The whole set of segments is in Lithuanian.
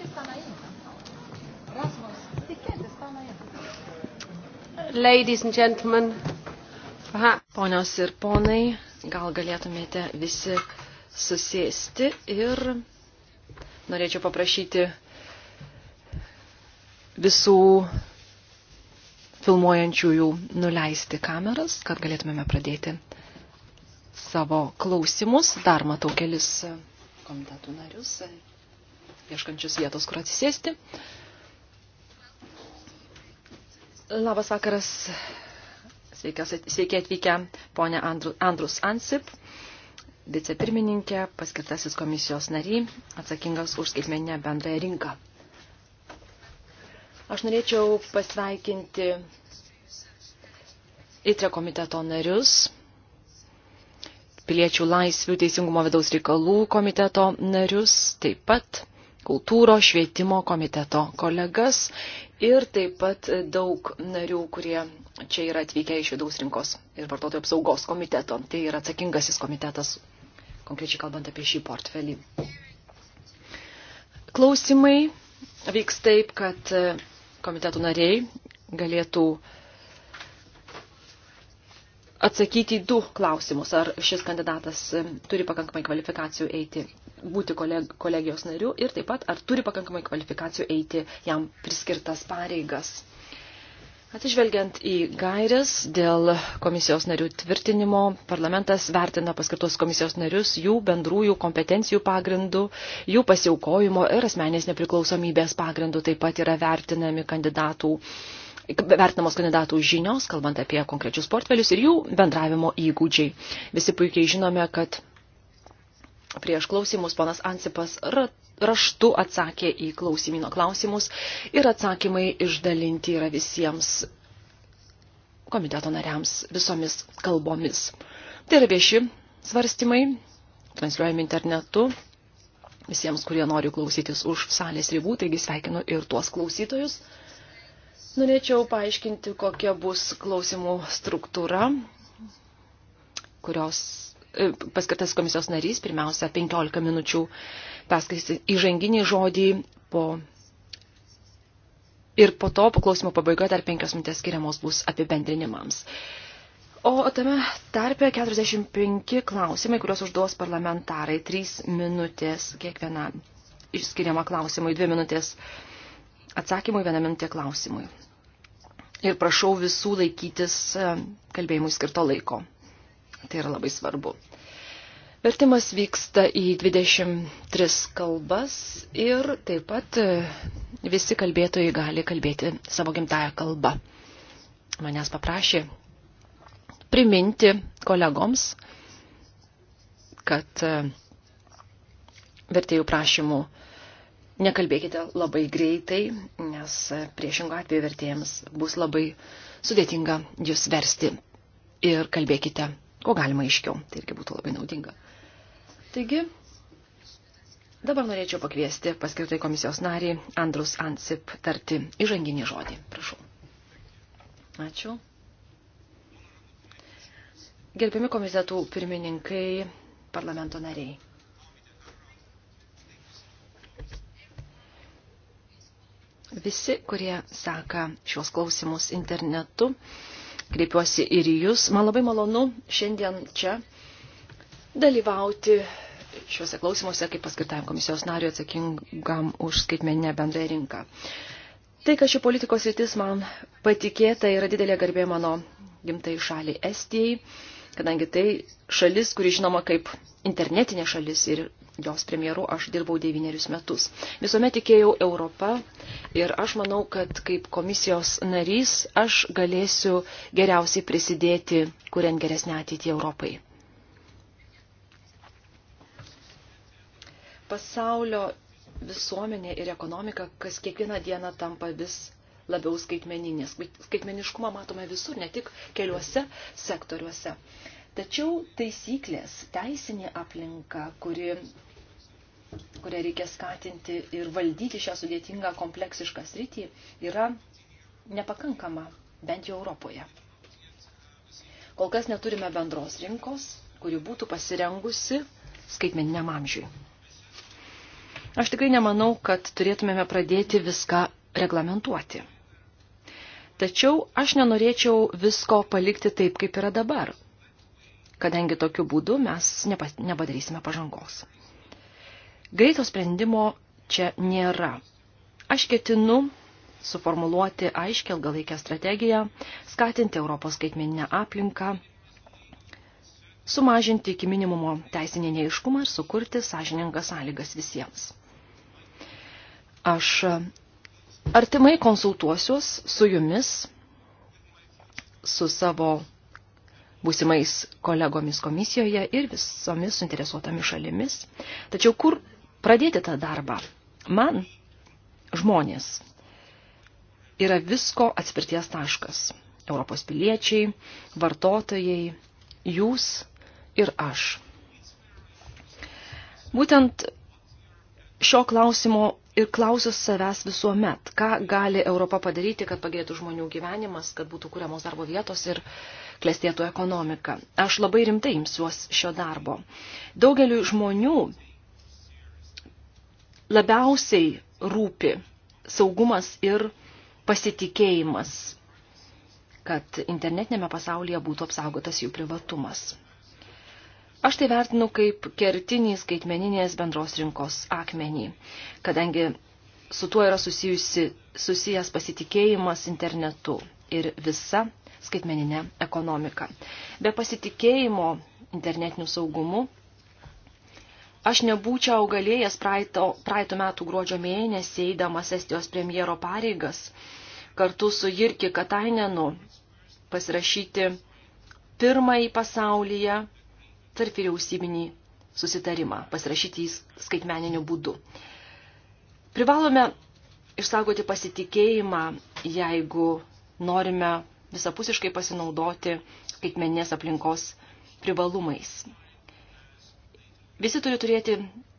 inte stanna inne. Rasmus, stick inte, stanna inne. Ladies and gentlemen. Aha. Ponios ir ponai, gal galėtumėte visi susėsti ir norėčiau paprašyti visų filmuojančiųjų nuleisti kameras, kad galėtumėme pradėti savo klausimus. Dar matau kelis komitetų narius ieškančius vietos, kur atsisėsti. Labas vakaras, sveiki atvykę ponė Andrus Ansip, vicepirmininkė, paskirtasis komisijos nary, atsakingas už skaitmeninę bendrąją rinką. Aš norėčiau pasveikinti įtre komiteto narius, piliečių laisvių teisingumo vidaus reikalų komiteto narius, taip pat kultūros švietimo komiteto kolegas ir taip pat daug narių, kurie čia yra atvykę iš vidaus rinkos ir vartotojų apsaugos komiteto. Tai yra atsakingasis komitetas, konkrečiai kalbant apie šį portfelį. Klausimai vyks taip, kad komitetų nariai galėtų uh, atsakyti į du klausimus, ar šis kandidatas e, turi pakankamai kvalifikacijų eiti būti koleg kolegijos nariu ir taip pat, ar turi pakankamai kvalifikacijų eiti jam priskirtas pareigas. Atsižvelgiant į gairias dėl komisijos narių tvirtinimo, parlamentas vertina paskirtos komisijos narius jų bendrųjų kompetencijų pagrindų, jų pasiaukojimo ir asmenės nepriklausomybės pagrindų taip pat yra vertinami kandidatų uh, vertinamos kandidatų žinios, kalbant apie konkrečius portfelius ir jų bendravimo įgūdžiai. Visi puikiai žinome, kad prieš klausimus ponas Ansipas raštu atsakė į klausimino klausimus ir atsakymai išdalinti yra visiems komiteto nariams visomis kalbomis. Tai yra vieši svarstymai, transliuojami internetu visiems, kurie nori klausytis už salės ribų, taigi sveikinu ir tuos klausytojus. Norėčiau paaiškinti, kokia bus klausimų struktūra, kurios e, paskirtas komisijos narys, pirmiausia, 15 minučių perskaitys įžanginį žodį po ir po to, po klausimo pabaigoje, dar 5 minutės skiriamos bus apibendrinimams. O tame tarpe 45 klausimai, kuriuos užduos parlamentarai, 3 minutės kiekvienam išskiriama klausimui, 2 minutės atsakymui, 1 minutė klausimui ir prašau visų laikytis e, kalbėjimui skirto laiko. Tai yra labai svarbu. Vertimas vyksta į 23 kalbas ir taip pat e, visi kalbėtojai gali kalbėti savo gimtają kalbą. Manęs paprašė priminti kolegoms, kad e, vertėjų prašymų uh, nekalbėkite labai greitai, nes priešingo atveju vertėjams bus labai sudėtinga jūs versti ir kalbėkite, ko galima aiškiau. Tai irgi būtų labai naudinga. Taigi, dabar norėčiau pakviesti paskirtai komisijos narį Andrus Ansip tarti įžanginį žodį. Prašau. Ačiū. Gerbiami komitetų pirmininkai, parlamento nariai. visi, kurie seka šios klausimus internetu. Kreipiuosi ir į Jūs. Man labai malonu šiandien čia dalyvauti šiuose klausimuose kaip paskirtajam komisijos nariu atsakingam už skaitmeninę bendrąją rinką. Tai, kad ši politikos rytis man patikėta, yra didelė garbė mano gimtai šaliai Estijai, kadangi tai šalis, kuri žinoma kaip internetinė šalis ir jos premjeru aš dirbau devynerius metus. Visuomet tikėjau Europą ir aš manau, kad kaip komisijos narys aš galėsiu geriausiai prisidėti, kuriant geresnę ateitį Europai. Pasaulio visuomenė ir ekonomika, kas kiekvieną dieną tampa vis labiau skaitmeninė. Skaitmeniškumą matome visur, ne tik keliuose sektoriuose. Tačiau taisyklės, teisinė aplinka, kuri kurią reikia skatinti ir valdyti šią sudėtingą kompleksišką sritį, yra nepakankama, bent jau Europoje. Kol kas neturime bendros rinkos, kuri būtų pasirengusi skaitmeniniam amžiui. Aš tikrai nemanau, kad turėtumėme pradėti viską reglamentuoti. Tačiau aš nenorėčiau visko palikti taip, kaip yra dabar, kadangi tokiu būdu mes nepadarysime pažangos. Greito sprendimo čia nėra. Aš ketinu suformuluoti aiškę ilgalaikę strategiją, skatinti Europos skaitmeninę aplinką, sumažinti iki minimumo teisinį neiškumą ir sukurti sąžiningas sąlygas visiems. Aš artimai konsultuosiuos su jumis, su savo būsimais kolegomis komisijoje ir visomis suinteresuotomis šalimis. Tačiau kur pradėti tą darbą. Man žmonės yra visko atspirties taškas. Europos piliečiai, vartotojai, jūs ir aš. Būtent šio klausimo ir klausiu savęs visuomet, ką gali Europa padaryti, kad pagerėtų žmonių gyvenimas, kad būtų kuriamos darbo vietos ir klestėtų ekonomika. Aš labai rimtai imsiuos šio darbo. Daugeliu žmonių labiausiai rūpi saugumas ir pasitikėjimas, kad internetinėme pasaulyje būtų apsaugotas jų privatumas. Aš tai vertinu kaip kertinį skaitmeninės bendros rinkos akmenį, kadangi su tuo yra susijusi, susijęs pasitikėjimas internetu ir visa skaitmeninė ekonomika. Be pasitikėjimo internetiniu saugumu Aš nebūčiau galėjęs praeito, praeito metų gruodžio mėnesį eidamas Estijos premjero pareigas kartu su Jirki Katainenu pasirašyti pirmąjį pasaulyje tarp vyriausybinį susitarimą, pasirašyti jį skaitmeniniu būdu. Privalome išsaugoti pasitikėjimą, jeigu norime visapusiškai pasinaudoti skaitmeninės aplinkos privalumais. Visi turi turėti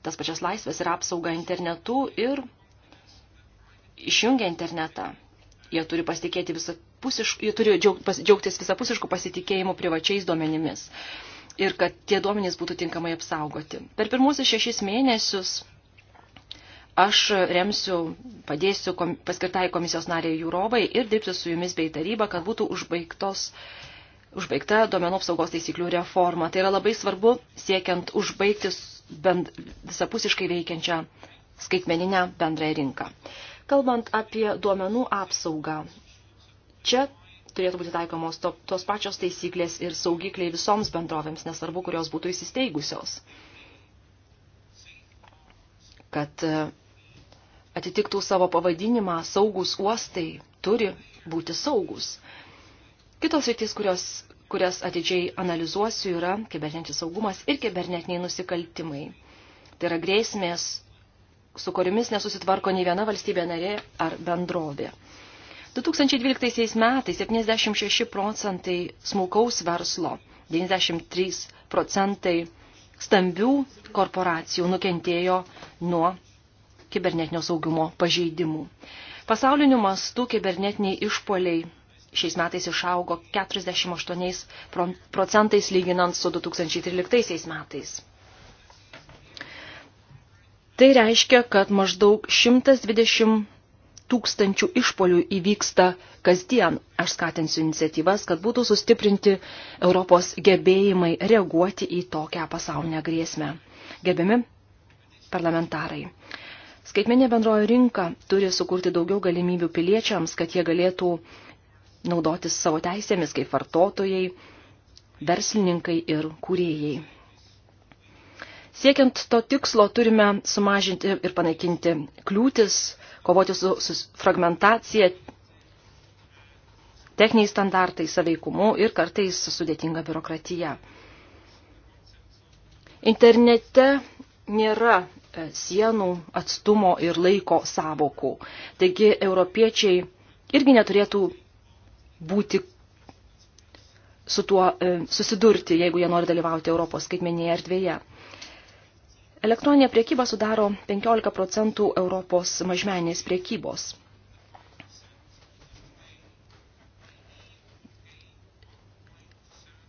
tas pačias laisvės ir apsaugą internetu ir išjungia internetą. Jie turi pasitikėti visapusiškų, jie turi džiaugtis visapusiškų pasitikėjimų privačiais duomenimis ir kad tie duomenys būtų tinkamai apsaugoti. Per pirmusius šešis mėnesius aš remsiu, padėsiu kom, paskirtai komisijos nariai Jūrovai ir dirbsiu su jumis bei taryba, kad būtų užbaigtos uh, užbaigta duomenų apsaugos taisyklių reforma. Tai yra labai svarbu siekiant užbaigti bend, visapusiškai veikiančią skaitmeninę bendrąją rinką. Kalbant apie duomenų apsaugą, čia turėtų būti taikomos to, tos pačios taisyklės ir saugikliai visoms bendrovėms, nesvarbu, kurios būtų įsisteigusios, kad e, atitiktų savo pavadinimą saugus uostai turi būti saugus. Kitos rytis, kurios, kurias atidžiai analizuosiu, yra kibernetinis saugumas ir kibernetiniai nusikaltimai. Tai yra grėsmės, su kuriomis nesusitvarko nei viena valstybė narė ar bendrovė. 2012 metais 76 procentai smulkaus verslo, 93 procentai stambių korporacijų nukentėjo nuo kibernetinio saugumo pažeidimų. Pasauliniu mastu kibernetiniai išpoliai šiais metais išaugo 48 procentais lyginant su 2013 metais. Tai reiškia, kad maždaug 120 tūkstančių išpolių įvyksta kasdien. Aš skatinsiu iniciatyvas, kad būtų sustiprinti Europos gebėjimai reaguoti į tokią pasaulinę grėsmę. Gebiami parlamentarai. Skaitmenė bendrojo rinka turi sukurti daugiau galimybių piliečiams, kad jie galėtų uh, naudotis savo teisėmis kaip vartotojai, verslininkai ir kūrėjai. Siekiant to tikslo turime sumažinti ir panaikinti kliūtis, kovoti su, su fragmentacija, techniniais standartais, saveikumu ir kartais sudėtinga biurokratija. Internete nėra e, sienų, atstumo ir laiko savokų. Taigi europiečiai irgi neturėtų būti su tuo e, susidurti, jeigu jie nori dalyvauti Europos skaitmenėje erdvėje. Elektroninė priekyba sudaro 15 procentų Europos mažmenės priekybos.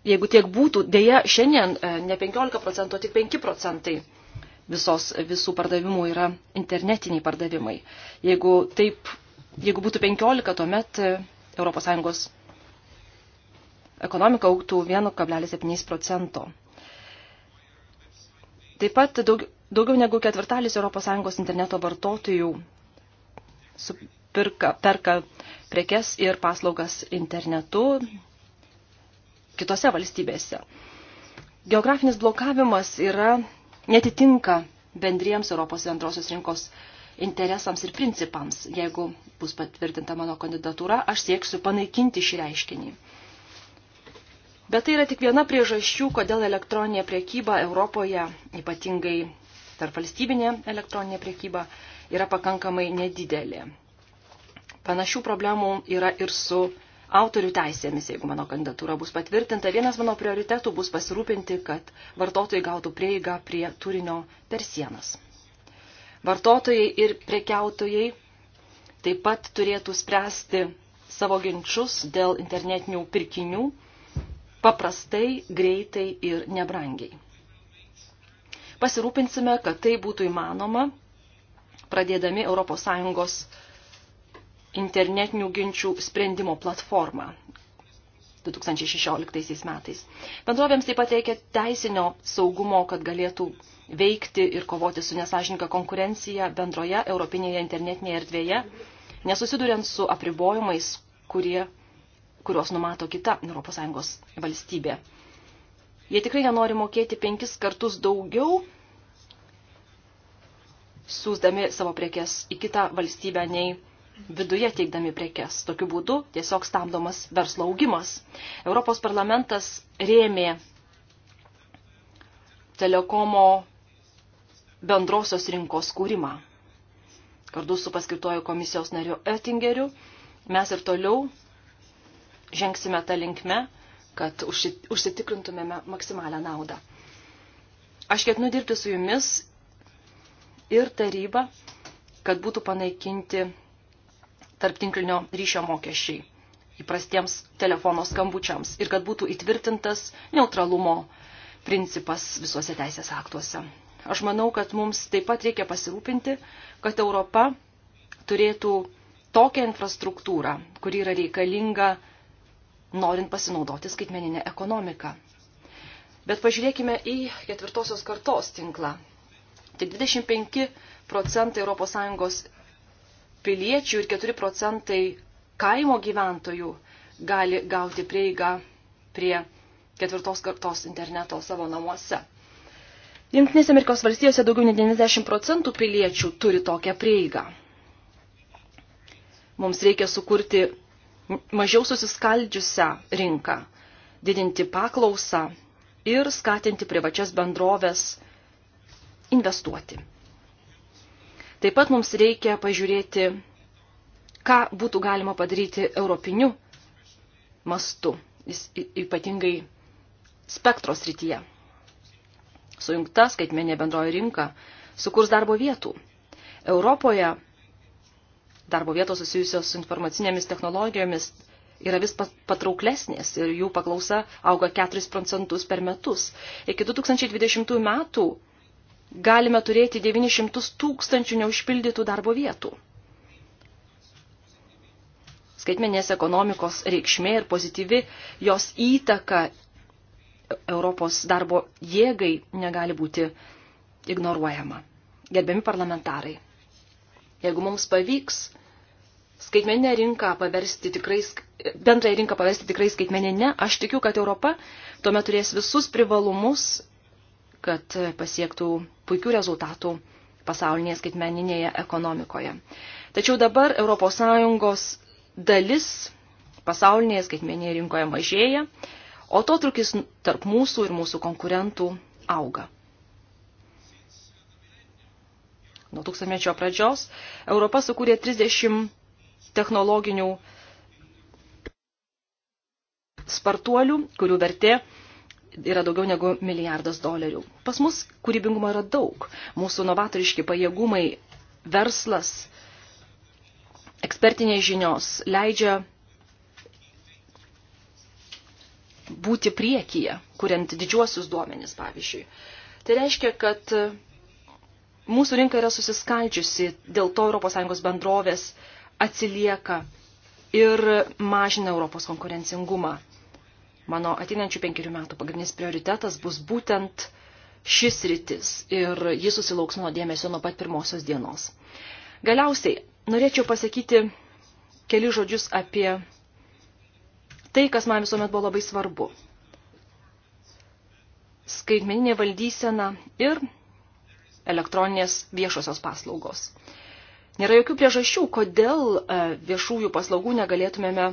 Jeigu tiek būtų, dėja šiandien e, ne 15 procentų, o tik 5 procentai visos, visų pardavimų yra internetiniai pardavimai. Jeigu, taip, jeigu būtų 15, tuomet e, ES ekonomika auktų 1,7 procento. Taip pat daug, daugiau negu ketvirtalis ES interneto vartotojų supirka, perka prekes ir paslaugas internetu kitose valstybėse. Geografinis blokavimas yra netitinka bendriems Europos bendrosios rinkos rinkos interesams ir principams. Jeigu bus patvirtinta mano kandidatūra, aš sieksiu panaikinti šį reiškinį. Bet tai yra tik viena priežasčių, kodėl elektroninė priekyba Europoje, ypatingai tarp valstybinė elektroninė priekyba, yra pakankamai nedidelė. Panašių problemų yra ir su autorių teisėmis, jeigu mano kandidatūra bus patvirtinta. Vienas mano prioritetų bus pasirūpinti, kad vartotojai gautų prieigą prie turinio per sienas. Vartotojai ir prekiautojai taip pat turėtų spręsti savo ginčius dėl internetinių pirkinių paprastai, greitai ir nebrangiai. Pasirūpinsime, kad tai būtų įmanoma, pradėdami ES internetinių ginčių sprendimo platformą, 2016 metais. Bendrovėms taip pat reikia teisinio saugumo, kad galėtų veikti ir kovoti su nesažininka konkurencija bendroje europinėje internetinėje erdvėje, nesusiduriant su apribojimais, kurie, kuriuos numato kita ES valstybė. Jie tikrai nenori mokėti penkis kartus daugiau, siūsdami savo prekes į kitą valstybę nei viduje teikdami prekes. Tokiu būdu tiesiog stabdomas verslo augimas. Europos parlamentas rėmė telekomo bendrosios rinkos kūrimą. Kartu su paskirtojo komisijos nariu Oettingeriu mes ir toliau žengsime tą linkmę, kad užsitikrintumėme maksimalią naudą. Aš ketinu dirbti su jumis ir taryba, kad būtų panaikinti tarptinklinio ryšio mokesčiai įprastiems telefono skambučiams ir kad būtų įtvirtintas neutralumo principas visuose teisės aktuose. Aš manau, kad mums taip pat reikia pasirūpinti, kad Europa turėtų tokią infrastruktūrą, kuri yra reikalinga norint pasinaudoti skaitmeninę ekonomiką. Bet pažiūrėkime į ketvirtosios kartos tinklą. Tik 25 procentai ES piliečių ir 4 procentai kaimo gyventojų gali gauti prieigą prie ketvirtos kartos interneto savo namuose. Junktinėse Amerikos valstijose daugiau nei 90 procentų piliečių turi tokią prieigą. Mums reikia sukurti mažiau susiskaldžiusią rinką, didinti paklausą ir skatinti privačias bendrovės investuoti. Taip pat mums reikia pažiūrėti, ką būtų galima padaryti europiniu mastu, ypatingai spektros rytyje. Sujungta skaitmenė bendroji rinka sukurs darbo vietų. Europoje darbo vietos susijusios su informacinėmis technologijomis yra vis patrauklesnės ir jų paklausa auga 4 procentus per metus. Iki 2020 metų galime turėti 900 tūkstančių neužpildytų darbo vietų. Skaitmenės ekonomikos reikšmė ir pozityvi jos įtaka Europos darbo jėgai negali būti ignoruojama. Gerbiami parlamentarai, jeigu mums pavyks skaitmeninę rinką paversti tikrai, bendrąją rinką paversti tikrai skaitmeninę, aš tikiu, kad Europa tuomet turės visus privalumus kad pasiektų puikių rezultatų pasaulinėje skaitmeninėje ekonomikoje. Tačiau dabar ES dalis pasaulinėje skaitmeninėje rinkoje mažėja, o to trukis tarp mūsų ir mūsų konkurentų auga. Nuo tūkstantmečio pradžios Europa sukūrė 30 technologinių spartuolių, kurių vertė yra daugiau negu milijardas dolerių. Pas mus kūrybingumo yra daug. Mūsų novatoriški pajėgumai, verslas, ekspertinės žinios leidžia būti priekyje, kuriant didžiuosius duomenis, pavyzdžiui. Tai reiškia, kad mūsų rinka yra susiskaldžiusi, dėl to ES bendrovės atsilieka ir mažina Europos konkurencingumą. Mano ateinančių penkerių metų pagrindinis prioritetas bus būtent šis rytis ir jis susilauks mano dėmesio nuo pat pirmosios dienos. Galiausiai norėčiau pasakyti keli žodžius apie tai, kas man visuomet buvo labai svarbu. Skaitmeninė valdysena ir elektroninės viešosios paslaugos. Nėra jokių priežasčių, kodėl e, viešųjų paslaugų negalėtumėme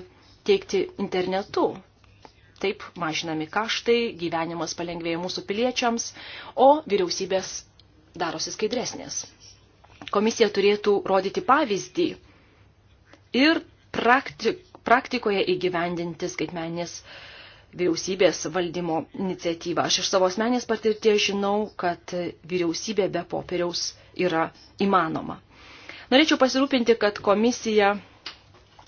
teikti internetu. Taip mažinami kaštai, gyvenimas palengvėja mūsų piliečiams, o vyriausybės darosi skaidresnės. Komisija turėtų rodyti pavyzdį ir praktik, praktikoje įgyvendinti skaitmenės vyriausybės valdymo iniciatyvą. Aš iš savo asmenės patirties žinau, kad vyriausybė be popieriaus yra įmanoma. Norėčiau pasirūpinti, kad komisija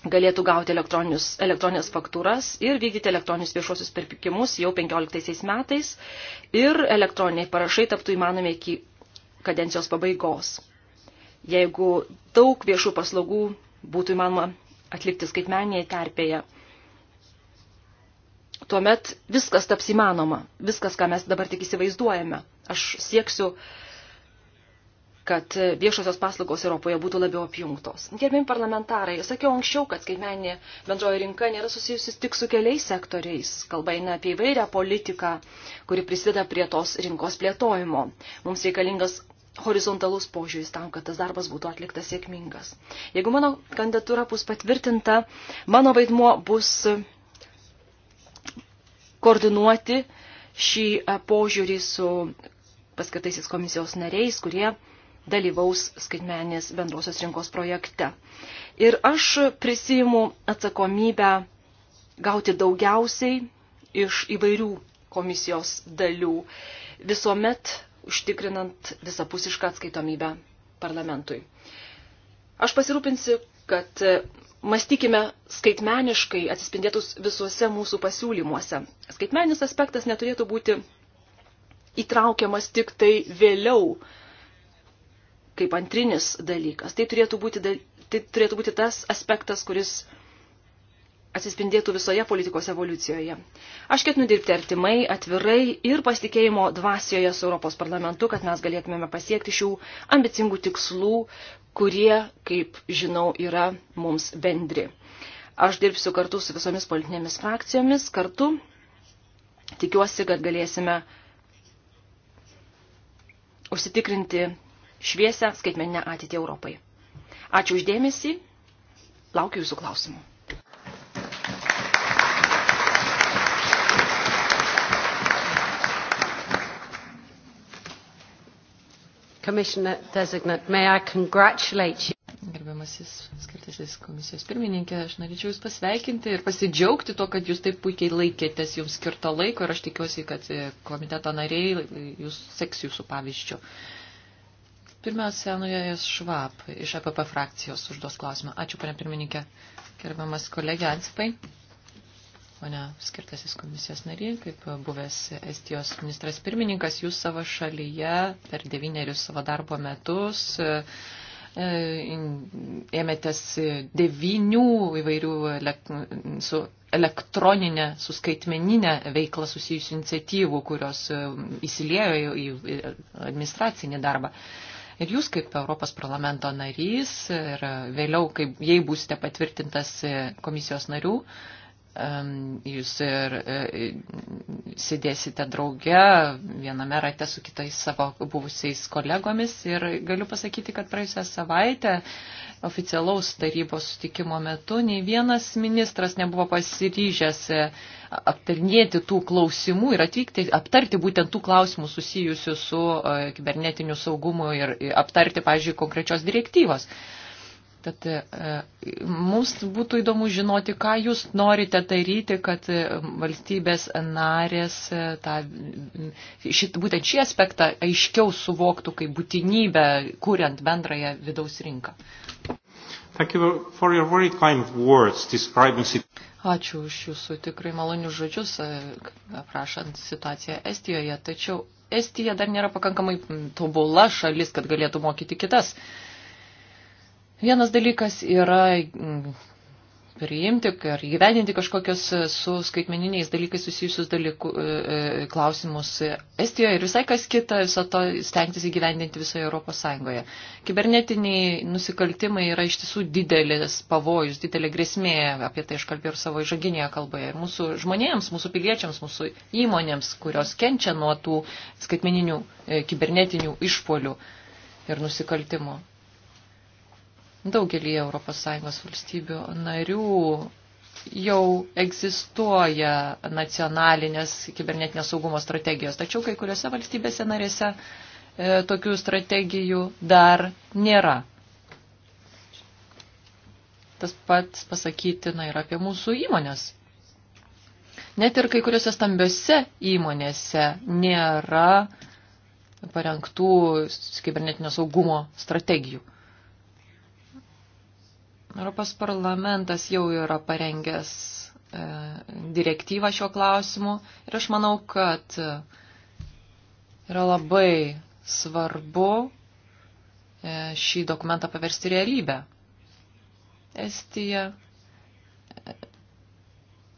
galėtų gauti elektroninės faktūras ir vykdyti elektroninius viešuosius pirkimus jau 15 metais ir elektroniniai parašai taptų įmanomi iki kadencijos pabaigos. Jeigu daug viešų paslaugų būtų įmanoma atlikti skaitmeninėje terpėje, tuomet viskas taps įmanoma, viskas, ką mes dabar tik įsivaizduojame. Aš sieksiu uh, kad viešosios paslaugos Europoje būtų labiau apjungtos. Gerbėjim parlamentarai, sakiau anksčiau, kad skaitmeninė bendroji rinka nėra susijusi tik su keliais sektoriais. Kalba eina apie įvairią politiką, kuri prisideda prie tos rinkos plėtojimo. Mums reikalingas horizontalus požiūris tam, kad tas darbas būtų atliktas sėkmingas. Jeigu mano kandidatūra bus patvirtinta, mano vaidmuo bus koordinuoti šį požiūrį su paskirtaisiais komisijos nariais, kurie dalyvaus skaitmenės bendrosios rinkos projekte. Ir aš prisijimu atsakomybę gauti daugiausiai iš įvairių komisijos dalių, visuomet užtikrinant visapusišką atskaitomybę parlamentui. Aš pasirūpinsiu, kad mąstykime skaitmeniškai atsispindėtus visuose mūsų pasiūlymuose. Skaitmeninis aspektas neturėtų būti įtraukiamas tik tai vėliau kaip antrinis dalykas. Tai turėtų būti, tai turėtų būti tas aspektas, kuris atsispindėtų visoje politikos evoliucijoje. Aš ketinu dirbti artimai, atvirai ir pasitikėjimo dvasioje su Europos parlamentu, kad mes galėtumėme pasiekti šių ambicingų tikslų, kurie, kaip žinau, yra mums bendri. Aš dirbsiu kartu su visomis politinėmis frakcijomis, kartu tikiuosi, kad galėsime užsitikrinti šviesę skaitmeninę ateitį Europai. Ačiū uždėmesį, laukiu jūsų klausimų. Gerbiamasis skirtasis komisijos pirmininkė, aš norėčiau Jūs pasveikinti ir pasidžiaugti to, kad Jūs taip puikiai laikėtės Jums skirto laiko ir aš tikiuosi, kad e, komiteto nariai e, Jūs seks Jūsų pavyzdžių. Pirmiausia, Anujas Švab iš APP frakcijos užduos klausimą. Ačiū, pane pirmininkė. Gerbiamas kolegė Ansipai, o ne skirtasis komisijos nariai, kaip buvęs Estijos ministras pirmininkas, jūs savo šalyje per devynerius savo darbo metus e, ėmėtės devynių įvairių su elektroninė, su skaitmeninė veikla susijusių iniciatyvų, kurios e, įsilėjo į administracinį darbą. Ir jūs kaip Europos parlamento narys ir vėliau, kaip, jei būsite patvirtintas komisijos narių, jūs ir e, sėdėsite drauge viename rate su kitais savo buvusiais kolegomis. Ir galiu pasakyti, kad praėjusią savaitę oficialaus tarybos sutikimo metu nei vienas ministras nebuvo pasiryžęs e, aptarnėti tų klausimų ir atvykti, aptarti būtent tų klausimų susijusių su e, kibernetiniu saugumu ir aptarti, pažiūrėjau, konkrečios direktyvos. Tad e, mums būtų įdomu žinoti, ką jūs norite daryti, kad e, valstybės narės e, tą, šit, būtent šį aspektą aiškiau suvoktų kaip būtinybę, kuriant bendrąją vidaus rinką. Ačiū už jūsų tikrai malonius žodžius, aprašant situaciją Estijoje. Tačiau Estija dar nėra pakankamai tobula šalis, kad galėtų mokyti kitas Vienas dalykas yra mm, priimti ar įgyvendinti kažkokios e, su skaitmeniniais dalykais susijusius dalykų, e, e, klausimus Estijoje ir visai kas kita, viso to stengtis įgyvendinti visoje Europos Sąjungoje. Kibernetiniai nusikaltimai yra iš tiesų didelis pavojus, didelė grėsmė, apie tai aš kalbėjau ir savo įžaginėje kalboje. Ir mūsų žmonėms, mūsų piliečiams, mūsų įmonėms, kurios kenčia nuo tų skaitmeninių kibernetinių išpolių ir nusikaltimų. Daugelį ES valstybių narių jau egzistuoja nacionalinės kibernetinės saugumo strategijos, tačiau kai kuriuose valstybėse narėse e, tokių strategijų dar nėra. Tas pats pasakytina ir apie mūsų įmonės. Net ir kai kuriuose stambiose įmonėse nėra parengtų kibernetinio saugumo strategijų. Europos parlamentas jau yra parengęs e, direktyvą šiuo klausimu ir aš manau, kad e, yra labai svarbu e, šį dokumentą paversti realybę. Estija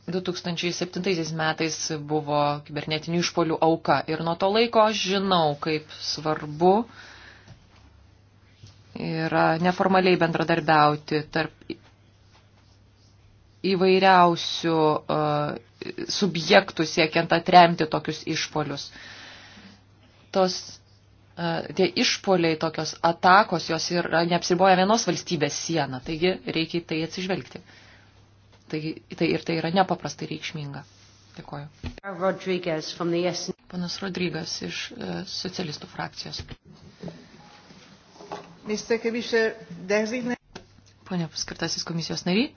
2007 metais buvo kibernetinių išpolių auka ir nuo to laiko aš žinau, kaip svarbu uh, yra neformaliai bendradarbiauti tarp įvairiausių uh, subjektų siekiant atremti tokius išpolius. Tos, uh, tie išpoliai, tokios atakos, jos yra neapsiriboja vienos valstybės sieną, taigi reikia į tai atsižvelgti. Taigi, tai ir tai yra nepaprastai reikšminga. Dėkuoju. Rodriguez Panas Rodrygas iš uh, socialistų frakcijos. Pone paskirtasis komisijos nariai,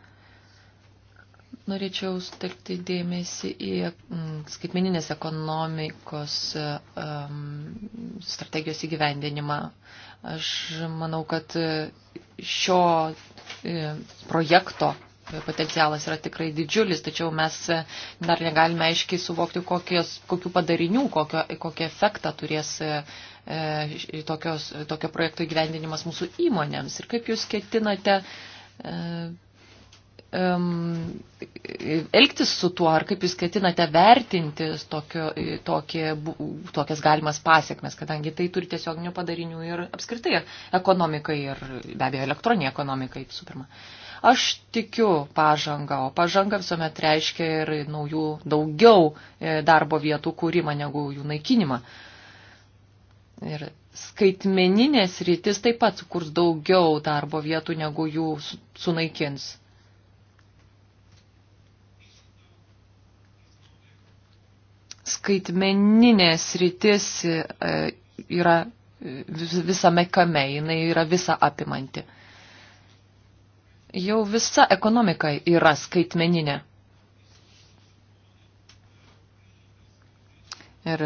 norėčiau sutelkti dėmesį į mm, skaitmeninės ekonomikos strategijos įgyvendinimą. Aš manau, kad šio e, projekto potencialas yra tikrai didžiulis, tačiau mes dar negalime aiškiai suvokti, kokios, kokių padarinių, kokio, kokį efektą turės e, E, tokios, tokio projekto įgyvendinimas mūsų įmonėms ir kaip jūs ketinate um, elgtis su tuo, ar kaip jūs ketinate vertinti tokio, e, tokie, tokias galimas pasiekmes, kadangi tai turi tiesioginių padarinių ir apskritai ekonomikai ir be abejo elektroniniai ekonomikai visų pirma. Aš tikiu pažangą, o pažanga visuomet reiškia ir naujų daugiau darbo vietų kūrimą negu jų naikinimą. Uh, Ir skaitmeninės rytis taip pat sukurs daugiau darbo vietų, negu jų sunaikins. Skaitmeninės rytis e, yra visame kame, jinai yra visa apimanti. Jau visa ekonomika yra skaitmeninė. Ir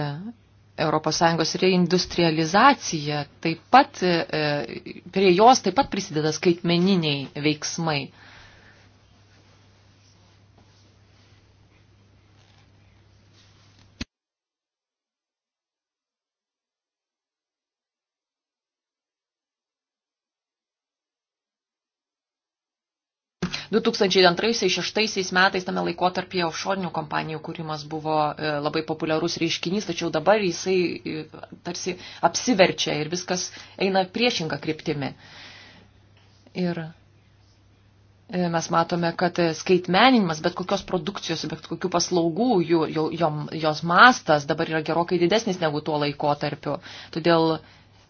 ES reindustrializacija taip pat, e, prie jos taip pat prisideda skaitmeniniai veiksmai. 2002-2006 metais tame laikotarpyje offshore kompanijų kūrimas buvo e, labai populiarus reiškinys, tačiau dabar jisai e, tarsi apsiverčia ir viskas eina priešinga kryptimi. Ir e, mes matome, kad skaitmeninimas, bet kokios produkcijos, bet kokių paslaugų, jų, jom, jos mastas dabar yra gerokai didesnis negu tuo laikotarpiu. Todėl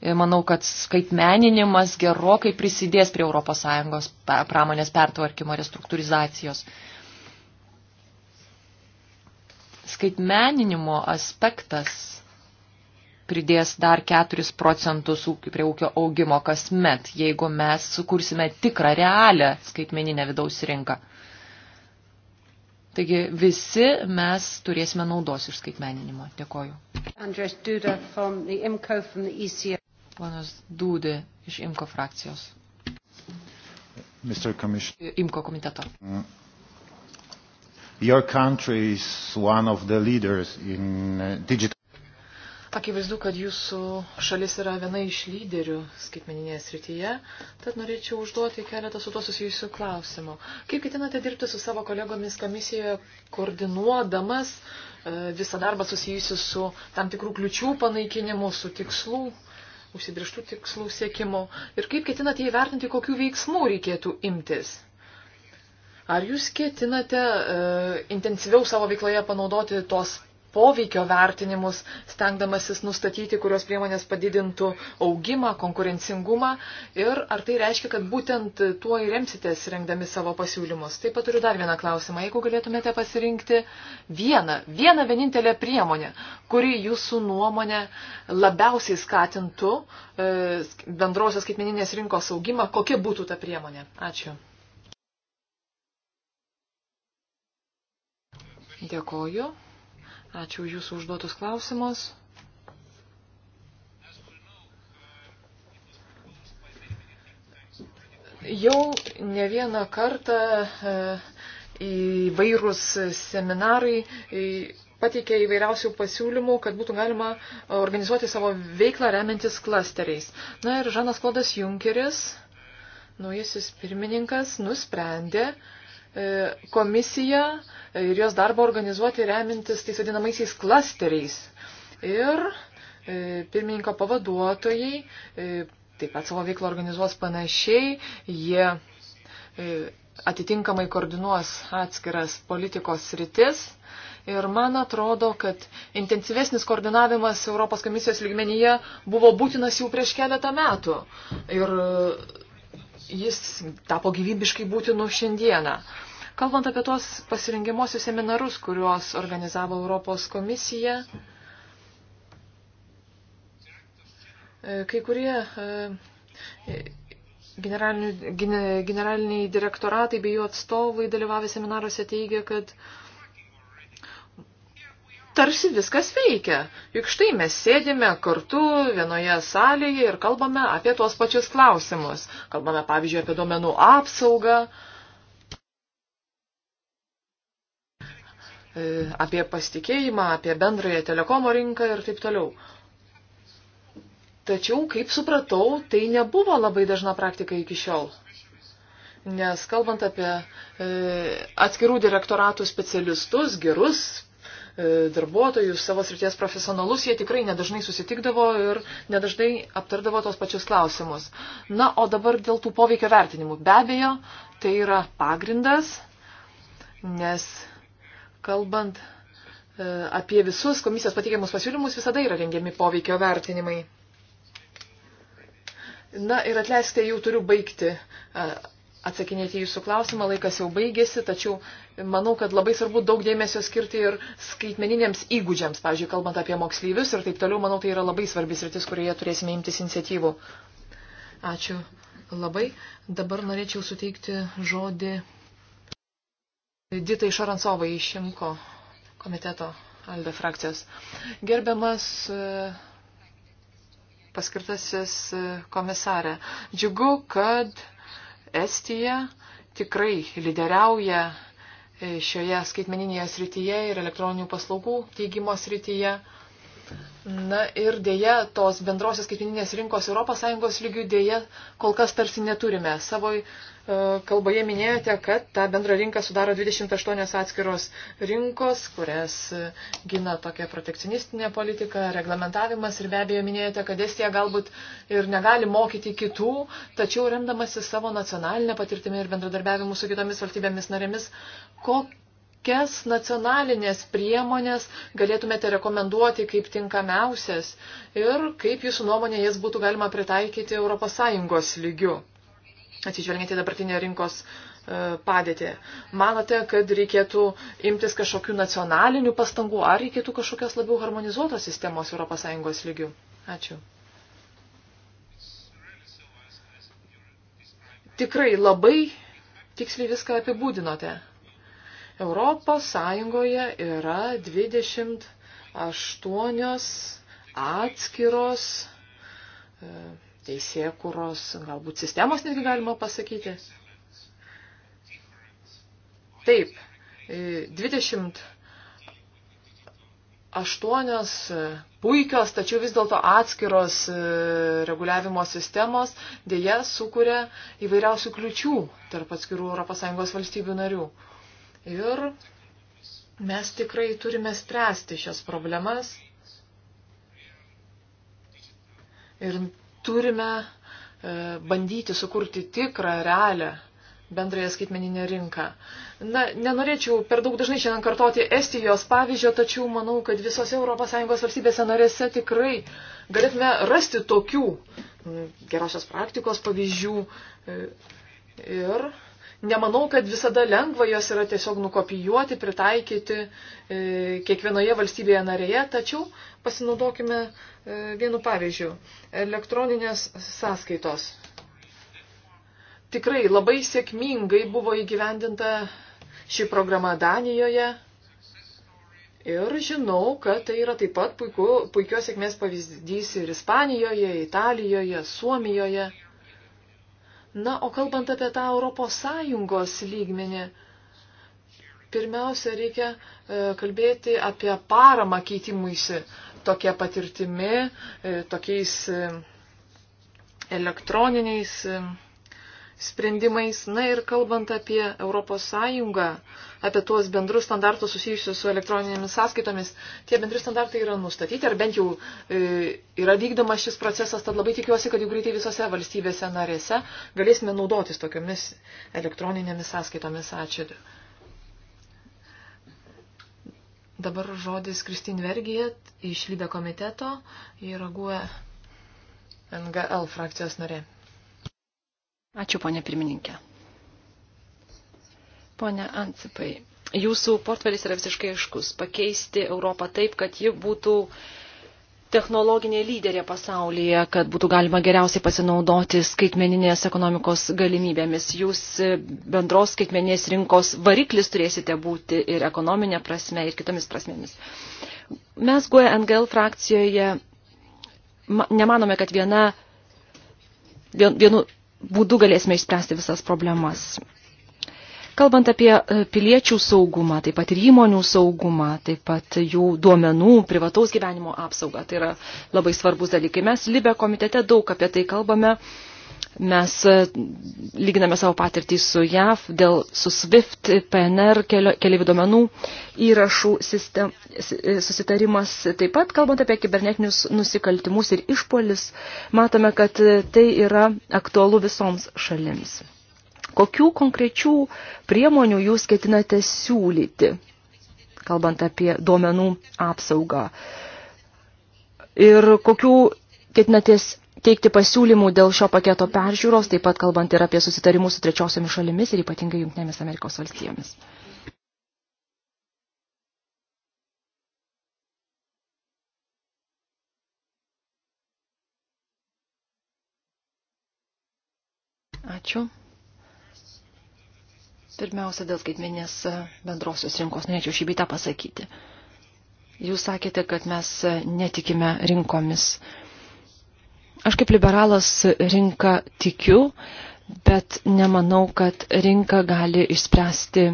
E, manau, kad skaitmeninimas gerokai prisidės prie ES pramonės pertvarkymo restruktūrizacijos. Skaitmeninimo aspektas pridės dar 4 procentus prie ūkio augimo kasmet, jeigu mes sukursime tikrą realią skaitmeninę vidaus rinką. Taigi visi mes turėsime naudos iš skaitmeninimo. Dėkoju. Andres Duda from the IMCO from the ECR. Ponas Dūdė iš IMKO frakcijos. IMKO komiteto. Uh, your country is one of the leaders in uh, digital. Akivaizdu, kad jūsų šalis yra viena iš lyderių skaitmeninėje srityje, tad norėčiau užduoti keletą su to susijusių klausimų. Kaip ketinate dirbti su savo kolegomis komisijoje, koordinuodamas uh, visą darbą susijusiu su tam tikrų kliučių panaikinimu, su tikslų užsibrištų tikslų siekimo ir kaip ketinate įvertinti, kokių veiksmų reikėtų imtis. Ar jūs ketinate e, intensyviau savo veikloje panaudoti tos poveikio vertinimus, stengdamasis nustatyti, kurios priemonės padidintų augimą, konkurencingumą ir ar tai reiškia, kad būtent tuo įremsitės rengdami savo pasiūlymus. Taip pat turiu dar vieną klausimą. Jeigu galėtumėte pasirinkti vieną, vieną vienintelę priemonę, kuri jūsų nuomonė labiausiai skatintų e, bendrosios skaitmeninės rinkos augimą, kokia būtų ta priemonė? Ačiū. Dėkoju. Ačiū Jūsų užduotus klausimus. Jau ne vieną kartą e, įvairūs seminarai pateikė įvairiausių pasiūlymų, kad būtų galima organizuoti savo veiklą remiantis klasteriais. Na ir Žanas Klodas Junkeris, naujasis pirmininkas, nusprendė, E, komisiją ir jos darbą organizuoti remintis tais vadinamaisiais klasteriais. Ir e, pirmininko pavaduotojai e, taip pat savo veiklą organizuos panašiai. Jie atitinkamai koordinuos atskiras politikos sritis. Ir man atrodo, kad intensyvesnis koordinavimas Europos komisijos lygmenyje buvo būtinas jau prieš keletą metų. Ir jis tapo gyvybiškai būtinu šiandieną. Kalbant apie tuos pasirengimuosius seminarus, kuriuos organizavo Europos komisija, e, kai kurie e, generaliniai direktoratai bei jų atstovai dalyvavę seminaruose teigia, kad tarsi viskas veikia. Juk štai mes sėdime kartu vienoje salėje ir kalbame apie tuos pačius klausimus. Kalbame, pavyzdžiui, apie duomenų apsaugą, E, apie pasitikėjimą, apie bendrąją telekomo rinką ir taip toliau. Tačiau, kaip supratau, tai nebuvo labai dažna praktika iki šiol. Nes kalbant apie e, atskirų direktoratų specialistus, gerus e, darbuotojus, savo srities profesionalus, jie tikrai nedažnai susitikdavo ir nedažnai aptardavo tos pačius klausimus. Na, o dabar dėl tų poveikio vertinimų. Be abejo, tai yra pagrindas, nes kalbant e, apie visus komisijos pateikiamus pasiūlymus, visada yra rengiami poveikio vertinimai. Na ir atleiskite, jau turiu baigti e, atsakinėti jūsų klausimą, laikas jau baigėsi, tačiau manau, kad labai svarbu daug dėmesio skirti ir skaitmeniniams įgūdžiams, pavyzdžiui, kalbant apie moksleivius ir taip toliau, manau, tai yra labai svarbis rytis, kurioje turėsime imtis iniciatyvų. Ačiū labai. Dabar norėčiau suteikti žodį Ditai Šarancovai iš Šimko komiteto Alde frakcijos. Gerbiamas e, paskirtasis e, komisarė, džiugu, kad Estija tikrai lyderiauja e, šioje skaitmeninėje srityje ir elektroninių paslaugų teigimo srityje. Na ir dėja, tos bendrosios skaitmininės rinkos ES lygių dėja kol kas tarsi neturime. Savo e, kalboje minėjote, kad tą bendrą rinką sudaro 28 atskiros rinkos, kurias e, gina tokia protekcionistinė politika, reglamentavimas ir be abejo minėjote, kad Estija galbūt ir negali mokyti kitų, tačiau remdamasi savo nacionalinę patirtimį ir bendradarbiavimu su kitomis valstybėmis narėmis, kokia kokias nacionalinės priemonės galėtumėte rekomenduoti kaip tinkamiausias ir kaip jūsų nuomonė jas būtų galima pritaikyti ES lygiu, atsižvelgiant į dabartinę rinkos e, padėtį. Manote, kad reikėtų imtis kažkokių nacionalinių pastangų ar reikėtų kažkokios labiau harmonizuotos sistemos ES lygių? Ačiū. Tikrai labai tiksliai viską apibūdinote. Europos Sąjungoje yra 28 atskiros e, teisėkuros, galbūt sistemos netgi galima pasakyti. Taip, 28 e, e, puikios, tačiau vis dėlto atskiros reguliavimo sistemos dėja sukuria įvairiausių kliučių tarp atskirų ES valstybių narių. Ir mes tikrai turime spręsti šias problemas. Ir turime e, bandyti sukurti tikrą, realią bendrąją skaitmeninę rinką. Na, nenorėčiau per daug dažnai šiandien kartoti Estijos pavyzdžio, tačiau manau, kad visose ES valstybėse narėse tikrai galėtume rasti tokių gerosios praktikos pavyzdžių e, ir nemanau, kad visada lengva juos yra tiesiog nukopijuoti, pritaikyti e, kiekvienoje valstybėje narėje, tačiau pasinaudokime e, vienu pavyzdžiu - elektroninės sąskaitos. Tikrai labai sėkmingai buvo įgyvendinta ši programa Danijoje. Ir žinau, kad tai yra taip pat puiku, puikios sėkmės pavyzdys ir Ispanijoje, Italijoje, Suomijoje. Na, o kalbant apie tą Europos Sąjungos lygmenį, pirmiausia, reikia e, kalbėti apie paramą keitimuisi tokia patirtimi, e, tokiais e, elektroniniais. E, sprendimais. Na ir kalbant apie ES, apie tuos bendrus standartus susijusius su elektroninėmis sąskaitomis, tie bendri standartai yra nustatyti, ar bent jau e, yra vykdomas šis procesas, tad labai tikiuosi, kad jau greitai visose valstybėse narėse galėsime naudotis tokiamis elektroninėmis sąskaitomis. Ačiū. Dabar žodis Kristin Vergija iš Lyda komiteto ir Raguoja NGL frakcijos narė. Ačiū, ponė pirmininkė. Pone Ancipai, jūsų portfelis yra visiškai aiškus. Pakeisti Europą taip, kad ji būtų technologinė lyderė pasaulyje, kad būtų galima geriausiai pasinaudoti skaitmeninės ekonomikos galimybėmis. Jūs bendros skaitmeninės rinkos variklis turėsite būti ir ekonominė prasme, ir kitomis prasmėmis. Mes GUE NGL frakcijoje nemanome, kad viena, vien, vienu būdu galėsime išspręsti visas problemas. Kalbant apie e, piliečių saugumą, taip pat ir įmonių saugumą, taip pat jų duomenų, privataus gyvenimo apsaugą, tai yra labai svarbus dalykai. Mes Libe komitete daug apie tai kalbame, Mes e, lyginame savo patirtį su JAV dėl su SWIFT, PNR, keliaivių duomenų įrašų sistem, e, susitarimas. Taip pat, kalbant apie kibernetinius nusikaltimus ir išpolis, matome, kad e, tai yra aktualu visoms šalims. Kokių konkrečių priemonių jūs ketinate siūlyti, kalbant apie duomenų apsaugą? Ir kokių ketinatės teikti pasiūlymų dėl šio paketo peržiūros, taip pat kalbant ir apie susitarimus su trečiosiomis šalimis ir ypatingai Junktinėmis Amerikos valstijomis. Ačiū. Pirmiausia, dėl skaitmenės e, bendrosios rinkos norėčiau šį bitą pasakyti. Jūs sakėte, kad mes e, netikime rinkomis. Aš kaip liberalas rinką tikiu, bet nemanau, kad rinka gali išspręsti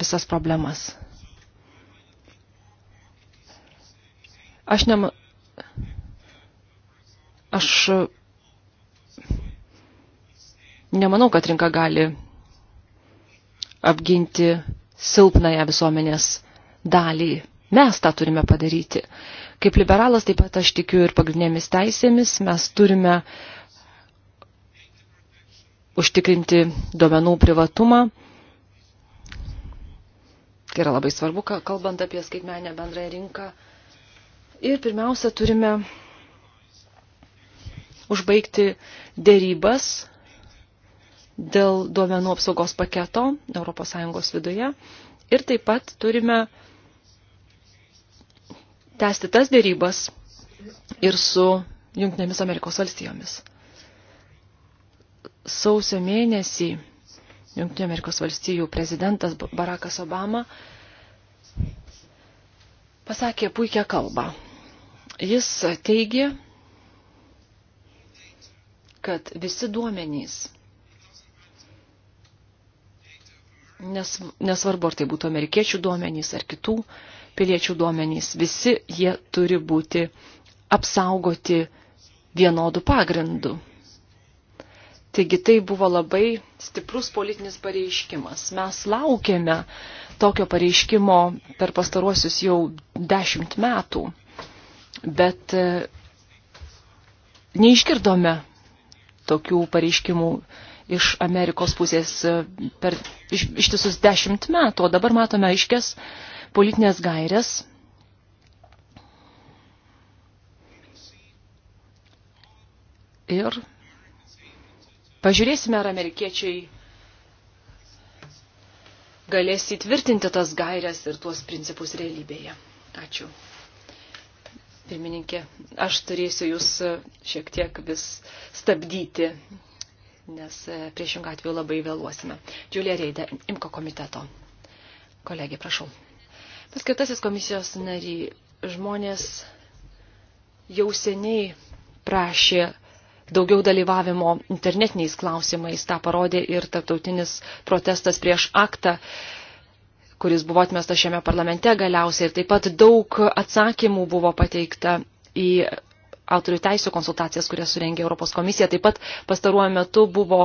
visas problemas. Aš nema... Aš nemanau, kad rinka gali apginti silpnąją visuomenės dalį. Mes tą turime padaryti. Kaip liberalas taip pat aš tikiu ir pagrindinėmis teisėmis. Mes turime užtikrinti duomenų privatumą. Tai yra labai svarbu, kalbant apie skaitmenę bendrąją rinką. Ir pirmiausia, turime užbaigti dėrybas dėl duomenų apsaugos paketo ES viduje. Ir taip pat turime uh, tęsti tas dėrybas ir su Junktinėmis Amerikos valstijomis. Sausio mėnesį Junktinių Amerikos valstijų prezidentas Barackas Obama pasakė puikią kalbą. Jis teigė, kad visi duomenys, nesvarbu ar tai būtų amerikiečių duomenys ar kitų, piliečių duomenys. Visi jie turi būti apsaugoti vienodų pagrindų. Taigi tai buvo labai stiprus politinis pareiškimas. Mes laukėme tokio pareiškimo per pastaruosius jau dešimt metų, bet e, neišgirdome tokių pareiškimų iš Amerikos pusės e, per ištisus dešimt metų, o dabar matome aiškės politinės gairės. Ir pažiūrėsime, ar amerikiečiai galės įtvirtinti tas gairias ir tuos principus realybėje. Ačiū. Pirmininkė, aš turėsiu jūs šiek tiek vis stabdyti, nes e, priešingą atveju labai vėluosime. Džiulė Reidė, Imko komiteto. Kolegė, prašau. Paskirtasis komisijos nariai, žmonės jau seniai prašė daugiau dalyvavimo internetiniais klausimais. Ta parodė ir tarptautinis protestas prieš aktą, kuris buvo atmestas šiame parlamente galiausiai. Ir taip pat daug atsakymų buvo pateikta į autorių teisų konsultacijas, kurias surengė Europos komisija. Taip pat pastaruoju metu buvo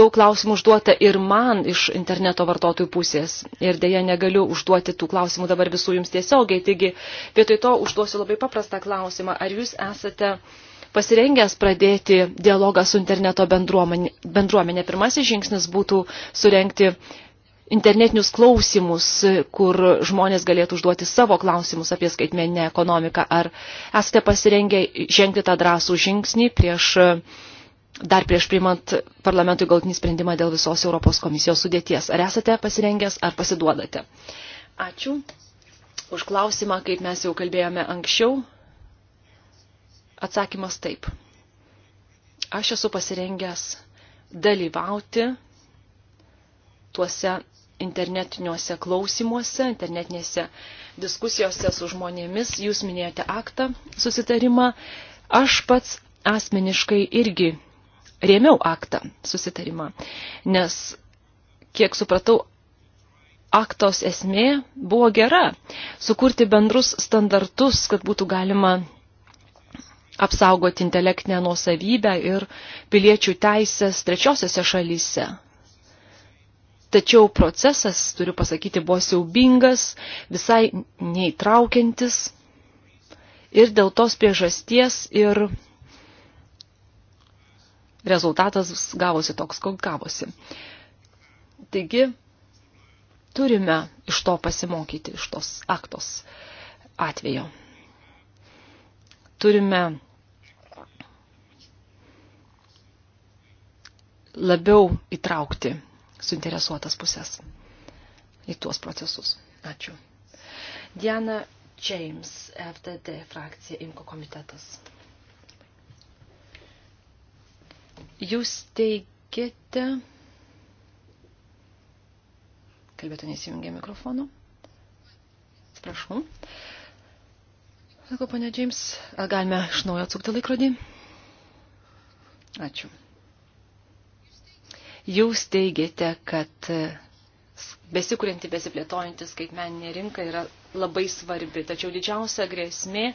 daug klausimų užduota ir man iš interneto vartotojų pusės. Ir dėja negaliu užduoti tų klausimų dabar visų jums tiesiogiai. Taigi vietoj to užduosiu labai paprastą klausimą. Ar jūs esate pasirengęs pradėti dialogą su interneto bendruomenė? bendruomenė? Pirmasis žingsnis būtų surenkti internetinius klausimus, kur žmonės galėtų užduoti savo klausimus apie skaitmeninę ekonomiką. Ar esate pasirengę žengti tą drąsų žingsnį prieš, dar prieš priimant parlamentui galtinį sprendimą dėl visos Europos komisijos sudėties? Ar esate pasirengęs, ar pasiduodate? Ačiū už klausimą, kaip mes jau kalbėjome anksčiau. Atsakymas taip. Aš esu pasirengęs dalyvauti tuose internetiniuose klausimuose, internetinėse diskusijose su žmonėmis. Jūs minėjote aktą susitarimą. Aš pats asmeniškai irgi rėmiau aktą susitarimą, nes, kiek supratau, aktos esmė buvo gera - sukurti bendrus standartus, kad būtų galima apsaugoti intelektinę nuosavybę ir piliečių teisės trečiosiose šalyse. Tačiau procesas, turiu pasakyti, buvo siaubingas, visai neįtraukiantis. Ir dėl tos priežasties ir rezultatas gavosi toks, koks gavosi. Taigi, turime iš to pasimokyti, iš tos aktos atvejo. Turime labiau įtraukti suinteresuotas pusės į tuos procesus. Ačiū. Diana James, FDD frakcija Imko komitetas. Jūs teigiate, kalbėtų nesijungė mikrofono, atsiprašau, sako ponia James, galime iš naujo atsukti laikrodį? Ačiū jūs teigiate, kad besikūrinti, besiplėtojanti skaitmeninė rinka yra labai svarbi. Tačiau didžiausia grėsmė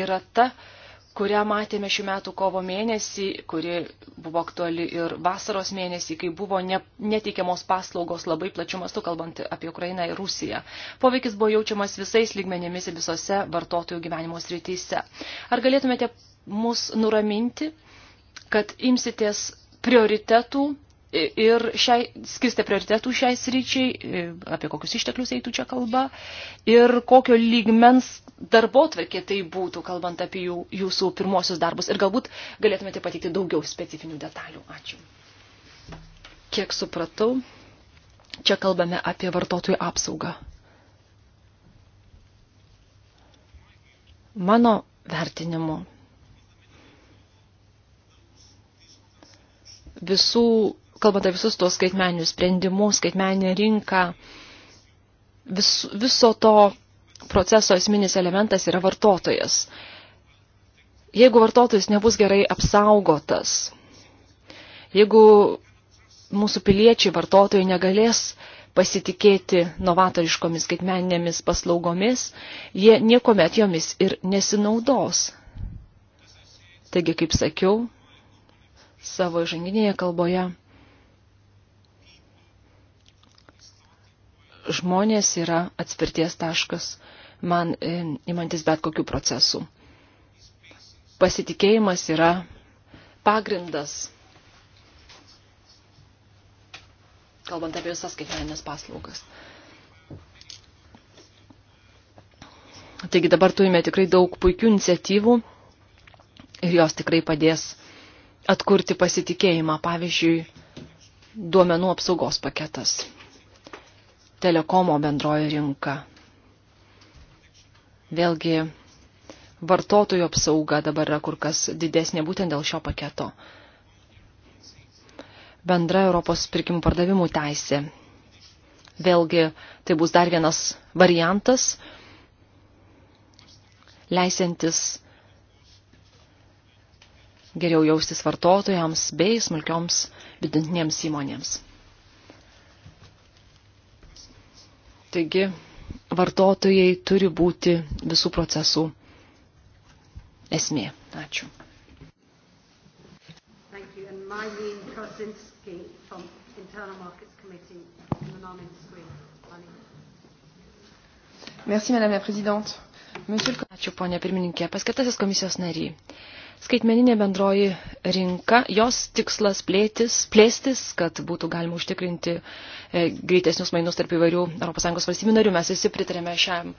yra ta, kurią matėme šių metų kovo mėnesį, kuri buvo aktuali ir vasaros mėnesį, kai buvo ne, neteikiamos paslaugos labai plačiu mastu, kalbant apie Ukrainą ir Rusiją. Poveikis buvo jaučiamas visais lygmenėmis ir visose vartotojų gyvenimo srityse. Ar galėtumėte mus nuraminti, kad imsitės prioritetų ir šiai, skirstė prioritetų šiai sryčiai, e, apie kokius išteklius eitų čia kalba ir kokio lygmens darbo tvarkė tai būtų, kalbant apie jų, jūsų pirmosius darbus. Ir galbūt galėtumėte pateikti daugiau specifinių detalių. Ačiū. Kiek supratau, čia kalbame apie vartotojų apsaugą. Mano vertinimu visų kalbant apie visus tos skaitmeninius sprendimus, skaitmeninę rinką, vis, viso to proceso esminis elementas yra vartotojas. Jeigu vartotojas nebus gerai apsaugotas, jeigu mūsų piliečiai vartotojai negalės pasitikėti novatoriškomis skaitmeninėmis paslaugomis, jie niekuomet jomis ir nesinaudos. Taigi, kaip sakiau, savo žanginėje kalboje, žmonės yra atspirties taškas man e, imantis bet kokių procesų. Pasitikėjimas yra pagrindas, kalbant apie visas skaitmeninės paslaugas. Taigi dabar turime tikrai daug puikių iniciatyvų ir jos tikrai padės atkurti pasitikėjimą, pavyzdžiui, duomenų apsaugos paketas telekomo bendroji rinka. Vėlgi, vartotojų apsauga dabar yra kur kas didesnė būtent dėl šio paketo. Bendra Europos pirkimų pardavimų teisė. Vėlgi, tai bus dar vienas variantas, leisiantis geriau jaustis vartotojams bei smulkioms vidutinėms įmonėms. Taigi vartotojai turi būti visų procesų esmė. Ačiū. Merci, Madame la Présidente. Monsieur... Ačiū, ponė pirmininkė. Paskirtasis komisijos nariai. Skaitmeninė bendroji rinka, jos tikslas plėtis, plėstis, kad būtų galima užtikrinti e, greitesnius mainus tarp įvairių ES valstybių narių. Mes visi pritarėme šiam,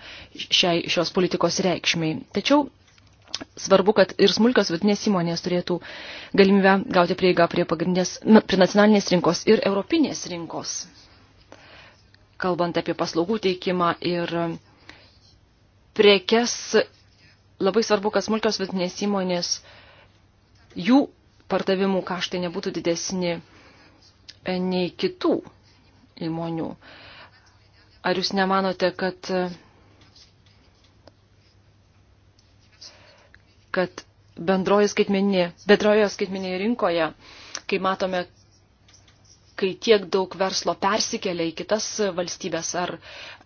šiai, šios politikos reikšmiai. Tačiau svarbu, kad ir smulkios vidinės įmonės turėtų galimybę gauti prieigą prie, prie nacionalinės rinkos ir europinės rinkos, kalbant apie paslaugų teikimą ir prekes labai svarbu, kad smulkios vidinės įmonės, jų pardavimų kaštai nebūtų didesni e, nei kitų įmonių. Ar jūs nemanote, kad, kad bendroje skaitmeninėje, bendroje skaitmeninėje rinkoje, kai matome, kai tiek daug verslo persikelia į kitas valstybės, ar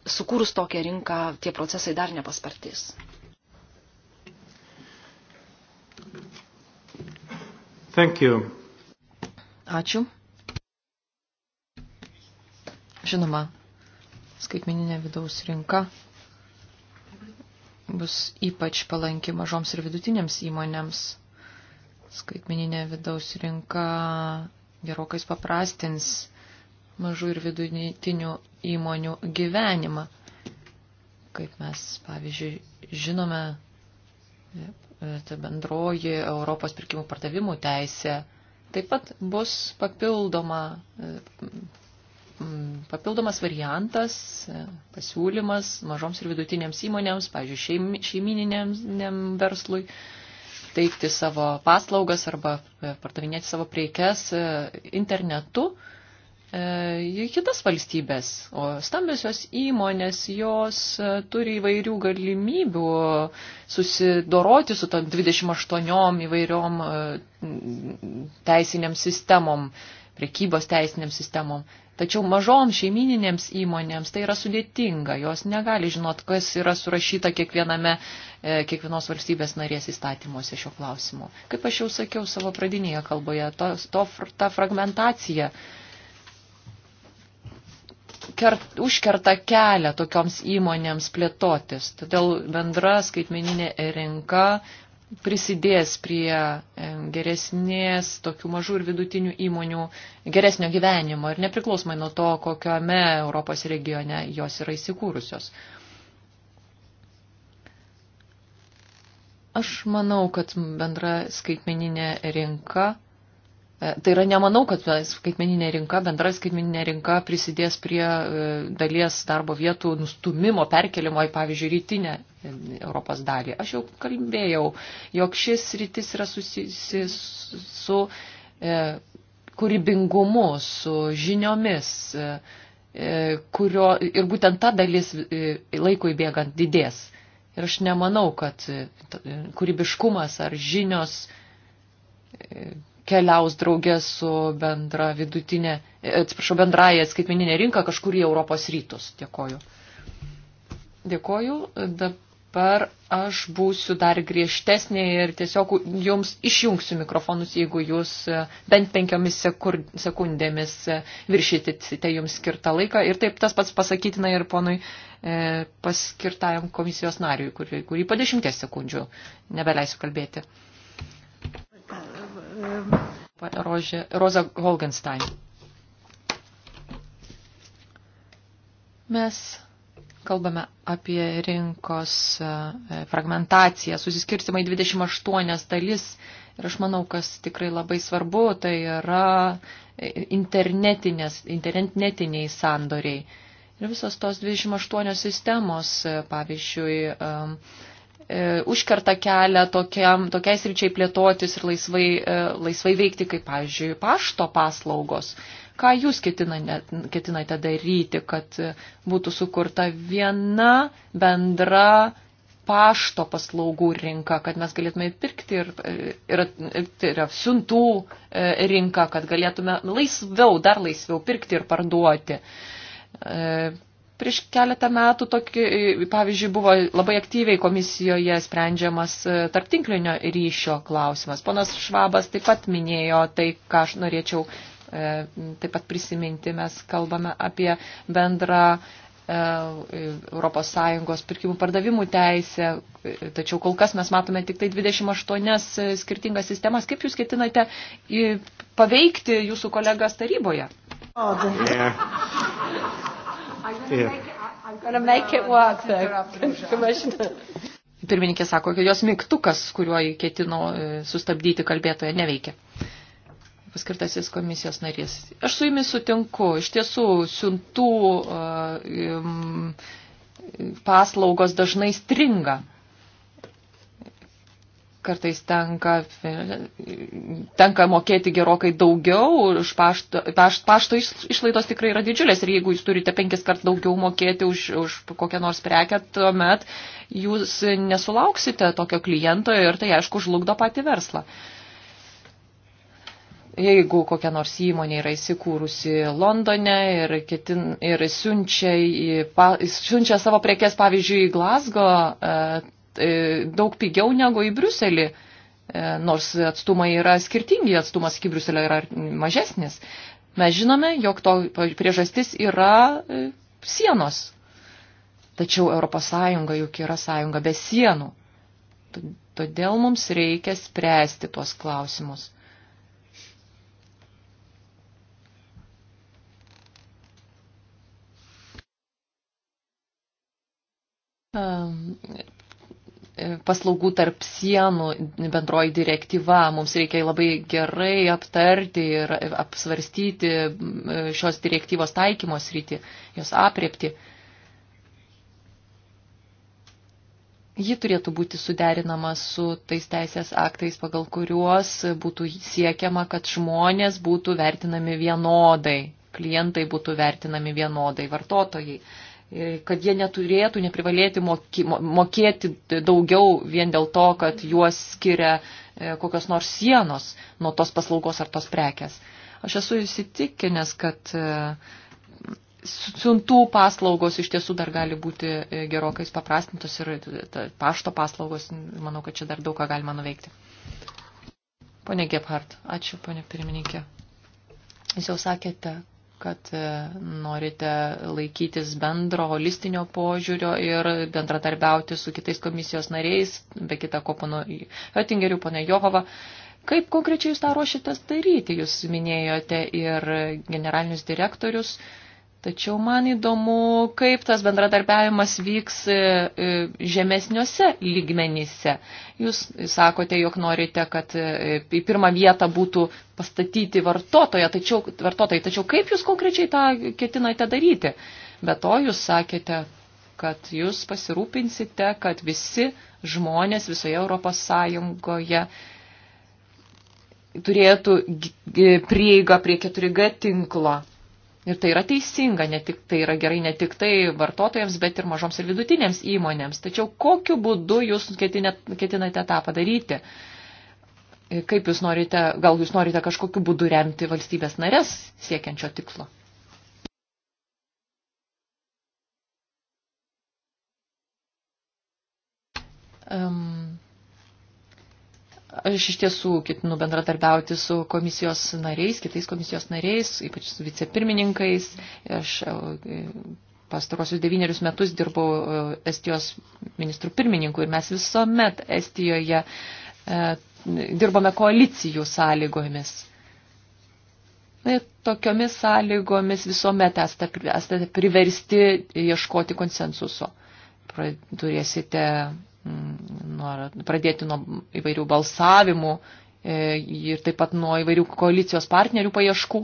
sukūrus tokią rinką, tie procesai dar nepaspartys? Thank you. Ačiū. Žinoma, skaitmeninė vidaus rinka bus ypač palanki mažoms ir vidutinėms įmonėms. Skaitmeninė vidaus rinka gerokai paprastins mažų ir vidutinių įmonių gyvenimą. Kaip mes, pavyzdžiui, žinome, ta bendroji Europos pirkimų pardavimų teisė taip pat bus papildoma, e, papildomas variantas, e, pasiūlymas mažoms ir vidutinėms įmonėms, pavyzdžiui, šeimininiam verslui teikti savo paslaugas arba e, pardavinėti savo priekes internetu E, į kitas valstybės. O stambiosios įmonės, jos e, turi įvairių galimybių susidoroti su tom 28 įvairiom e, teisiniam sistemom, prekybos teisiniam sistemom. Tačiau mažom šeimininėms įmonėms tai yra sudėtinga, jos negali žinot, kas yra surašyta kiekviename, kiekvienos valstybės narės įstatymuose šio klausimu. Kaip aš jau sakiau savo pradinėje kalboje, to, to, ta fragmentacija kert, užkerta kelią tokioms įmonėms plėtotis. Todėl bendra skaitmeninė rinka prisidės prie e, geresnės tokių mažų ir vidutinių įmonių geresnio gyvenimo ir nepriklausomai nuo to, kokiame Europos regione jos yra įsikūrusios. Aš manau, kad bendra skaitmeninė rinka E, tai yra, nemanau, kad skaitmeninė rinka, bendra skaitmeninė rinka prisidės prie e, dalies darbo vietų nustumimo, perkelimo į, pavyzdžiui, rytinę e, Europos dalį. Aš jau kalbėjau, jog šis rytis yra susijusi su e, kūrybingumu, su žiniomis, e, kurio ir būtent ta dalis e, laikui bėgant didės. Ir aš nemanau, kad kūrybiškumas ar žinios. E, keliaus draugė su bendra vidutinė, e, atsiprašau, bendraja skaitmeninė rinka kažkur į Europos rytus. Dėkoju. Dėkoju. Dabar aš būsiu dar griežtesnė ir tiesiog jums išjungsiu mikrofonus, jeigu jūs e, bent penkiomis sekur, sekundėmis e, viršytite jums skirtą laiką. Ir taip tas pats pasakytina ir ponui e, paskirtajam komisijos nariui, kurį, kurį po dešimties sekundžių nebeleisiu kalbėti. Rožė, Roza Holgenstein. Mes kalbame apie rinkos e, fragmentaciją, susiskirstimai 28 dalis ir aš manau, kas tikrai labai svarbu, tai yra e, internetiniai sandoriai. Ir visos tos 28 sistemos, e, pavyzdžiui, E, užkerta kelią tokiam, tokiais ryčiai plėtotis ir laisvai, e, laisvai veikti, kaip, pavyzdžiui, pašto paslaugos. Ką jūs ketinate, ketinate daryti, kad būtų sukurta viena bendra pašto paslaugų rinka, kad mes galėtume pirkti ir, ir, ir, ir siuntų e, rinką, kad galėtume laisviau, dar laisviau pirkti ir parduoti Prieš keletą metų, tokį, pavyzdžiui, buvo labai aktyviai komisijoje sprendžiamas e, tarptinklinio ryšio klausimas. Ponas Švabas taip pat minėjo tai, ką aš norėčiau e, taip pat prisiminti. Mes kalbame apie bendrą ES pirkimų pardavimų teisę, tačiau kol kas mes matome tik tai 28 e, skirtingas sistemas. Kaip jūs ketinate paveikti jūsų kolegas taryboje? Oh, yeah. Pirmininkė sako, kad jos mygtukas, kuriuo ketino e, sustabdyti kalbėtoje, neveikia. Paskirtasis komisijos narys. Aš su jumis sutinku. Iš tiesų, siuntų uh, um, paslaugos dažnai stringa kartais tenka, tenka mokėti gerokai daugiau, už pašto, paš, pašto išlaidos tikrai yra didžiulės ir jeigu jūs turite penkis kart daugiau mokėti už, už kokią nors prekę, tuomet jūs nesulauksite tokio kliento ir tai aišku žlugdo patį verslą. Jeigu kokia nors įmonė yra įsikūrusi Londone ir, ketin, ir siunčia, į, pa, siunčia savo prekes, pavyzdžiui, į Glasgo, e, E, daug pigiau negu į Briuselį, e, nors atstumai yra skirtingi, atstumas iki Briuselio yra mažesnis. Mes žinome, jog to priežastis yra e, sienos. Tačiau ES juk yra sąjunga be sienų. Todėl mums reikia spręsti tuos klausimus paslaugų tarp sienų bendroji direktyva. Mums reikia labai gerai aptarti ir apsvarstyti šios direktyvos taikymos rytį, jos apriepti. Ji turėtų būti suderinama su tais teisės aktais, pagal kuriuos būtų siekiama, kad žmonės būtų vertinami vienodai, klientai būtų vertinami vienodai, vartotojai. Uh, E, kad jie neturėtų neprivalėti mokėti daugiau vien dėl to, kad juos skiria e, kokios nors sienos nuo tos paslaugos ar tos prekės. Aš esu įsitikinęs, kad e, siuntų paslaugos iš tiesų dar gali būti gerokai paprastintos ir pašto paslaugos, manau, kad čia dar daug ką galima nuveikti. Pone Gebhardt, ačiū, pone pirmininkė. Jūs jau sakėte, kad e, norite laikytis bendro holistinio požiūrio ir bendradarbiauti su kitais komisijos nariais, be kita ko, pono Oettingeriu, pono Johova. Kaip konkrečiai jūs tą ruošitės daryti? Jūs minėjote ir generalinius direktorius. Uh, Tačiau man įdomu, kaip tas bendradarbiavimas vyks e, e, žemesniuose lygmenyse. Jūs sakote, jog norite, kad e, į pirmą vietą būtų pastatyti vartotoje, tačiau, vartotojai, tačiau kaip jūs konkrečiai tą ketinate daryti? Be to jūs sakėte, kad jūs pasirūpinsite, kad visi žmonės visoje Europos Sąjungoje turėtų prieigą prie 4G tinklo Ir tai yra teisinga, ne tik, tai yra gerai ne tik tai vartotojams, bet ir mažoms ir vidutinėms įmonėms. Tačiau kokiu būdu jūs ketinate, ketinate tą padaryti? Kaip jūs norite, gal jūs norite kažkokiu būdu remti valstybės narės siekiančio tikslo? Um, Aš iš tiesų ketinu bendradarbiauti su komisijos nariais, kitais komisijos nariais, ypač su vicepirmininkais. Aš e, pastarosius devynerius metus dirbau e, Estijos ministrų pirmininku ir mes visuomet Estijoje e, dirbome koalicijų sąlygomis. Ir tokiomis sąlygomis visuomet esate priversti ieškoti konsensuso. Turėsite Mm, pradėti nuo įvairių balsavimų e, ir taip pat nuo įvairių koalicijos partnerių paieškų.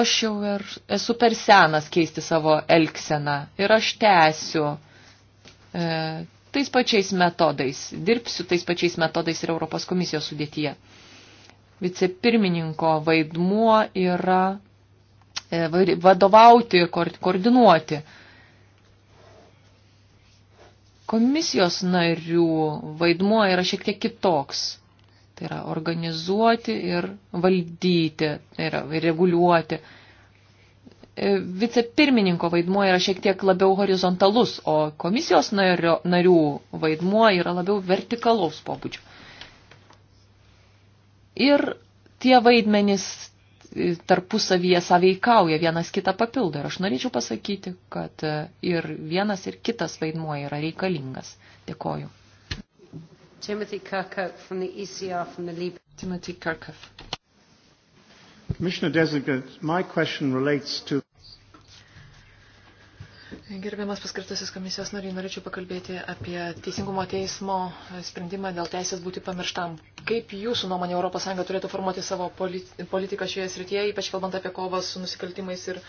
Aš jau ir esu per senas keisti savo elkseną ir aš tęsiu e, tais pačiais metodais, dirbsiu tais pačiais metodais ir Europos komisijos sudėtyje. Vicepirmininko vaidmuo yra e, vadovauti, koordinuoti. E, Komisijos narių vaidmuo yra šiek tiek kitoks. Tai yra organizuoti ir valdyti, tai yra reguliuoti. E, vicepirmininko vaidmuo yra šiek tiek labiau horizontalus, o komisijos nario, narių vaidmuo yra labiau vertikalaus pobūdžio. Ir tie vaidmenys tarpusavyje sąveikauja, vienas kitą papildo. Ir aš norėčiau pasakyti, kad e, ir vienas, ir kitas vaidmuo yra reikalingas. Dėkoju. Timothy Kirkhope from the ECR from the Libre. Timothy Kirkhope. Commissioner Designate, my question relates to Gerbiamas paskirtasis komisijos nariai, norėčiau pakalbėti apie Teisingumo teismo sprendimą dėl teisės būti pamirštam. Kaip jūsų nuomonė ES turėtų formuoti savo politiką šioje srityje, ypač kalbant apie kovą su nusikaltimais ir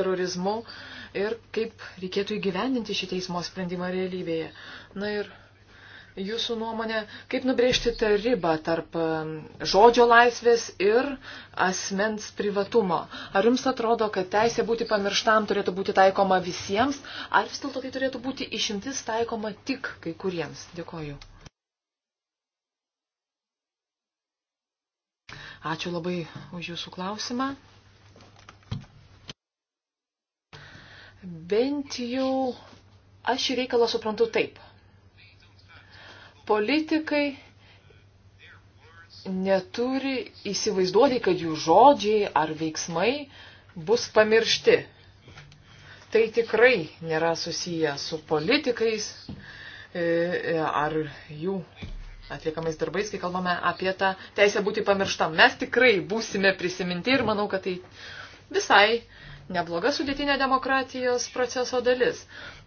terorizmu, ir kaip reikėtų įgyvendinti šį teismo sprendimą realybėje? Na ir jūsų nuomonė, kaip nubrėžti tą ribą tarp žodžio laisvės ir asmens privatumo? Ar jums atrodo, kad teisė būti pamirštam turėtų būti taikoma visiems, ar vis dėlto tai turėtų būti išimtis taikoma tik kai kuriems? Dėkoju. Ačiū labai už jūsų klausimą. Bent jau aš šį reikalą suprantu taip. Politikai neturi įsivaizduoti, kad jų žodžiai ar veiksmai bus pamiršti. Tai tikrai nėra susiję su politikais e, e, ar jų atliekamais darbais, kai kalbame apie tą teisę būti pamirštam. Mes tikrai būsime prisiminti ir manau, kad tai visai nebloga sudėtinė demokratijos proceso dalis.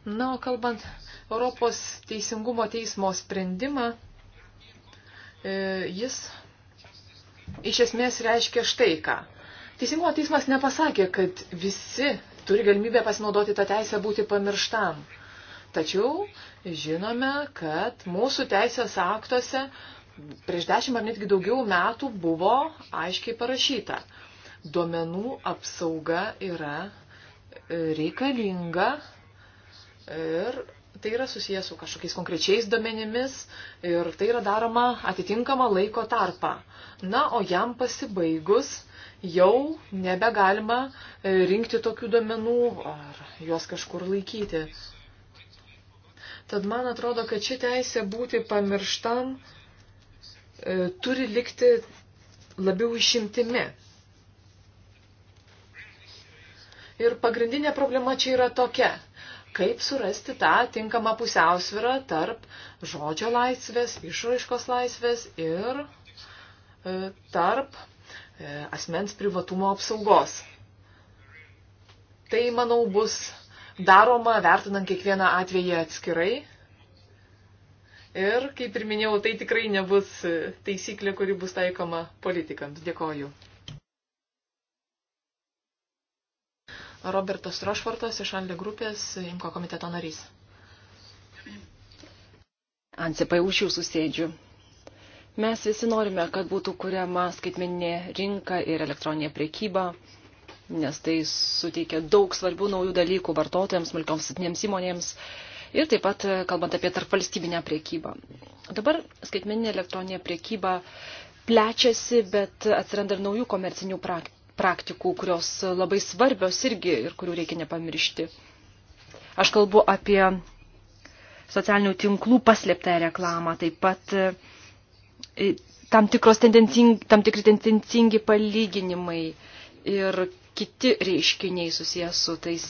Na, o kalbant Europos teisingumo teismo sprendimą, e, jis iš esmės reiškia štai ką. Teisingumo teismas nepasakė, kad visi turi galimybę pasinaudoti tą teisę būti pamirštam. Tačiau žinome, kad mūsų teisės aktuose prieš dešimt ar netgi daugiau metų buvo aiškiai parašyta, duomenų apsauga yra e, reikalinga ir tai yra susijęs su kažkokiais konkrečiais duomenimis ir tai yra daroma atitinkama laiko tarpa. Na, o jam pasibaigus jau nebegalima e, rinkti tokių duomenų ar juos kažkur laikyti. Tad man atrodo, kad ši teisė būti pamirštam e, turi likti labiau išimtimi. Ir pagrindinė problema čia yra tokia. Kaip surasti tą tinkamą pusiausvyrą tarp žodžio laisvės, išraiškos laisvės ir e, tarp e, asmens privatumo apsaugos. Tai, manau, bus daroma vertinant kiekvieną atvejį atskirai. Ir, kaip ir minėjau, tai tikrai nebus e, taisyklė, kuri bus taikoma politikams. Dėkoju. Robertas Rošvartas iš Alde grupės, Imko komiteto narys. Ansipai už jūsų sėdžių. Mes visi norime, kad būtų kuriama skaitmeninė rinka ir elektroninė priekyba, nes tai suteikia daug svarbių naujų dalykų vartotojams, smulkioms sitinėms įmonėms ir taip pat e, kalbant apie tarpvalstybinę priekybą. Dabar skaitmeninė elektroninė priekyba plečiasi, bet atsiranda ir naujų komercinių praktikų praktikų, kurios labai svarbios irgi ir kurių reikia nepamiršti. Aš kalbu apie socialinių tinklų paslėptą reklamą, taip pat e, tam, tikros tendencing, tam tikri tendencingi palyginimai ir kiti reiškiniai susijęs su tais,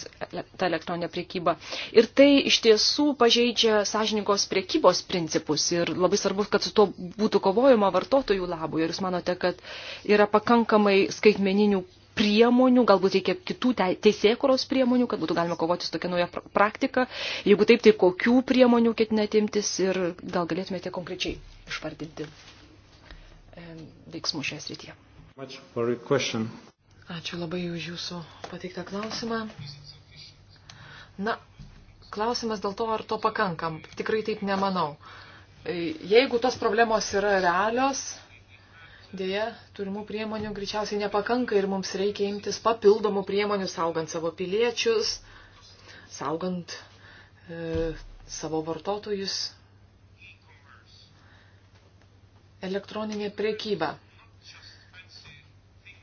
ta elektroninė priekyba. Ir tai iš tiesų pažeidžia sąžininkos priekybos principus ir labai svarbu, kad su to būtų kovojama vartotojų labui. Ir jūs manote, kad yra pakankamai skaitmeninių priemonių, galbūt reikia kitų teisėkuros priemonių, kad būtų galima kovoti su tokia nauja praktika. Jeigu taip, tai kokių priemonių ketinate imtis ir gal galėtumėte konkrečiai išvardinti veiksmų šioje srityje. Ačiū labai už Jūsų pateiktą klausimą. Na, klausimas dėl to, ar to pakankam. Tikrai taip nemanau. E, jeigu tos problemos yra realios, dėja, turimų priemonių greičiausiai nepakanka ir mums reikia imtis papildomų priemonių, saugant savo piliečius, saugant e, savo vartotojus. Elektroninė priekyba.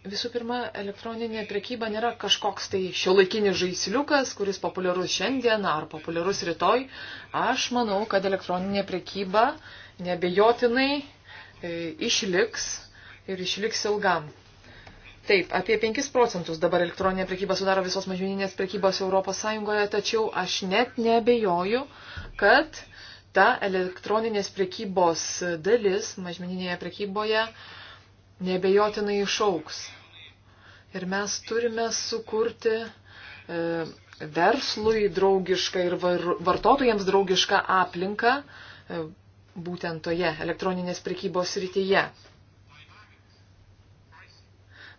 Visų pirma, elektroninė prekyba nėra kažkoks tai šiuolaikinis žaisliukas, kuris populiarus šiandien ar populiarus rytoj. Aš manau, kad elektroninė prekyba nebejotinai e, išliks ir išliks ilgam. Taip, apie 5 procentus dabar elektroninė prekyba sudaro visos mažmeninės prekybos ES, tačiau aš net nebejoju, kad ta elektroninės prekybos dalis mažmeninėje prekyboje nebejotinai išauks. Ir mes turime sukurti e, verslui draugišką ir vartotojams draugišką aplinką e, būtent toje elektroninės prekybos rytyje.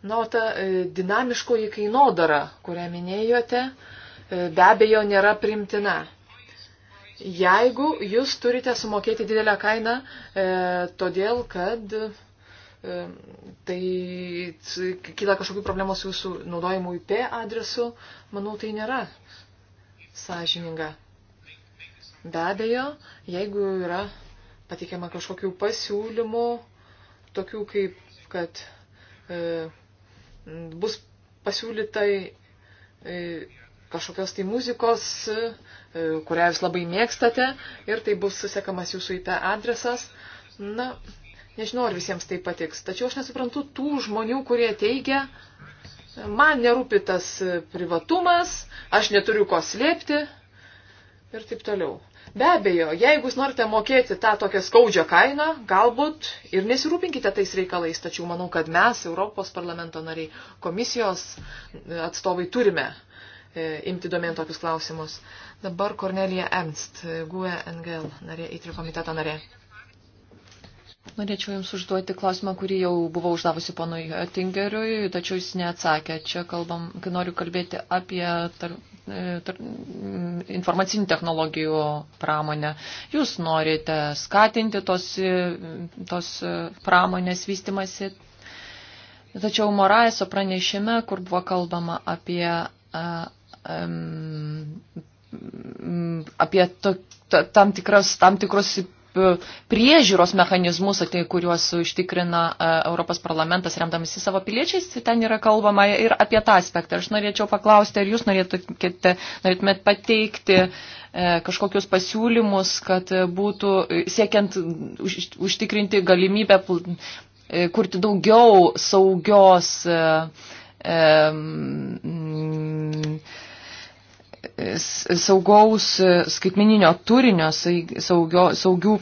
Na, o ta e, dinamiškoji kainodara, kurią minėjote, be abejo nėra primtina. Jeigu jūs turite sumokėti didelę kainą, e, todėl kad tai kyla kažkokių problemų su jūsų naudojimu IP adresu, manau, tai nėra sąžininga. Be abejo, jeigu yra pateikiama kažkokių pasiūlymų, tokių kaip, kad e, bus pasiūlyta e, kažkokios tai muzikos, e, kurią jūs labai mėgstate ir tai bus susekamas jūsų IP adresas, na, Nežinau, ar visiems tai patiks. Tačiau aš nesuprantu tų žmonių, kurie teigia, man nerūpi tas privatumas, aš neturiu ko slėpti ir taip toliau. Be abejo, jeigu jūs norite mokėti tą tokią skaudžią kainą, galbūt ir nesirūpinkite tais reikalais, tačiau manau, kad mes, Europos parlamento nariai, komisijos atstovai, turime e, imti domen tokius klausimus. Dabar Kornelija Emst, GUE NGL, narė, įtri komiteto narė. Norėčiau Jums užduoti klausimą, kurį jau buvau uždavusi ponui Tingeriui, tačiau jis neatsakė. Čia kalbam, kai noriu kalbėti apie tar, e, tar, informacinių technologijų pramonę. Jūs norite skatinti tos, e, tos e, pramonės vystimasi. Tačiau Moraiso pranešime, kur buvo kalbama apie. Um, apie to, to, tam, tikras, tam tikrus priežiūros mechanizmus, tai, kuriuos ištikrina e, Europos parlamentas remdamasi savo piliečiais, tai ten yra kalbama ir apie tą aspektą. Aš norėčiau paklausti, ar jūs norėtumėte, norėtumėte pateikti e, kažkokius pasiūlymus, kad būtų siekiant užtikrinti galimybę e, kurti daugiau saugios e, e, saugaus e, skaitmeninio turinio, saugio, saugių,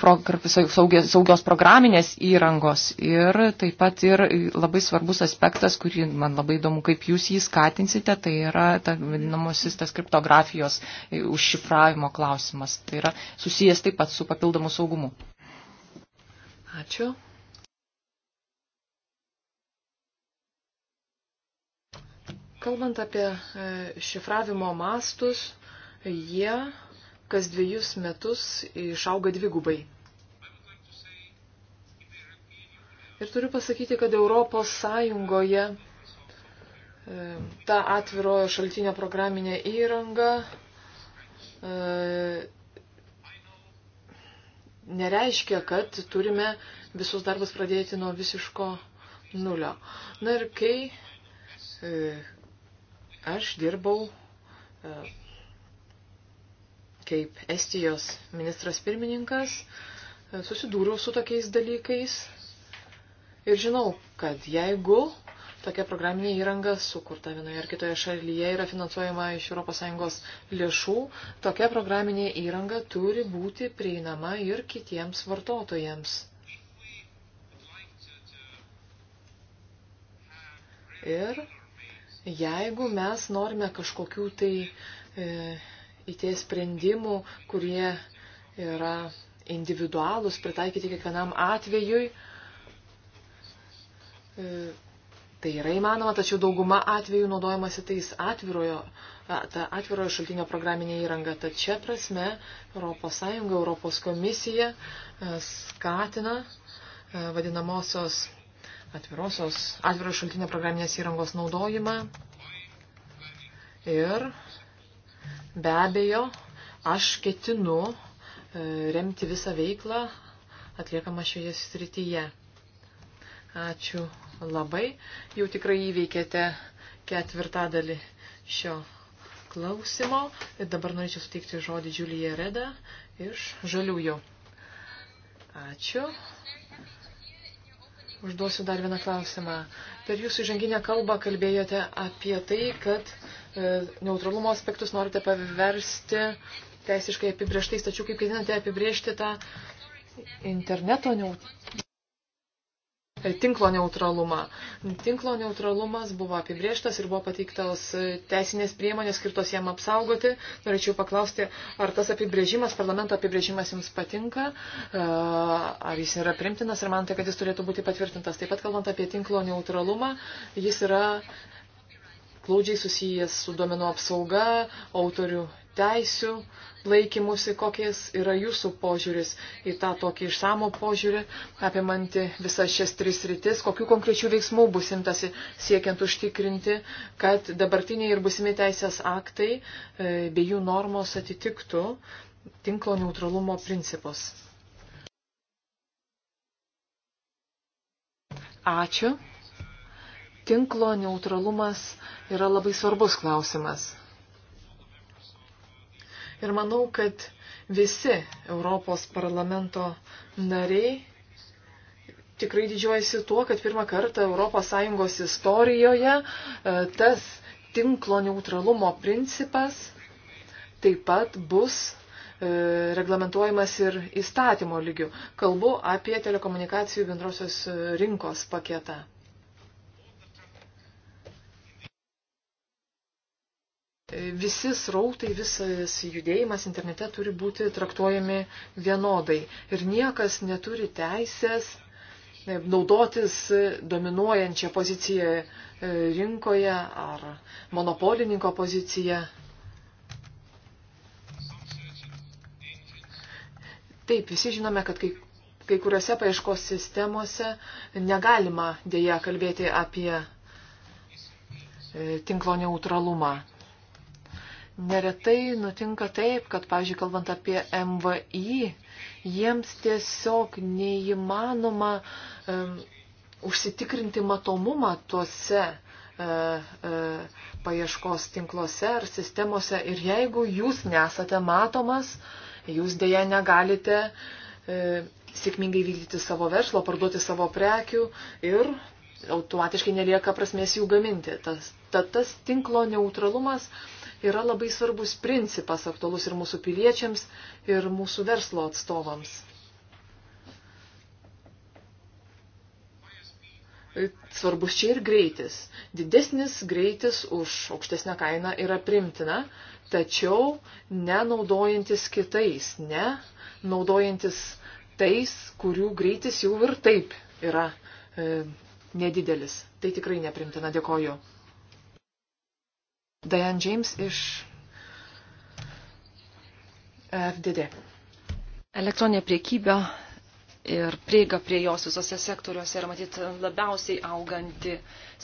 saugios, saugios programinės įrangos ir taip pat ir labai svarbus aspektas, kurį man labai įdomu, kaip jūs jį skatinsite, tai yra ta, vadinamosis tas kriptografijos e, užšifravimo klausimas. Tai yra susijęs taip pat su papildomu saugumu. Ačiū. Kalbant apie e, šifravimo mastus, jie kas dviejus metus išauga dvigubai. Ir turiu pasakyti, kad Europos Sąjungoje e, ta atvirojo šaltinio programinė įranga e, nereiškia, kad turime visus darbus pradėti nuo visiško nulio. Na ir kai Aš dirbau e, kaip Estijos ministras pirmininkas, e, susidūriau su tokiais dalykais ir žinau, kad jeigu tokia programinė įranga sukurta vienoje ar kitoje šalyje yra finansuojama iš ES lėšų, tokia programinė įranga turi būti prieinama ir kitiems vartotojams. Ir Jeigu mes norime kažkokių tai e, IT sprendimų, kurie yra individualūs, pritaikyti kiekvienam atvejui, e, tai yra įmanoma, tačiau dauguma atvejų naudojamasi tais atvirojo, ta atvirojo šaltinio programinė įranga. Tad čia prasme ES, ES komisija e, skatina e, vadinamosios atvirosios, atviro šaltinio programinės įrangos naudojimą. Ir be abejo, aš ketinu e, remti visą veiklą atliekamą šioje srityje. Ačiū labai. Jau tikrai įveikėte ketvirtadalį šio klausimo. Ir dabar norėčiau suteikti žodį Džiulijai Reda iš Žaliųjų. Ačiū. Užduosiu dar vieną klausimą. Per jūsų žanginę kalbą kalbėjote apie tai, kad e, neutralumo aspektus norite paversti teisiškai apibrieštais, tačiau kaip ketinate apibriežti tą interneto tinklo neutralumą. Tinklo neutralumas buvo apibrieštas ir buvo pateiktos teisinės priemonės skirtos jam apsaugoti. Norėčiau paklausti, ar tas apibrėžimas, parlamento apibrėžimas jums patinka, ar jis yra primtinas, ar man tai, kad jis turėtų būti patvirtintas. Taip pat kalbant apie tinklo neutralumą, jis yra glaudžiai susijęs su duomenų apsauga, autorių teisių laikymusi, kokiais yra jūsų požiūris į tą tokį išsamų požiūrį, apimanti visas šias tris rytis, kokiu konkrečiu veiksmu bus imtasi siekiant užtikrinti, kad dabartiniai ir busimi teisės aktai e, bei jų normos atitiktų tinklo neutralumo principus. Ačiū. Tinklo neutralumas yra labai svarbus klausimas. Ir manau, kad visi Europos parlamento nariai tikrai didžiuojasi tuo, kad pirmą kartą ES istorijoje e, tas tinklo neutralumo principas taip pat bus e, reglamentuojamas ir įstatymo lygių. Kalbu apie telekomunikacijų bendrosios e, rinkos paketą. visi srautai, visas judėjimas internete turi būti traktuojami vienodai. Ir niekas neturi teisės e, naudotis dominuojančią poziciją e, rinkoje ar monopolininko poziciją. Taip, visi žinome, kad kai, kai kuriuose paieškos sistemose negalima dėja kalbėti apie e, tinklo neutralumą neretai nutinka taip, kad, pavyzdžiui, kalbant apie MVI, jiems tiesiog neįmanoma um, užsitikrinti matomumą tuose uh, uh, paieškos tinkluose ar sistemose. Ir jeigu jūs nesate matomas, jūs dėja negalite uh, sėkmingai vykdyti savo verslo, parduoti savo prekių ir automatiškai nelieka prasmės jų gaminti. Tas, ta, tas tinklo neutralumas uh, yra labai svarbus principas aktualus ir mūsų piliečiams, ir mūsų verslo atstovams. Svarbus čia ir greitis. Didesnis greitis už aukštesnę kainą yra primtina, tačiau nenaudojantis kitais, ne naudojantis tais, kurių greitis jau ir taip yra e, nedidelis. Tai tikrai neprimtina. Dėkoju. Diane James iš FDD. Elektroninė priekyba ir prieiga prie jos visose sektoriuose yra matyt labiausiai auganti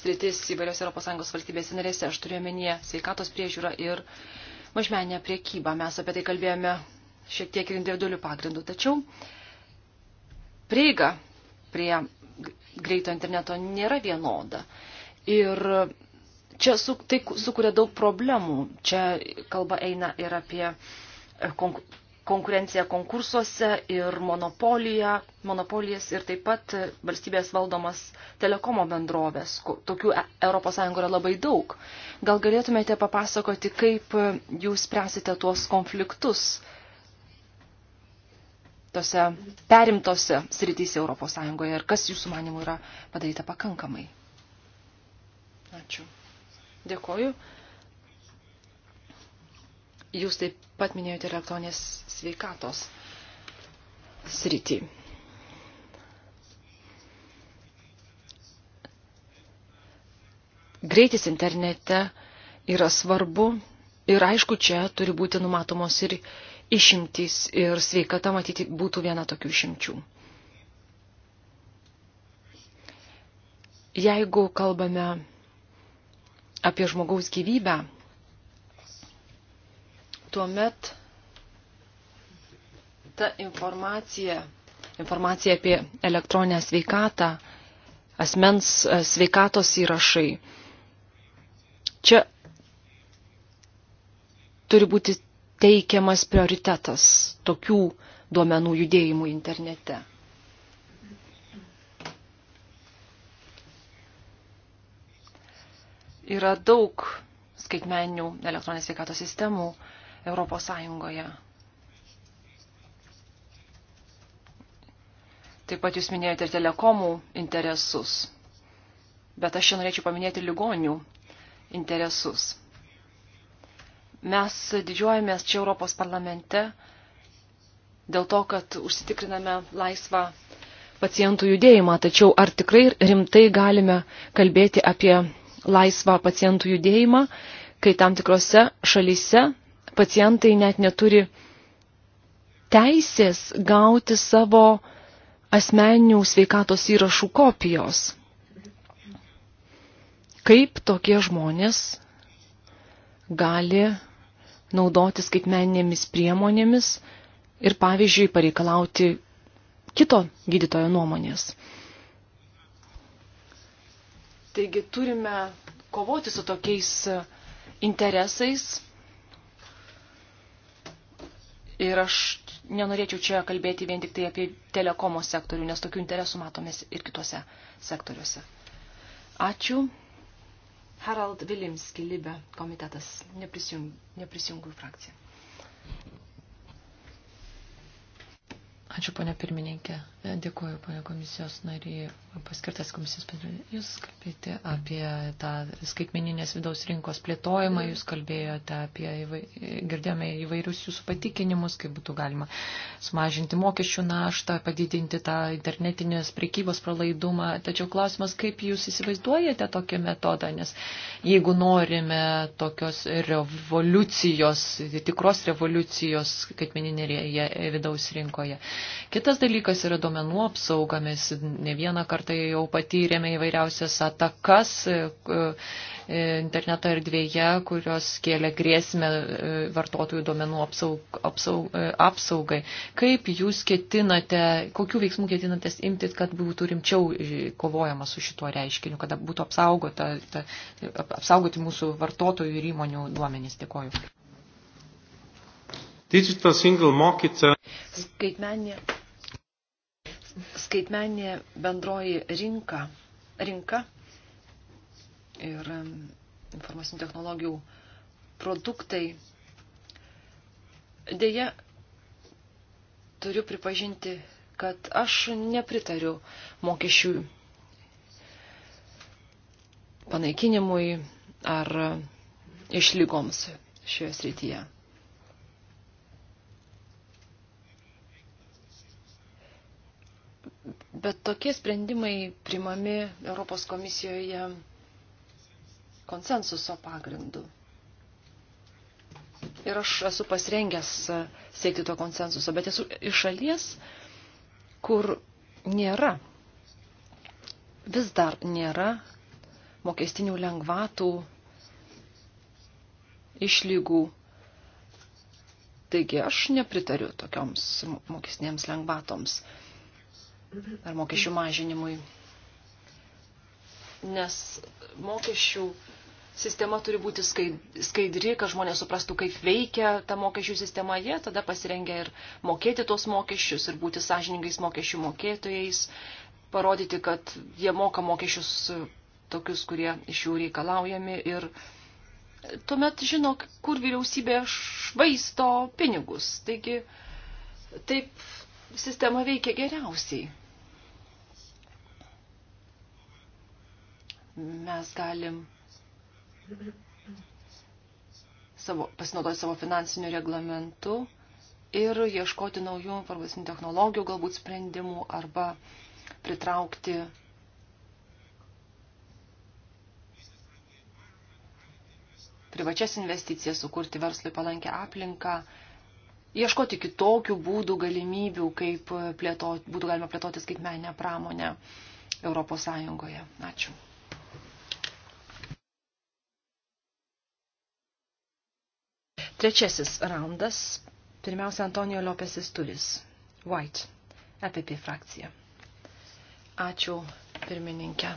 sritis įvairiose ES valstybėse narėse. Aš turiu omenyje sveikatos priežiūrą ir mažmenę priekybą. Mes apie tai kalbėjome šiek tiek ir individualių pagrindų. Tačiau prieiga prie greito interneto nėra vienoda. Ir Čia su, tai sukuria daug problemų. Čia kalba eina ir apie e, konkurenciją konkursuose ir monopoliją, monopolijas ir taip pat valstybės valdomas telekomo bendrovės. Tokių ES yra labai daug. Gal galėtumėte papasakoti, kaip jūs spręsite tuos konfliktus tose perimtose srityse ES ir kas jūsų manimų yra padaryta pakankamai? Ačiū. Dėkoju. Jūs taip pat minėjote elektroninės sveikatos sritį. Greitis internete yra svarbu ir aišku, čia turi būti numatomos ir išimtys ir sveikata matyti būtų viena tokių išimčių. Jeigu kalbame apie žmogaus gyvybę, tuomet ta informacija, informacija apie elektroninę sveikatą, asmens e, sveikatos įrašai, čia turi būti teikiamas prioritetas tokių duomenų judėjimų internete. Yra daug skaitmeninių elektroninės sveikatos sistemų Europos Sąjungoje. Taip pat jūs minėjote ir telekomų interesus, bet aš čia norėčiau paminėti ligonių interesus. Mes didžiuojamės čia Europos parlamente dėl to, kad užsitikriname laisvą pacientų judėjimą, tačiau ar tikrai rimtai galime kalbėti apie laisvą pacientų judėjimą, kai tam tikrose šalyse pacientai net neturi teisės gauti savo asmeninių sveikatos įrašų kopijos. Kaip tokie žmonės gali naudotis skaitmeninėmis priemonėmis ir, pavyzdžiui, pareikalauti kito gydytojo nuomonės. Taigi turime kovoti su tokiais interesais. Ir aš nenorėčiau čia kalbėti vien tik tai apie telekomo sektorių, nes tokių interesų matomės ir kitose sektoriuose. Ačiū. Harald Vilimski, Libe komitetas, neprisijung, neprisijungų frakcija. Ačiū, ponia pirmininkė. Dėkuoju, ponio komisijos nariai, paskirtas komisijos padarys. Jūs kalbėjote apie tą skaitmeninės vidaus rinkos plėtojimą, jūs kalbėjote apie, girdėjome įvairius jūsų patikinimus, kaip būtų galima sumažinti mokesčių naštą, padidinti tą internetinės prekybos pralaidumą. Tačiau klausimas, kaip jūs įsivaizduojate tokį metodą, nes jeigu norime tokios revoliucijos, tikros revoliucijos skaitmeninėje vidaus rinkoje. Kitas dalykas yra duomenų duomenų apsaugą. Mes ne vieną kartą jau patyrėme įvairiausias atakas e, e, interneto erdvėje, kurios kėlė grėsmę e, vartotojų duomenų apsaug, apsaug, apsaugai. Kaip jūs ketinate, kokiu veiksmu ketinate imtis, kad būtų rimčiau kovojama su šituo reiškiniu, kad būtų apsaugota, ta, apsaugoti mūsų vartotojų ir įmonių duomenys? Dėkoju. Digital Single Market. Uh, Skaitmeninė skaitmeninė bendroji rinka, rinka ir informacinių technologijų produktai. Deja, turiu pripažinti, kad aš nepritariu mokesčių panaikinimui ar išlygoms šioje srityje. Bet tokie sprendimai primami Europos komisijoje konsensuso pagrindu. Ir aš esu pasirengęs siekti to konsensuso, bet esu iš šalies, kur nėra, vis dar nėra mokestinių lengvatų išlygų. Taigi aš nepritariu tokioms mokestinėms lengvatoms ar mokesčių mažinimui. Nes mokesčių sistema turi būti skaidri, kad žmonės suprastų, kaip veikia ta mokesčių sistema, jie tada pasirengia ir mokėti tos mokesčius ir būti sąžiningais mokesčių mokėtojais, parodyti, kad jie moka mokesčius tokius, kurie iš jų reikalaujami ir tuomet žino, kur vyriausybė švaisto pinigus. Taigi taip sistema veikia geriausiai. mes galim savo, pasinaudoti savo finansiniu reglamentu ir ieškoti naujų informacinių technologijų, galbūt sprendimų arba pritraukti privačias investicijas, sukurti verslui palankę aplinką, ieškoti kitokių būdų, galimybių, kaip plėtot, būtų galima plėtoti skaitmeninę pramonę Europos Sąjungoje. Ačiū. Trečiasis raundas. Pirmiausia, Antonijo Lopesis Turis. White. EPP frakcija. Ačiū, pirmininkė.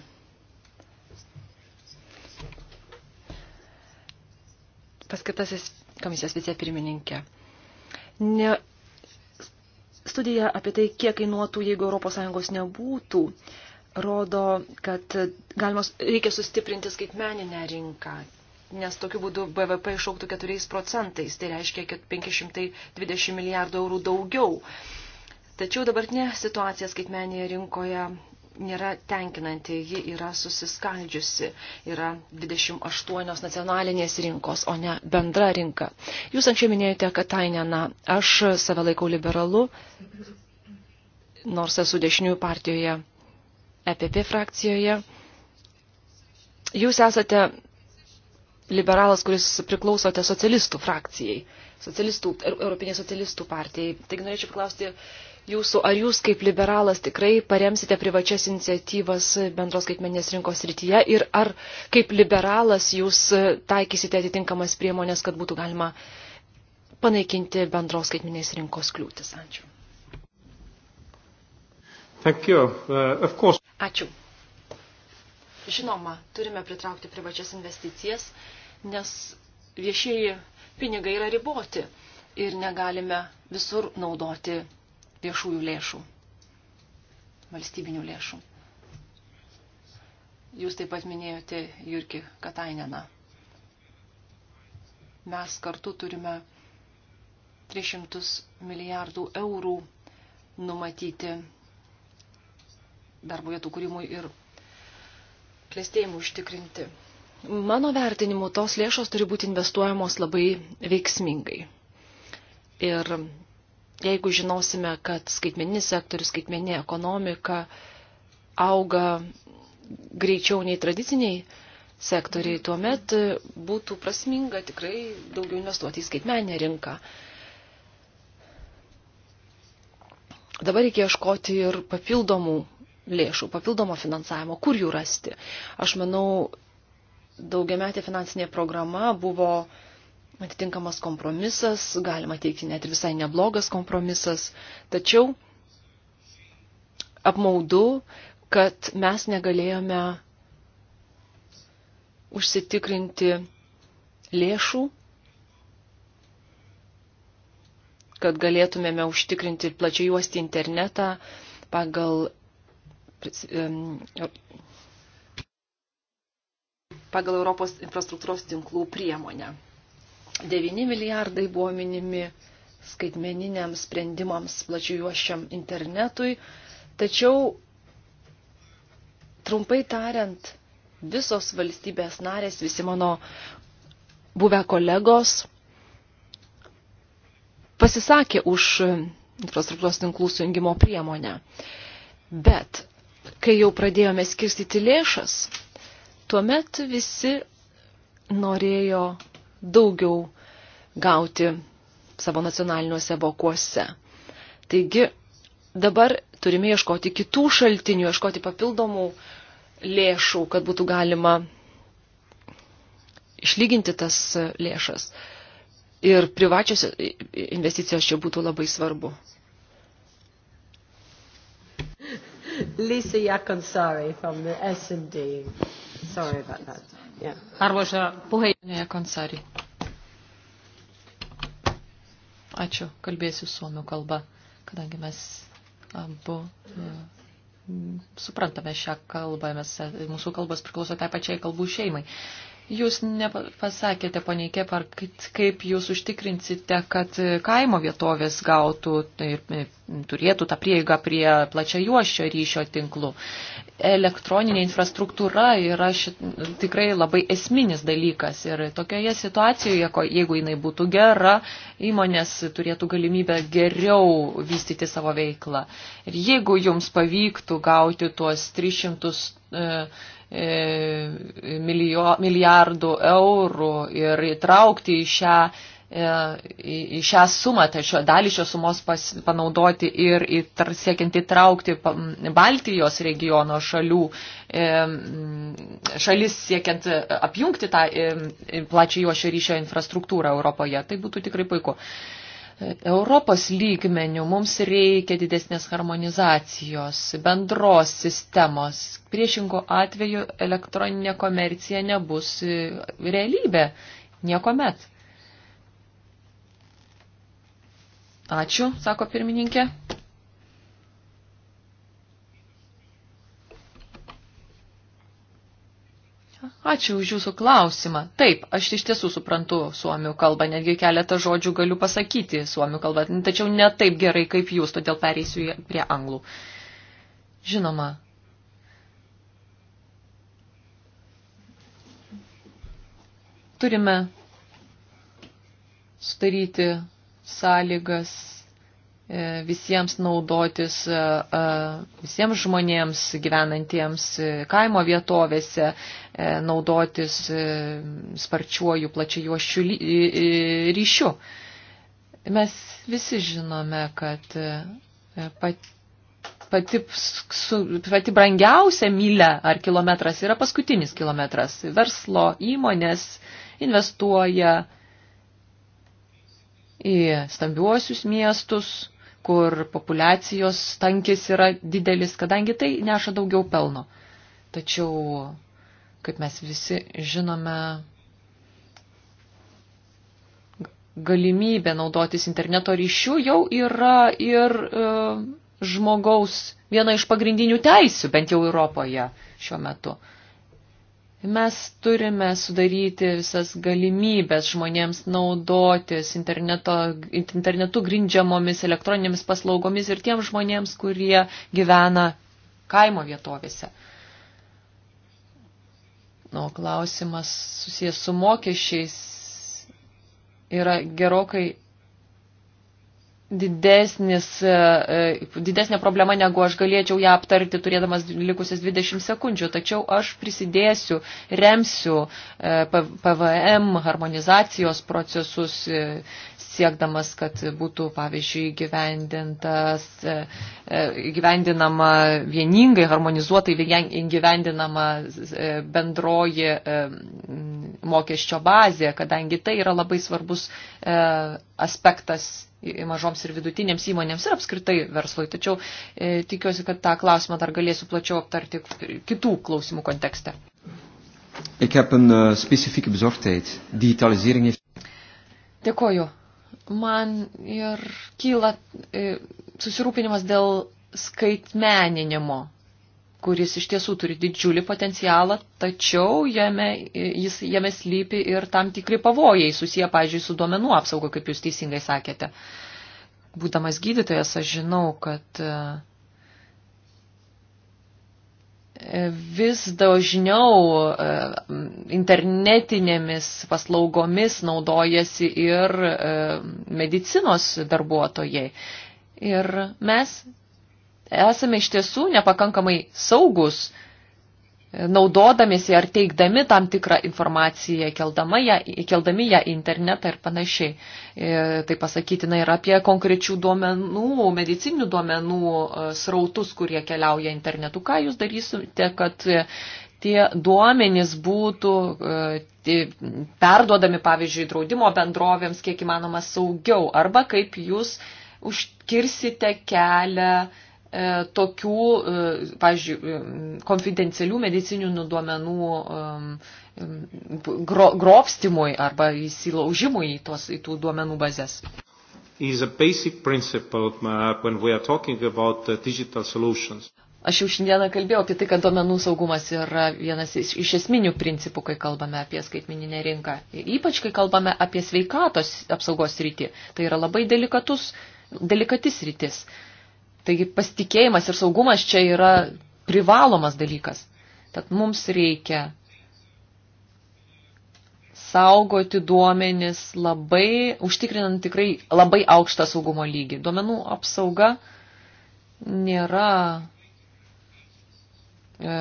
Paskirtasis komisijos vicepirmininkė. Ne, studija apie tai, kiek kainuotų, jeigu ES nebūtų, rodo, kad galima, reikia sustiprinti skaitmeninę rinką, nes tokiu būdu BVP išauktų 4 procentais, tai reiškia 520 milijardų eurų daugiau. Tačiau dabartinė situacija skaitmenėje rinkoje nėra tenkinanti, ji yra susiskaldžiusi, yra 28 nacionalinės rinkos, o ne bendra rinka. Jūs anksčiau minėjote, kad Tainena, aš save laikau liberalu, nors esu dešiniųjų partijoje, EPP frakcijoje. Jūs esate liberalas, kuris priklausote socialistų frakcijai, socialistų, Europinės socialistų partijai. Taigi norėčiau paklausti jūsų, ar jūs kaip liberalas tikrai paremsite privačias iniciatyvas bendros skaitmenės rinkos rytyje ir ar kaip liberalas jūs taikysite atitinkamas priemonės, kad būtų galima panaikinti bendros skaitmenės rinkos kliūtis. Ačiū. Thank you. Uh, of course. Ačiū. Žinoma, turime pritraukti privačias investicijas, nes viešieji pinigai yra riboti ir negalime visur naudoti viešųjų lėšų, valstybinių lėšų. Jūs taip pat minėjote Jurki Kataineną. Mes kartu turime 300 milijardų eurų numatyti darbo vietų kūrimui ir klėstėjimų užtikrinti. Mano vertinimu, tos lėšos turi būti investuojamos labai veiksmingai. Ir jeigu žinosime, kad skaitmeninis sektorius, skaitmeninė ekonomika auga greičiau nei tradiciniai sektoriai, tuomet būtų prasminga tikrai daugiau investuoti į skaitmeninę rinką. Dabar reikia ieškoti ir papildomų lėšų, papildomo finansavimo, kur jų rasti. Aš manau, daugiametė finansinė programa buvo atitinkamas kompromisas, galima teikti net ir visai neblogas kompromisas, tačiau apmaudu, kad mes negalėjome užsitikrinti lėšų, kad galėtumėme užtikrinti plačiai juosti internetą pagal pagal Europos infrastruktūros tinklų priemonę. 9 milijardai buvo minimi skaitmeniniams sprendimams plačiuošiam internetui, tačiau trumpai tariant, visos valstybės narės, visi mano buvę kolegos pasisakė už infrastruktūros tinklų sujungimo priemonę. Bet kai jau pradėjome skirstyti lėšas, tuomet visi norėjo daugiau gauti savo nacionaliniuose vokuose. Taigi dabar turime ieškoti kitų šaltinių, ieškoti papildomų lėšų, kad būtų galima išlyginti tas lėšas. Ir privačios investicijos čia būtų labai svarbu. Lisa Jakonsari from the S&D. Sorry about that. Yeah. Arvoisa puheenjohtaja Konsari. Ačiū, kalbėsiu suomių kalba, kadangi mes abu e, suprantame šią kalbą, mes, mūsų kalbos priklauso tai pačiai kalbų šeimai. Jūs nepasakėte, poniai Kepar, kaip jūs užtikrinsite, kad kaimo vietovės gautų tai ir tai, turėtų tą prieigą prie plačiajuošio ryšio tinklų. Elektroninė infrastruktūra yra šit, tikrai labai esminis dalykas ir tokioje situacijoje, jeigu jinai būtų gera, įmonės turėtų galimybę geriau vystyti savo veiklą. Ir jeigu jums pavyktų gauti tuos 300 e, E, milijo, milijardų eurų ir įtraukti į šią, e, į, į šią sumą, tačiau dalį šios sumos pas, panaudoti ir į, siekiant įtraukti Baltijos regiono šalių, e, šalis siekiant apjungti tą plačiai juošio ryšio infrastruktūrą Europoje. Tai būtų tikrai puiku. Europos lygmenių mums reikia didesnės harmonizacijos, bendros sistemos. Priešingų atveju elektroninė komercija nebus e, realybė niekomet. Ačiū, sako pirmininkė. Ačiū už jūsų klausimą. Taip, aš iš tiesų suprantu suomių kalbą, netgi keletą žodžių galiu pasakyti suomių kalbą, tačiau ne taip gerai kaip jūs, todėl pereisiu prie anglų. Žinoma. Turime sudaryti sąlygas E, visiems naudotis, e, e, visiems žmonėms gyvenantiems kaimo vietovėse, naudotis sparčiuoju plačiajuošiu ryšiu. Mes visi žinome, kad pati, pati, pati brangiausia mylia ar kilometras yra paskutinis kilometras. Verslo įmonės investuoja į stambiuosius miestus kur populiacijos tankis yra didelis, kadangi tai neša daugiau pelno. Tačiau, kaip mes visi žinome, galimybė naudotis interneto ryšiu jau yra ir e, žmogaus viena iš pagrindinių teisių, bent jau Europoje šiuo metu. Mes turime sudaryti visas galimybės žmonėms naudotis interneto, internetu grindžiamomis elektroninėmis paslaugomis ir tiems žmonėms, kurie gyvena kaimo vietovėse. O klausimas susijęs su mokesčiais yra gerokai didesnis, e, e, didesnė problema, negu aš galėčiau ją aptarti, turėdamas likusias 20 sekundžių. Tačiau aš prisidėsiu, remsiu e, PVM harmonizacijos procesus, siekdamas, kad būtų, pavyzdžiui, gyvendinama vieningai, harmonizuotai gyvendinama bendroji mokesčio bazė, kadangi tai yra labai svarbus aspektas mažoms ir vidutinėms įmonėms ir apskritai verslui. Tačiau e, tikiuosi, kad tą klausimą dar galėsiu plačiau aptarti kitų klausimų kontekste. Ik heb een uh, specifieke bezorgdheid. Digitalisering heeft. Dėkoju. Man ir kyla e, susirūpinimas dėl skaitmeninimo kuris iš tiesų turi didžiulį potencialą, tačiau jame, jis, jame slypi ir tam tikri pavojai susiję, pažiūrėjau, su duomenų apsauga, kaip jūs teisingai sakėte. Būdamas gydytojas, aš žinau, kad e, vis dažniau e, internetinėmis paslaugomis naudojasi ir e, medicinos darbuotojai. Ir mes esame iš tiesų nepakankamai saugus, e, naudodamėsi ar teikdami tam tikrą informaciją, ją, keldami ją į internetą ir panašiai. E, tai pasakytina ir apie konkrečių duomenų, medicinių duomenų e, srautus, kurie keliauja internetu. Ką jūs darysite, kad tie duomenys būtų perduodami, pavyzdžiui, draudimo bendrovėms kiek įmanoma saugiau, arba kaip jūs užkirsite kelią E, tokių, e, pavyzdžiui, e, konfidencialių medicininių duomenų gro, grobstimui arba įsilaužimui į, tos, į tų duomenų bazės. Uh, Aš jau šiandieną kalbėjau apie tai, kad duomenų saugumas yra vienas iš, iš esminių principų, kai kalbame apie skaitmininę rinką. Ypač, kai kalbame apie sveikatos apsaugos rytį. Tai yra labai delikatus, delikatis rytis. Uh, Taigi pasitikėjimas ir saugumas čia yra privalomas dalykas. Tad mums reikia saugoti duomenis labai, užtikrinant tikrai labai aukštą saugumo lygį. Duomenų apsauga nėra e,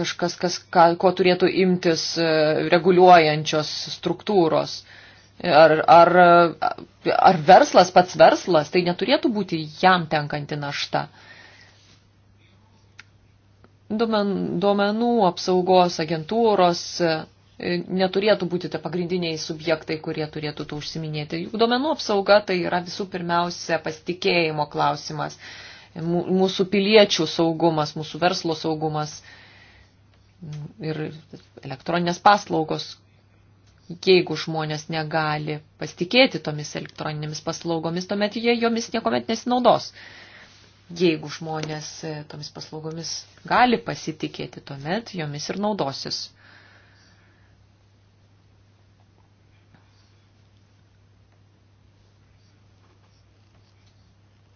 kažkas, kas, ką, ko turėtų imtis e, reguliuojančios struktūros ar, ar, ar verslas, pats verslas, tai neturėtų būti jam tenkanti našta. Duomen, duomenų apsaugos agentūros e, neturėtų būti tie pagrindiniai subjektai, kurie turėtų to užsiminėti. Juk duomenų apsauga tai yra visų pirmiausia pasitikėjimo klausimas, mūsų piliečių saugumas, mūsų verslo saugumas ir elektroninės paslaugos, jeigu žmonės negali pasitikėti tomis elektroninėmis paslaugomis, tuomet jie jomis niekuomet nesinaudos. Jeigu žmonės e, tomis paslaugomis gali pasitikėti, tuomet jomis ir naudosis.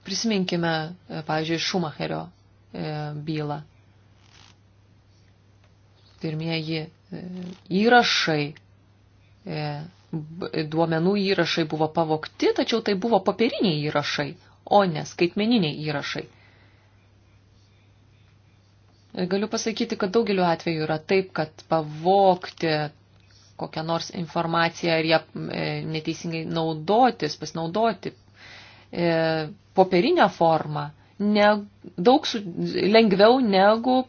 Prisiminkime, e, pavyzdžiui, Šumacherio e, bylą. Pirmieji įrašai E, duomenų įrašai buvo pavokti, tačiau tai buvo papiriniai įrašai, o ne skaitmeniniai įrašai. E, galiu pasakyti, kad daugeliu atveju yra taip, kad pavokti kokią nors informaciją ir ją e, neteisingai naudotis, pasinaudoti popierinę formą ne, daug su, lengviau negu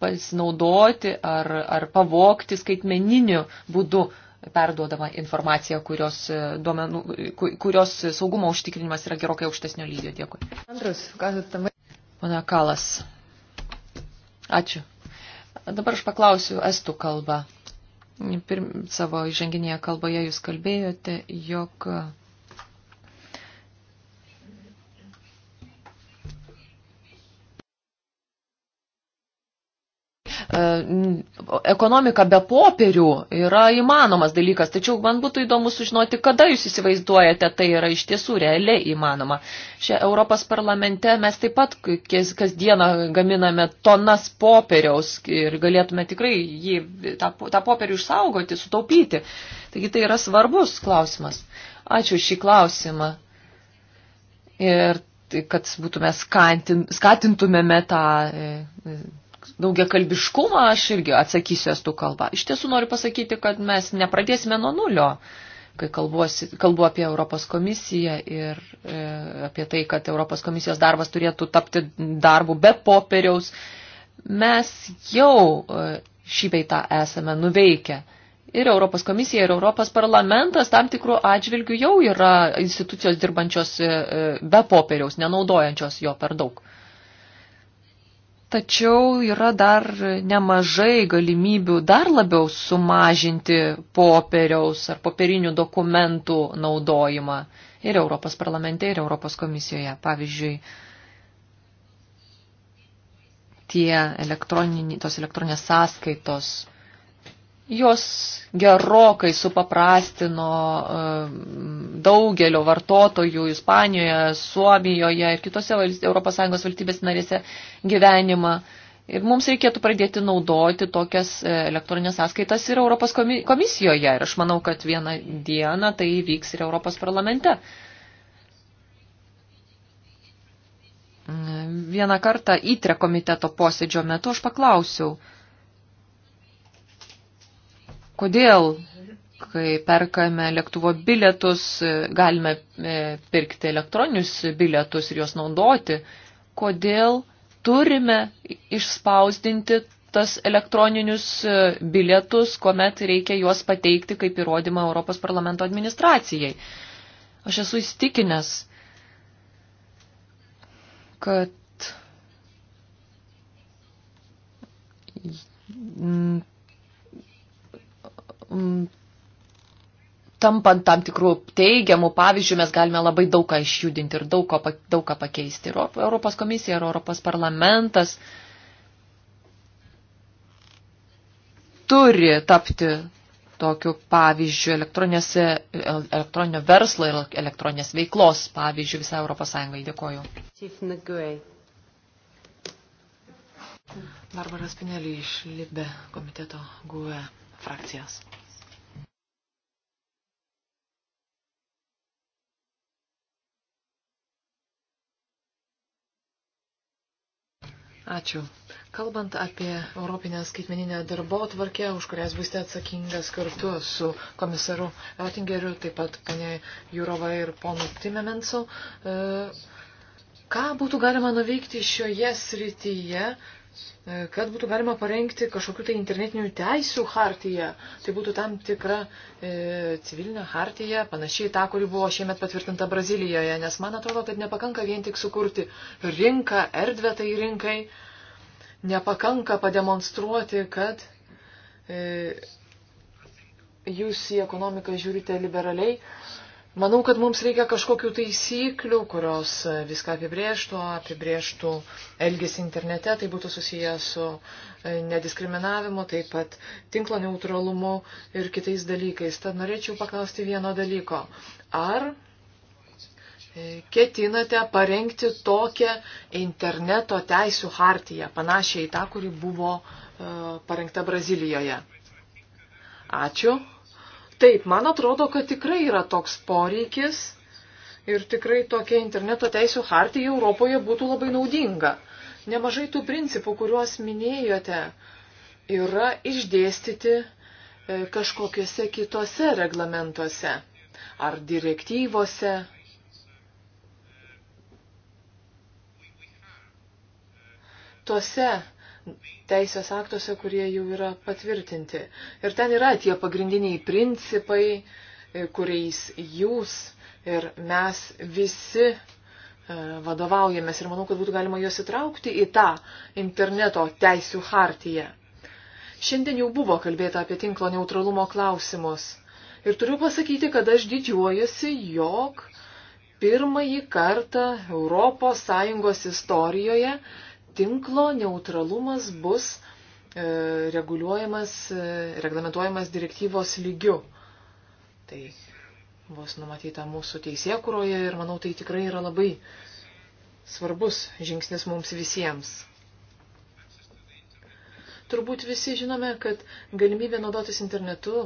pasinaudoti ar, ar pavokti skaitmeniniu būdu perduodama informacija, kurios, e, duomenų, kurios saugumo užtikrinimas yra gerokai aukštesnio lygio. Dėkui. Andrus, Pana Kalas. Ačiū. Dabar aš paklausiu estų kalbą. Pirm, savo įženginėje kalboje jūs kalbėjote, jog E, ekonomika be popierių yra įmanomas dalykas, tačiau man būtų įdomu sužinoti, kada jūs įsivaizduojate, tai yra iš tiesų realiai įmanoma. Šia Europos parlamente mes taip pat kasdieną gaminame tonas popieriaus ir galėtume tikrai jį, tą, tą popierių išsaugoti, sutaupyti. Taigi tai yra svarbus klausimas. Ačiū šį klausimą. Ir tai, kad būtume skatintumėme tą e, e, daugia kalbiškumą, aš irgi atsakysiu estų kalbą. Iš tiesų noriu pasakyti, kad mes nepradėsime nuo nulio, kai kalbuosi, kalbu apie Europos komisiją ir e, apie tai, kad Europos komisijos darbas turėtų tapti darbu be popieriaus. Mes jau e, šį beitą esame nuveikę. Ir Europos komisija, ir Europos parlamentas tam tikrų atžvilgių jau yra institucijos dirbančios e, e be popieriaus, nenaudojančios jo per daug. Tačiau yra dar nemažai galimybių dar labiau sumažinti popieriaus ar popierinių dokumentų naudojimą ir Europos parlamente, ir Europos komisijoje. Pavyzdžiui, tie elektroninės, tos elektroninės sąskaitos jos gerokai supaprastino e, daugelio vartotojų Ispanijoje, Suomijoje ir kitose ES valstybės narėse gyvenimą. Ir mums reikėtų pradėti naudoti tokias e, elektroninės sąskaitas ir Europos komisijoje. Ir aš manau, kad vieną dieną tai vyks ir Europos parlamente. Mm, vieną kartą įtre komiteto posėdžio metu aš paklausiau, kodėl, kai perkame lėktuvo bilietus, galime e, pirkti elektroninius bilietus ir juos naudoti, kodėl turime išspausdinti tas elektroninius e, bilietus, kuomet reikia juos pateikti kaip įrodymą Europos parlamento administracijai. Aš esu įstikinęs, kad m, mm, tampant tam tikrų teigiamų pavyzdžių, mes galime labai daug ką išjudinti ir daug, ko, daug ką pakeisti. Ir Europos komisija, ir Europos parlamentas turi tapti tokiu pavyzdžiu elektroninio verslo ir elektroninės veiklos pavyzdžiu visai Europos Sąjungai. Dėkoju. Barbara Spinelį iš Libe komiteto GUE frakcijos. Ačiū. Kalbant apie Europinę skaitmeninę darbo atvarkę, už kurias būsite atsakingas kartu su komisaru Oettingeriu, taip pat ponė Jurova ir ponu Timemensu, e, ką būtų galima nuveikti šioje srityje, E, kad būtų galima parengti kažkokiu tai internetinių teisų hartiją. Tai būtų tam tikra e, civilinė hartija, panašiai ta, kuri buvo šiemet patvirtinta Brazilijoje, nes man atrodo, kad nepakanka vien tik sukurti rinką, erdvę tai rinkai, nepakanka pademonstruoti, kad e, jūs į ekonomiką žiūrite liberaliai. E, Manau, kad mums reikia kažkokių taisyklių, kurios viską apibrėžtų, apibrėžtų elgesį internete, tai būtų susiję su e, nediskriminavimu, taip pat tinklo neutralumu ir kitais dalykais. Tad norėčiau paklausti vieno dalyko. Ar e, ketinate parengti tokią interneto teisų hartiją, panašią į tą, kuri buvo e, parengta Brazilijoje? Ačiū. Taip, man atrodo, kad tikrai yra toks poreikis ir tikrai tokia interneto teisų hartija Europoje būtų labai naudinga. Nemažai tų principų, kuriuos minėjote, yra išdėstyti e, kažkokiuose kitose reglamentuose ar direktyvose. Tuose teisės aktuose, kurie jau yra patvirtinti. Ir ten yra tie pagrindiniai principai, e, kuriais jūs ir mes visi e, vadovaujamės ir manau, kad būtų galima juos įtraukti į tą interneto teisų hartiją. Šiandien jau buvo kalbėta apie tinklo neutralumo klausimus. Ir turiu pasakyti, kad aš didžiuojuosi, jog pirmąjį kartą ES istorijoje tinklo neutralumas bus e, reguliuojamas, e, reglamentuojamas direktyvos lygiu. Tai bus numatyta mūsų teisėkuroje ir manau tai tikrai yra labai svarbus žingsnis mums visiems. Turbūt visi žinome, kad galimybė naudotis internetu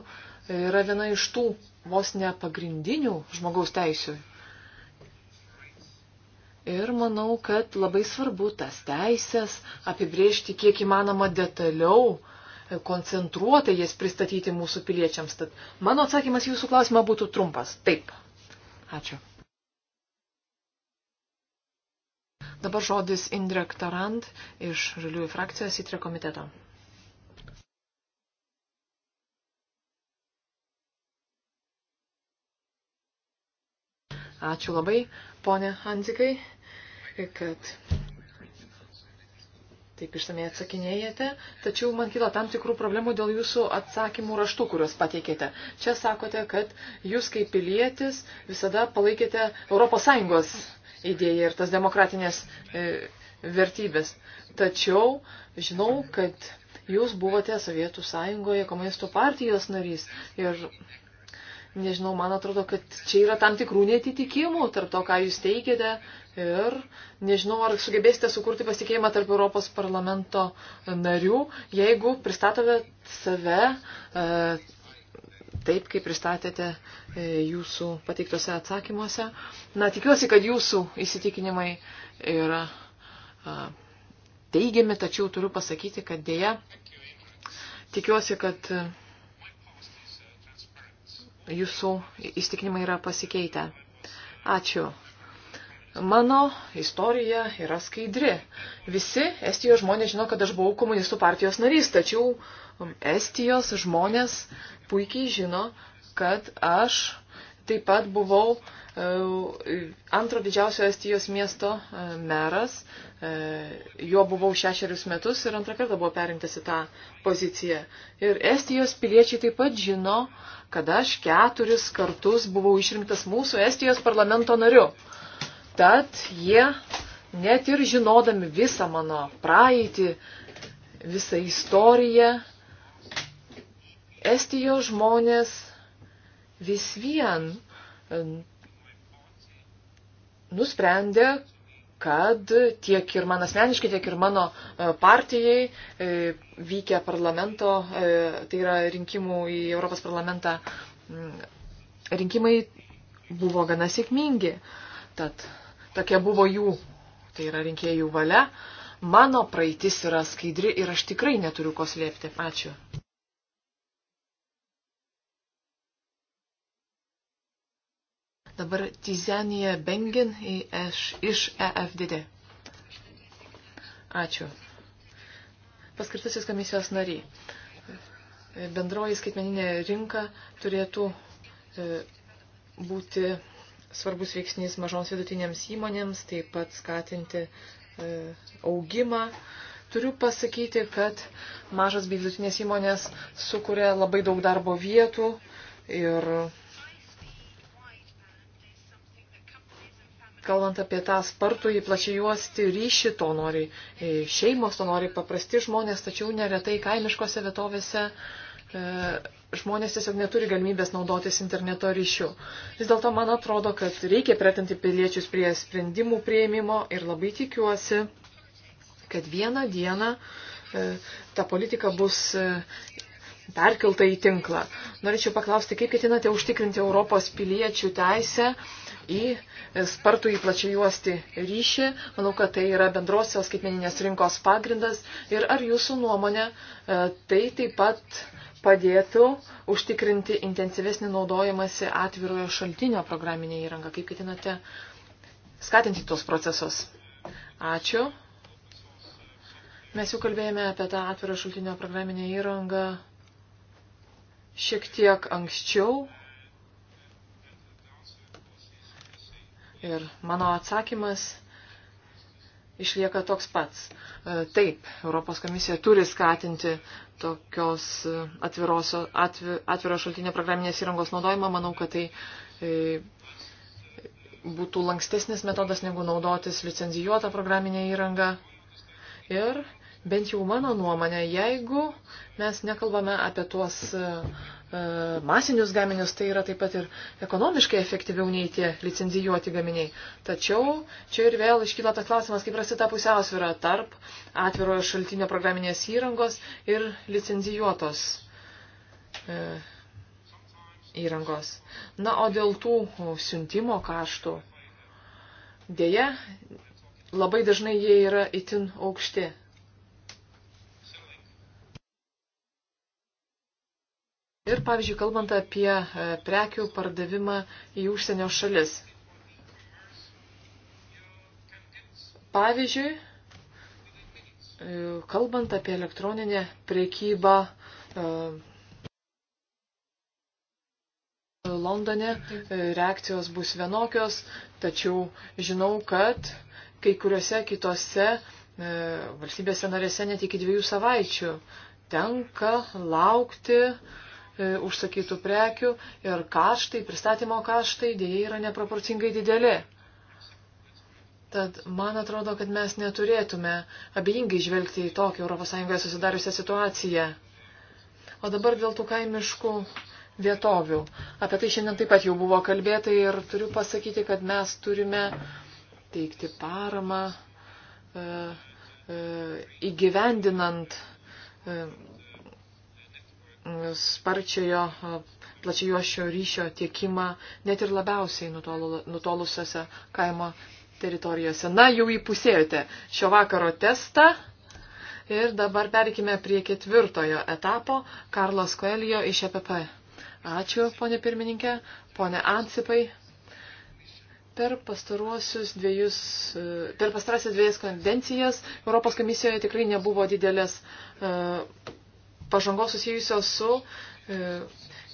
yra viena iš tų vos ne pagrindinių žmogaus teisų Ir manau, kad labai svarbu tas teisės apibriežti kiek įmanoma detaliau, koncentruotai jas pristatyti mūsų piliečiams. Tad mano atsakymas jūsų klausimą būtų trumpas. Taip. Ačiū. Dabar žodis Indrek Tarant iš Žaliųjų frakcijos įtrė komiteto. Ačiū labai, ponė Anzikai kad taip išsamei atsakinėjate, tačiau man kila tam tikrų problemų dėl jūsų atsakymų raštų, kuriuos pateikėte. Čia sakote, kad jūs kaip pilietis visada palaikėte ES idėją ir tas demokratinės e, vertybės. Tačiau žinau, kad jūs buvote Sovietų sąjungoje komunistų partijos narys ir Nežinau, man atrodo, kad čia yra tam tikrų netitikimų tarp to, ką jūs teigiate ir nežinau, ar sugebėsite sukurti pasitikėjimą tarp Europos parlamento narių, jeigu pristatote save e, taip, kaip pristatėte e, jūsų pateiktose atsakymuose. Na, tikiuosi, kad jūsų įsitikinimai yra e, teigiami, tačiau turiu pasakyti, kad dėja, tikiuosi, kad jūsų įstikinimai yra pasikeitę. Ačiū. Mano istorija yra skaidri. Visi Estijos žmonės žino, kad aš buvau komunistų partijos narys, tačiau Estijos žmonės puikiai žino, kad aš taip pat buvau e, antro didžiausio Estijos miesto e, meras. E, jo buvau šešerius metus ir antrą kartą buvau perimtas į tą poziciją. Ir Estijos piliečiai taip pat žino, kad aš keturis kartus buvau išrinktas mūsų Estijos parlamento nariu. Tad jie, net ir žinodami visą mano praeitį, visą istoriją, Estijos žmonės vis vien e, nusprendė, kad tiek ir man asmeniškai, tiek ir mano e, partijai e, vykę parlamento, tai yra rinkimų į Europos parlamentą, rinkimai buvo gana sėkmingi. Tad tokia buvo jų, tai yra rinkėjų valia. Mano praeitis yra skaidri ir aš tikrai neturiu ko slėpti. Ačiū. Dabar Tizenija Bengin iš EFDD. Ačiū. Paskirtasis komisijos nariai. Bendroji skaitmeninė rinka turėtų e, būti svarbus veiksnys mažoms vidutinėms įmonėms, taip pat skatinti e, augimą. Turiu pasakyti, kad mažas bei vidutinės įmonės sukuria labai daug darbo vietų ir kalbant apie tą spartų į plačiajuostį ryšį, to nori e, šeimos, to nori paprasti žmonės, tačiau neretai kaimiškose vietovėse e, žmonės tiesiog neturi galimybės naudotis interneto ryšiu. Vis dėlto man atrodo, kad reikia pretinti piliečius prie sprendimų prieimimo ir labai tikiuosi, kad vieną dieną e, ta politika bus e, perkelta į tinklą. Norėčiau paklausti, kaip ketinate užtikrinti Europos piliečių teisę į spartų į plačią juosti ryšį. Manau, kad tai yra bendrosios skaitmeninės rinkos pagrindas. Ir ar jūsų nuomonė e, tai taip pat padėtų užtikrinti intensyvesnį naudojimąsi atvirojo šaltinio programinė įranga? Kaip ketinate skatinti tuos procesus? Ačiū. Mes jau kalbėjome apie tą atvirą šaltinio programinę įrangą šiek tiek anksčiau. Ir mano atsakymas išlieka toks pats. E, taip, Europos komisija turi skatinti tokios e, atviros, atvi, atviro šaltinio programinės įrangos naudojimą. Manau, kad tai e, būtų lankstesnis metodas negu naudotis licenzijuotą programinę įrangą. Ir Bent jau mano nuomonė, jeigu mes nekalbame apie tuos e, e, masinius gaminius, tai yra taip pat ir ekonomiškai efektyviau nei tie licenzijuoti gaminiai. Tačiau čia ir vėl iškyla tas klausimas, kaip rasti tą pusiausvyrą tarp atvirojo šaltinio programinės įrangos ir licenzijuotos e, įrangos. Na, o dėl tų siuntimo kaštų, dėja, labai dažnai jie yra itin aukšti. Ir, pavyzdžiui, kalbant apie e, prekių pardavimą į užsienio šalis. Pavyzdžiui, e, kalbant apie elektroninę priekybą e, Londone, reakcijos bus vienokios, tačiau žinau, kad kai kuriuose kitose valstybėse narėse net iki dviejų savaičių tenka laukti E, užsakytų prekių ir kaštai, pristatymo kaštai dėja yra neproporcingai dideli. Tad man atrodo, kad mes neturėtume abejingai žvelgti į tokią ES susidariusią situaciją. O dabar dėl tų kaimiškų vietovių. Apie tai šiandien taip pat jau buvo kalbėta ir turiu pasakyti, kad mes turime teikti paramą e, e, įgyvendinant e, sparčiojo plačiajuošio ryšio tiekimą net ir labiausiai nutolusiose kaimo teritorijose. Na, jau įpusėjote šio vakaro testą. Ir dabar perikime prie ketvirtojo etapo Karlos Koelio iš EPP. Ačiū, ponė pirmininkė, ponė Ancipai. Per pastaruosius dviejus, e, per pastarąsias dviejas konvencijas Europos komisijoje tikrai nebuvo didelės uh, pažangos susijusios su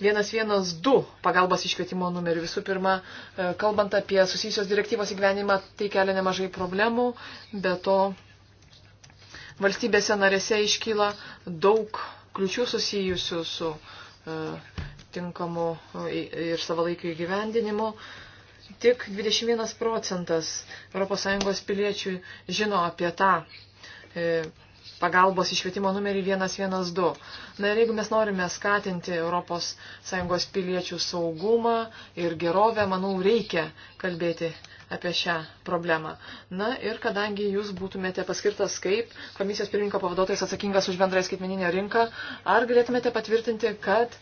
112 e, pagalbos iškvietimo numeriu. Visų pirma, e, kalbant apie susijusios direktyvos įgyvenimą, tai kelia nemažai problemų, be to valstybėse narėse iškyla daug kliučių susijusių su e, tinkamu ir savalaikiu įgyvendinimu. Tik 21 procentas ES piliečių žino apie tą pagalbos išvietimo numerį 112. Na ir jeigu mes norime skatinti ES piliečių saugumą ir gerovę, manau, reikia kalbėti apie šią problemą. Na ir kadangi jūs būtumėte paskirtas kaip komisijos pirmininko pavaduotojas atsakingas už bendrąją skaitmeninę rinką, ar galėtumėte patvirtinti, kad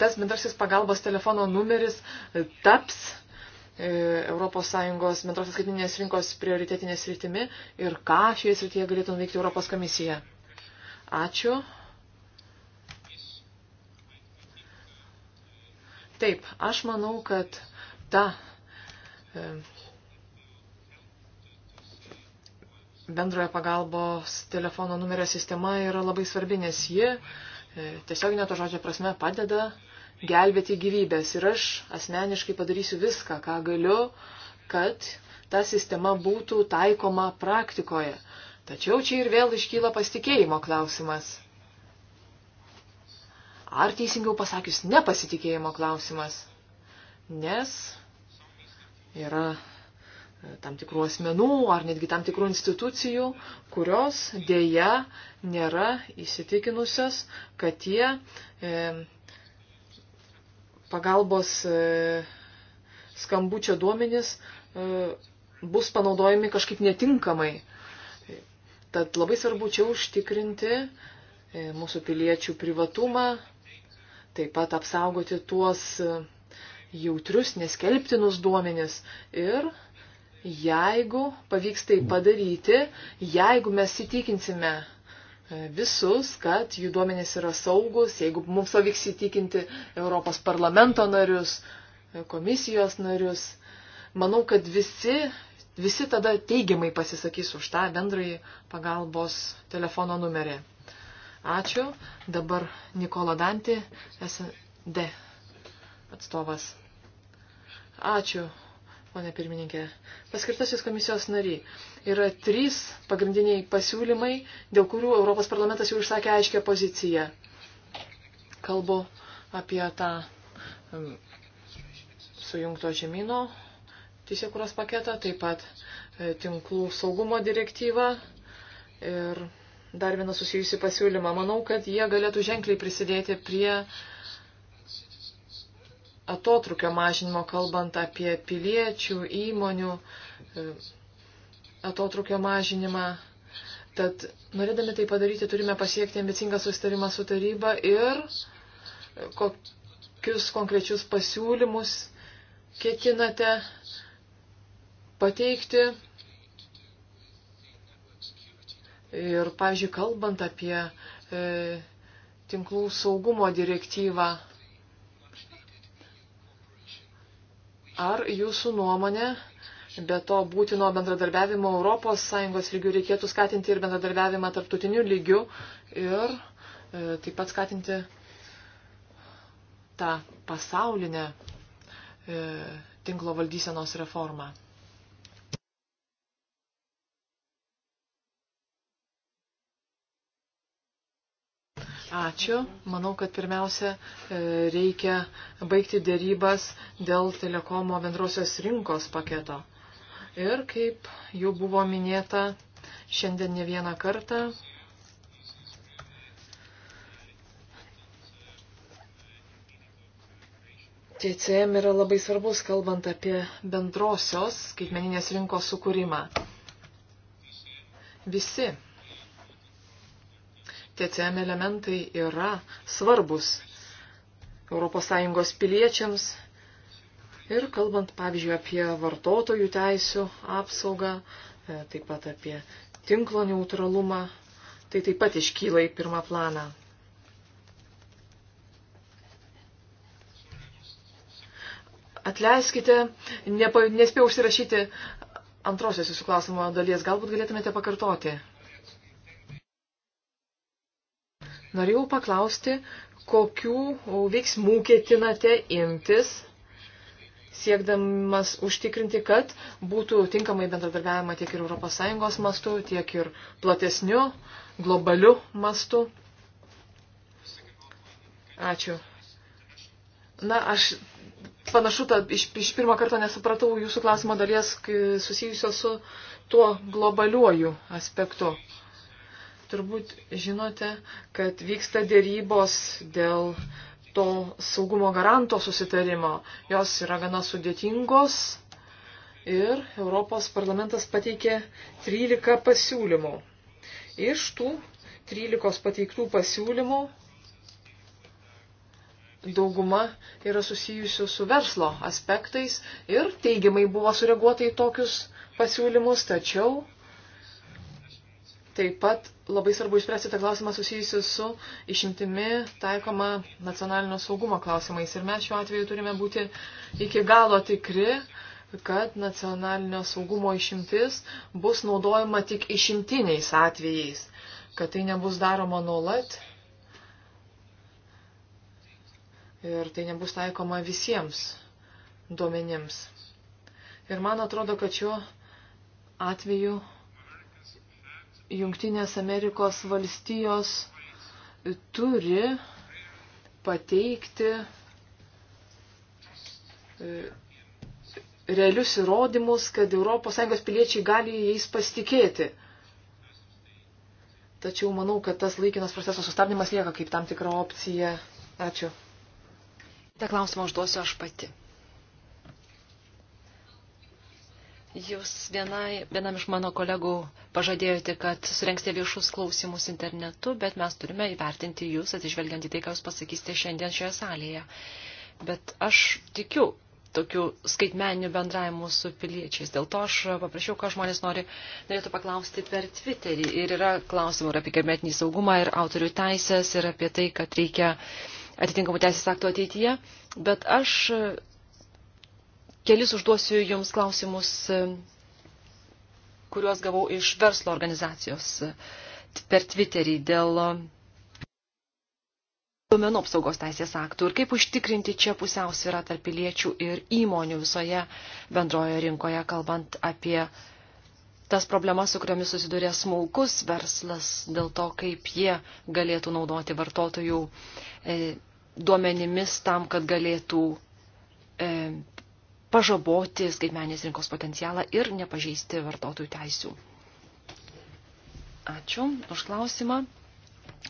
tas bendrasis pagalbos telefono numeris taps ES bendrosios skaitinės rinkos prioritetinės rytimi ir ką šioje srityje galėtų nuveikti Europos komisija. Ačiū. Taip, aš manau, kad ta e, bendrojo pagalbos telefono numerio sistema yra labai svarbi, nes ji e, tiesiog neto žodžio prasme padeda gelbėti gyvybės. Ir aš asmeniškai padarysiu viską, ką galiu, kad ta sistema būtų taikoma praktikoje. Tačiau čia ir vėl iškyla pasitikėjimo klausimas. Ar teisingiau pasakius, nepasitikėjimo klausimas. Nes yra e, tam tikrų asmenų ar netgi tam tikrų institucijų, kurios dėja nėra įsitikinusios, kad tie e, pagalbos e, skambučio duomenys e, bus panaudojami kažkaip netinkamai. Tad labai svarbu čia užtikrinti e, mūsų piliečių privatumą, taip pat apsaugoti tuos jautrius, neskelbtinus duomenis ir jeigu pavyks tai padaryti, jeigu mes įtikinsime E, visus, kad jų duomenys yra saugus, jeigu mums pavyks įtikinti Europos parlamento narius, e, komisijos narius. Manau, kad visi, visi tada teigiamai pasisakys už tą bendrąjį pagalbos telefono numerį. Ačiū. Dabar Nikola Danti, SD atstovas. Ačiū, ponė pirmininkė. Paskirtasis komisijos nariai. Yra trys pagrindiniai pasiūlymai, dėl kurių Europos parlamentas jau išsakė aiškę poziciją. Kalbu apie tą um, sujungto žemino teisėkūros paketą, taip pat e, tinklų saugumo direktyvą ir dar vieną susijusi pasiūlymą. Manau, kad jie galėtų ženkliai prisidėti prie uh, atotrukio mažinimo, kalbant apie piliečių, įmonių e, atotrukio mažinimą. Tad norėdami tai padaryti, turime pasiekti ambicingą susitarimą su taryba ir kokius konkrečius pasiūlymus ketinate pateikti. Ir, pažiūrėjau, kalbant apie e, tinklų saugumo direktyvą, Ar jūsų nuomonė, be to būtino bendradarbiavimo ES lygių reikėtų skatinti ir bendradarbiavimą tarptautiniu lygiu ir e, taip pat skatinti tą pasaulinę e, tinklo valdysenos reformą? Ačiū. Manau, kad pirmiausia e, reikia baigti dėrybas dėl telekomo bendrosios rinkos paketo. Ir kaip jau buvo minėta šiandien ne vieną kartą, TCM yra labai svarbus, kalbant apie bendrosios skaitmeninės rinkos sukūrimą. Visi TCM elementai yra svarbus ES piliečiams ir kalbant, pavyzdžiui, apie vartotojų teisų apsaugą, e, taip pat apie tinklo neutralumą, tai taip pat iškyla į pirmą planą. Atleiskite, nepa, nespėjau užsirašyti antrosios jūsų klausimo dalies. Galbūt galėtumėte pakartoti. Norėjau paklausti, kokių veiksmų ketinate imtis, siekdamas užtikrinti, kad būtų tinkamai bendradarbiavimą tiek ir ES mastu, tiek ir platesniu, globaliu mastu. Ačiū. Na, aš panašu, ta, iš, iš pirmo karto nesupratau jūsų klausimo dalies susijusios su tuo globaliuoju aspektu. Uh, Turbūt žinote, kad vyksta dėrybos dėl to saugumo garanto susitarimo. Jos yra gana sudėtingos ir Europos parlamentas pateikė 13 pasiūlymų. Iš tų 13 pateiktų pasiūlymų dauguma yra susijusių su verslo aspektais ir teigiamai buvo sureaguota į tokius pasiūlymus, tačiau Taip pat labai svarbu išspręsti tą klausimą susijusiu su išimtimi taikoma nacionalinio saugumo klausimais. Ir mes šiuo atveju turime būti iki galo tikri, kad nacionalinio saugumo išimtis bus naudojama tik išimtiniais atvejais, kad tai nebus daroma nuolat ir tai nebus taikoma visiems duomenims. Ir man atrodo, kad šiuo atveju Junktinės Amerikos valstijos turi pateikti e, realius įrodymus, kad ES piliečiai gali jais pasitikėti. Tačiau manau, kad tas laikinas proceso sustabdymas lieka kaip tam tikra opcija. Ačiū. Ta klausimą užduosiu aš pati. Jūs vienai, vienam iš mano kolegų pažadėjote, kad surenksite viešus klausimus internetu, bet mes turime įvertinti jūs, atsižvelgiant į tai, ką jūs pasakysite šiandien šioje salėje. Bet aš tikiu tokiu skaitmeniniu bendravimu su piliečiais. Dėl to aš paprašiau, ką žmonės nori, norėtų paklausti per Twitterį. Ir yra klausimų ir apie kibernetinį saugumą, ir autorių teisės, ir apie tai, kad reikia atitinkamų teisės aktų ateityje. Bet aš kelis užduosiu jums klausimus, e, kuriuos gavau iš verslo organizacijos e, per Twitterį dėl e, duomenų apsaugos teisės aktų ir kaip užtikrinti čia pusiausvyrą tarp piliečių ir įmonių visoje bendrojo rinkoje, kalbant apie tas problemas, su kuriomis susidurė smulkus verslas, dėl to, kaip jie galėtų naudoti vartotojų duomenimis tam, kad galėtų pažaboti skaitmenės rinkos potencialą ir nepažeisti vartotojų teisių. Ačiū už klausimą,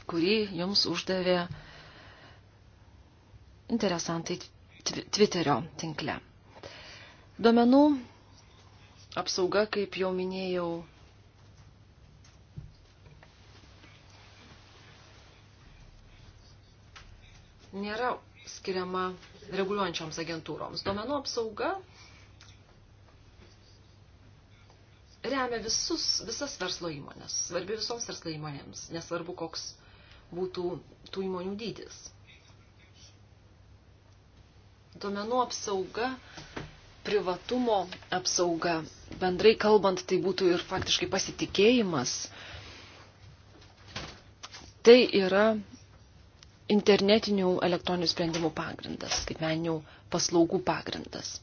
kurį jums uždavė interesantai Twitterio tinkle. Duomenų apsauga, kaip jau minėjau, nėra skiriama reguliuojančioms agentūroms. Domenų apsauga remia visus, visas verslo įmonės, svarbi visoms verslo įmonėms, nesvarbu koks būtų tų įmonių dydis. Domenų apsauga, privatumo apsauga, bendrai kalbant, tai būtų ir faktiškai pasitikėjimas. Tai yra internetinių elektroninių sprendimų pagrindas, skaitmeninių paslaugų pagrindas.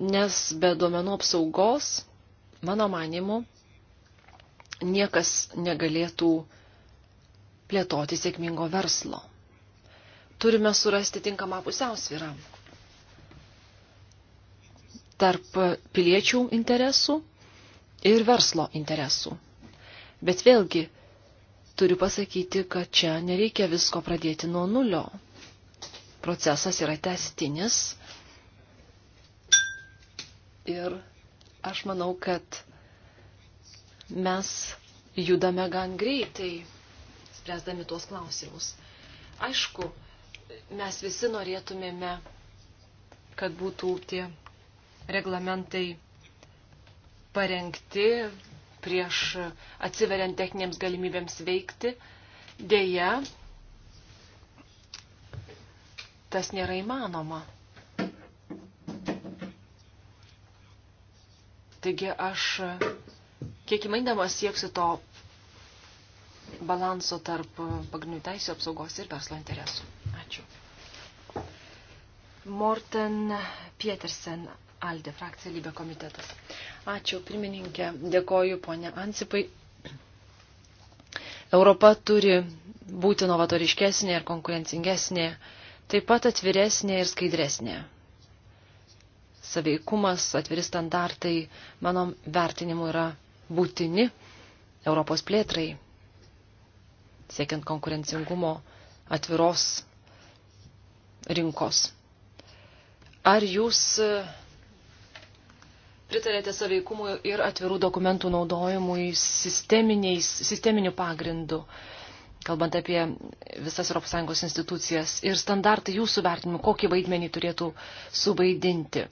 Nes be duomenų apsaugos, mano manimu, niekas negalėtų plėtoti sėkmingo verslo. Turime surasti tinkamą pusiausvyrą tarp piliečių interesų ir verslo interesų. Bet vėlgi, turiu pasakyti, kad čia nereikia visko pradėti nuo nulio. Procesas yra testinis. Ir aš manau, kad mes judame gan greitai, spręsdami tuos klausimus. Aišku, mes visi norėtumėme, kad būtų tie reglamentai parengti, prieš atsiveriant techninėms galimybėms veikti. Deja, tas nėra įmanoma. Taigi aš kiek įmaindamas sieksiu to balanso tarp pagrindinių teisų apsaugos ir verslo interesų. Ačiū. Morten Pietersen, Alde, frakcija Lybė komitetas. Ačiū, pirmininkė. Dėkoju, ponė Ansipai. Europa turi būti novatoriškesnė ir konkurencingesnė, taip pat atviresnė ir skaidresnė. Saveikumas, atviri standartai, mano vertinimu, yra būtini Europos plėtrai, siekiant konkurencingumo atviros rinkos. Ar jūs pritarėte saveikumui ir atvirų dokumentų naudojimui sisteminiu pagrindu, kalbant apie visas ES institucijas ir standartai jūsų vertinimu, kokį vaidmenį turėtų suvaidinti.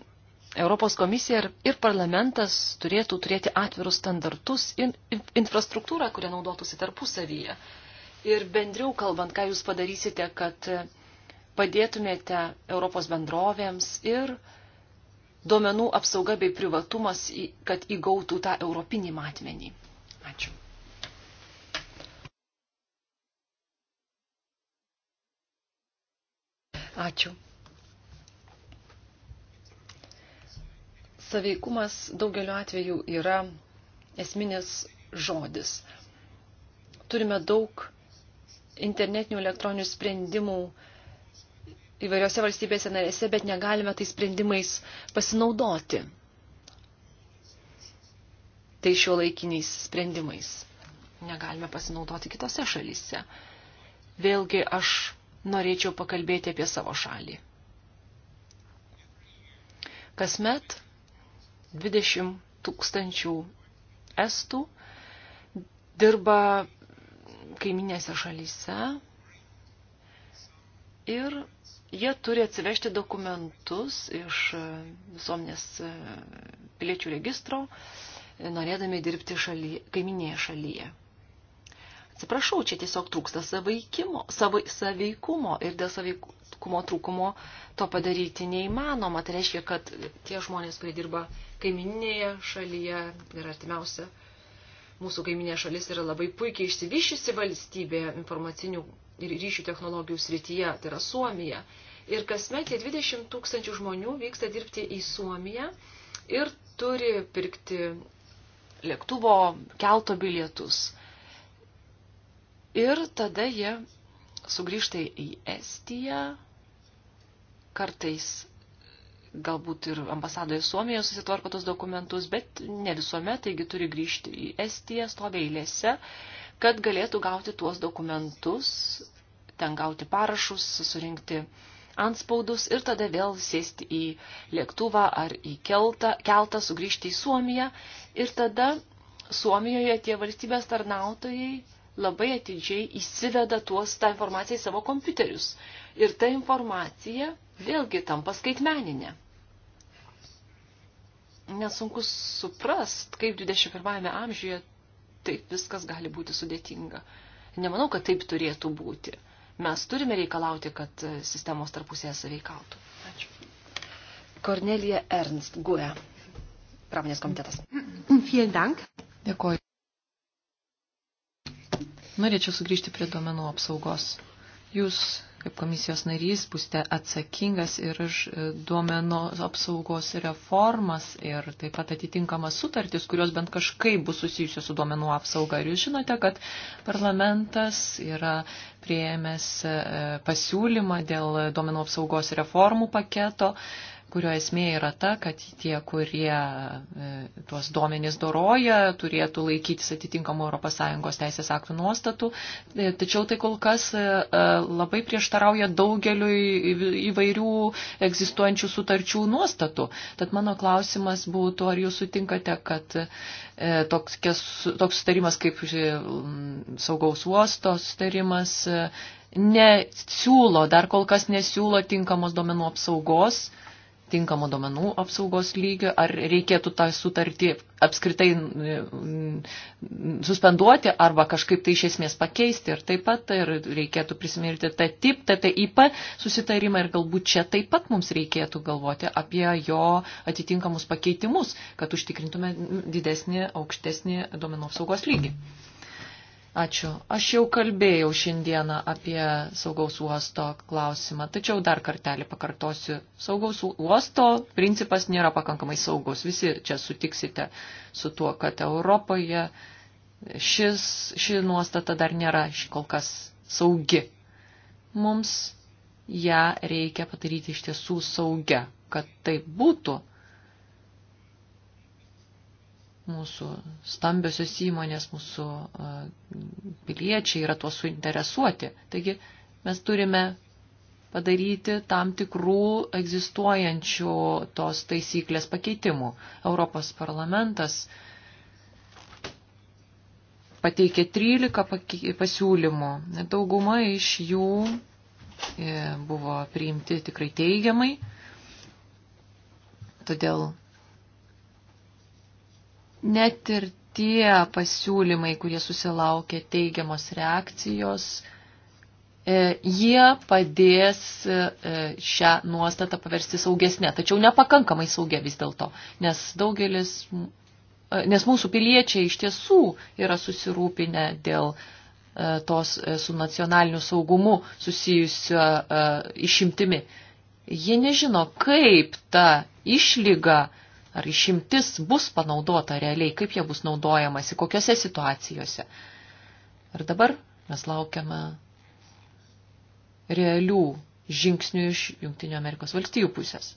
Europos komisija ir, ir parlamentas turėtų turėti atvirus standartus ir in, infrastruktūrą, kurią naudotųsi tarpusavyje. Ir bendriau kalbant, ką jūs padarysite, kad padėtumėte Europos bendrovėms ir uh, duomenų apsauga bei privatumas, kad įgautų tą europinį matmenį. Ačiū. Ačiū. Saveikumas daugeliu atveju yra esminis žodis. Turime daug internetinių elektroninių sprendimų, įvairiose valstybėse narėse, bet negalime tai sprendimais pasinaudoti. Tai šio laikiniais sprendimais negalime pasinaudoti kitose šalyse. Vėlgi aš norėčiau pakalbėti apie savo šalį. Kasmet 20 tūkstančių estų dirba kaiminėse šalyse ir jie turi atsivežti dokumentus iš e, visuomenės e, piliečių registro, e, norėdami dirbti šaly, kaiminėje šalyje. Atsiprašau, čia tiesiog trūksta savaikimo, savai, saveikumo ir dėl saveikumo trūkumo to padaryti neįmanoma. Tai reiškia, kad tie žmonės, kurie dirba kaiminėje šalyje ir artimiausia Mūsų kaiminė šalis yra labai puikiai išsivyšysi valstybė informacinių ir ryšių technologijų srityje, tai yra Suomija. Ir kasmet tie 20 tūkstančių žmonių vyksta dirbti į Suomiją ir turi pirkti lėktuvo kelto bilietus. Ir tada jie sugrįžta į Estiją, kartais galbūt ir ambasadoje Suomijoje susitvarko tos dokumentus, bet ne visuomet, taigi turi grįžti į Estiją, stovi eilėse, kad galėtų gauti tuos dokumentus, ten gauti parašus, surinkti anspaudus ir tada vėl sėsti į lėktuvą ar į keltą, keltą sugrįžti į Suomiją ir tada Suomijoje tie valstybės tarnautojai labai atidžiai įsiveda tuos tą informaciją į savo kompiuterius. Ir ta informacija vėlgi tampa skaitmeninė nesunku suprast, kaip 21 amžiuje taip viskas gali būti sudėtinga. Nemanau, kad taip turėtų būti. Mes turime reikalauti, kad sistemos tarpusėje saveikautų. Ačiū. Kornelija Ernst, GUE, pramonės komitetas. Vielen Dank. Dėkoju. Norėčiau sugrįžti prie duomenų apsaugos. Jūs kaip komisijos narys būsite atsakingas ir už e, duomenų apsaugos reformas ir taip pat atitinkamas sutartis, kurios bent kažkaip bus susijusios su duomenų apsauga. Ir jūs žinote, kad parlamentas yra prieėmęs e, pasiūlymą dėl duomenų apsaugos reformų paketo kurio esmė yra ta, kad tie, kurie e, tuos duomenys doroja, turėtų laikytis atitinkamų ES teisės aktų nuostatų. E, tačiau tai kol kas e, labai prieštarauja daugeliu įvairių egzistuojančių sutarčių nuostatų. Tad mano klausimas būtų, ar jūs sutinkate, kad toks, toks sutarimas kaip saugaus uosto sutarimas nesiūlo, dar kol kas nesiūlo tinkamos duomenų apsaugos tinkamo domenų apsaugos lygio, ar reikėtų tą sutartį apskritai suspenduoti arba kažkaip tai iš esmės pakeisti ir taip pat ir reikėtų prisimirti tą tip, TTIP susitarimą ir galbūt čia taip pat mums reikėtų galvoti apie jo atitinkamus pakeitimus, kad užtikrintume didesnį, aukštesnį domenų apsaugos lygį. Mm. Ačiū. Aš jau kalbėjau šiandieną apie saugaus uosto klausimą, tačiau dar kartelį pakartosiu. Saugaus uosto principas nėra pakankamai saugus. Visi čia sutiksite su tuo, kad Europoje šis, ši nuostata dar nėra ši kol kas saugi. Mums ją reikia padaryti iš tiesų saugia, kad tai būtų mūsų stambiosios įmonės, mūsų piliečiai yra tuo suinteresuoti. Taigi mes turime padaryti tam tikrų egzistuojančių tos taisyklės pakeitimų. Europos parlamentas pateikė 13 pasiūlymų. Dauguma iš jų e, buvo priimti tikrai teigiamai. Todėl net ir tie pasiūlymai, kurie susilaukė teigiamos reakcijos, e, jie padės e, šią nuostatą paversti saugesnė, tačiau nepakankamai saugia vis dėlto, nes daugelis, e, nes mūsų piliečiai iš tiesų yra susirūpinę dėl tos su nacionaliniu saugumu susijusio išimtimi. Jie nežino, kaip ta išlyga, ar išimtis bus panaudota realiai, kaip jie bus naudojamasi, kokiose situacijose. Ir dabar mes laukiame realių žingsnių iš Junktinio Amerikos valstijų pusės.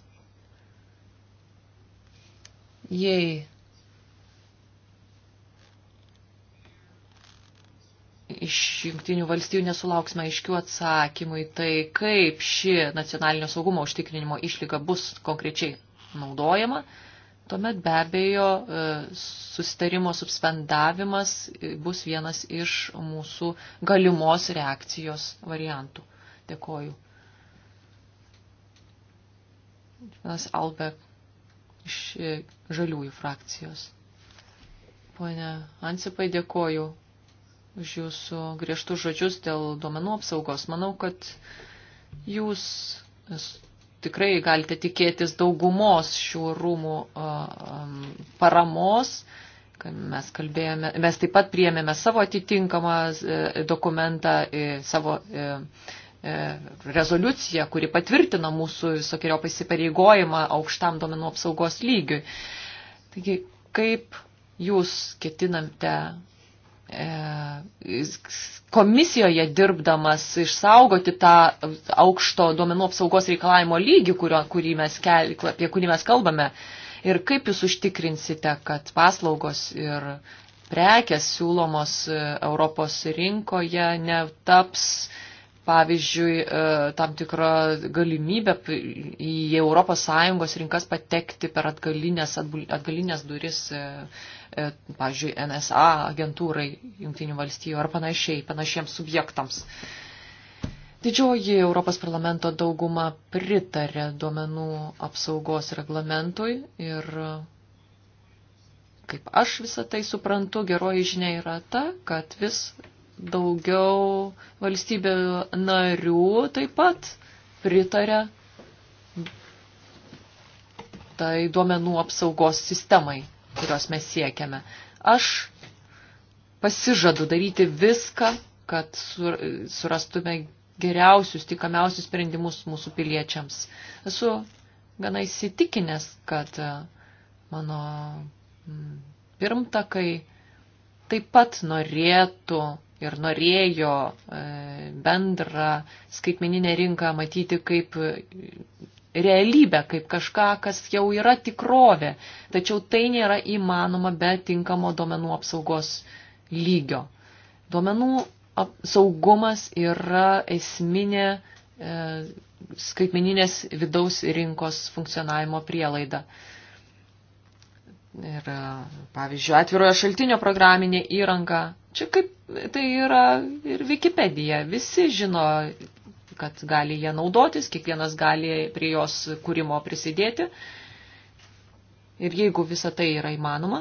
Jei iš jungtinių valstybių nesulauksime aiškių atsakymų į tai, kaip ši nacionalinio saugumo užtikrinimo išlyga bus konkrečiai naudojama, tuomet be abejo e, susitarimo suspendavimas bus vienas iš mūsų galimos reakcijos variantų. Dėkoju. Vienas Albe iš e, žaliųjų frakcijos. Pone Ansipai, dėkoju už jūsų griežtus žodžius dėl duomenų apsaugos. Manau, kad jūs tikrai galite tikėtis daugumos šių rūmų paramos. Mes, kalbėjome, mes taip pat priėmėme savo atitinkamą e, dokumentą, e, savo e, rezoliuciją, kuri patvirtina mūsų visokiojo pasipareigojimą aukštam domenų apsaugos lygiui. Taigi, kaip jūs ketinate E, komisijoje dirbdamas išsaugoti tą aukšto duomenų apsaugos reikalavimo lygį, kurio, kurį mes kel, apie kurį mes kalbame. Ir kaip jūs užtikrinsite, kad paslaugos ir prekės siūlomos Europos rinkoje netaps uh, pavyzdžiui, e, tam tikrą galimybę į ES rinkas patekti per atgalinės, atgalinės duris, e, e, pavyzdžiui, NSA agentūrai Junktinių valstybių ar panašiai, panašiems subjektams. Didžioji Europos parlamento dauguma pritarė duomenų apsaugos reglamentui ir kaip aš visą tai suprantu, geroji žinia yra ta, kad vis daugiau valstybių narių taip pat pritarė tai duomenų apsaugos sistemai, kurios mes siekiame. Aš pasižadu daryti viską, kad surastume geriausius, tikamiausius sprendimus mūsų piliečiams. Esu gana įsitikinęs, kad e, mano mm, pirmtakai taip pat norėtų ir norėjo e, bendrą skaitmeninę rinką matyti kaip realybę, kaip kažką, kas jau yra tikrovė. Tačiau tai nėra įmanoma be tinkamo duomenų apsaugos lygio. Duomenų saugumas yra esminė e, skaitmeninės vidaus rinkos funkcionavimo prielaida. Ir e, pavyzdžiui, atvirojo šaltinio programinė įranga Čia kaip tai yra ir Wikipedija. Visi žino, kad gali ją naudotis, kiekvienas gali prie jos kūrimo prisidėti. Ir jeigu visa tai yra įmanoma,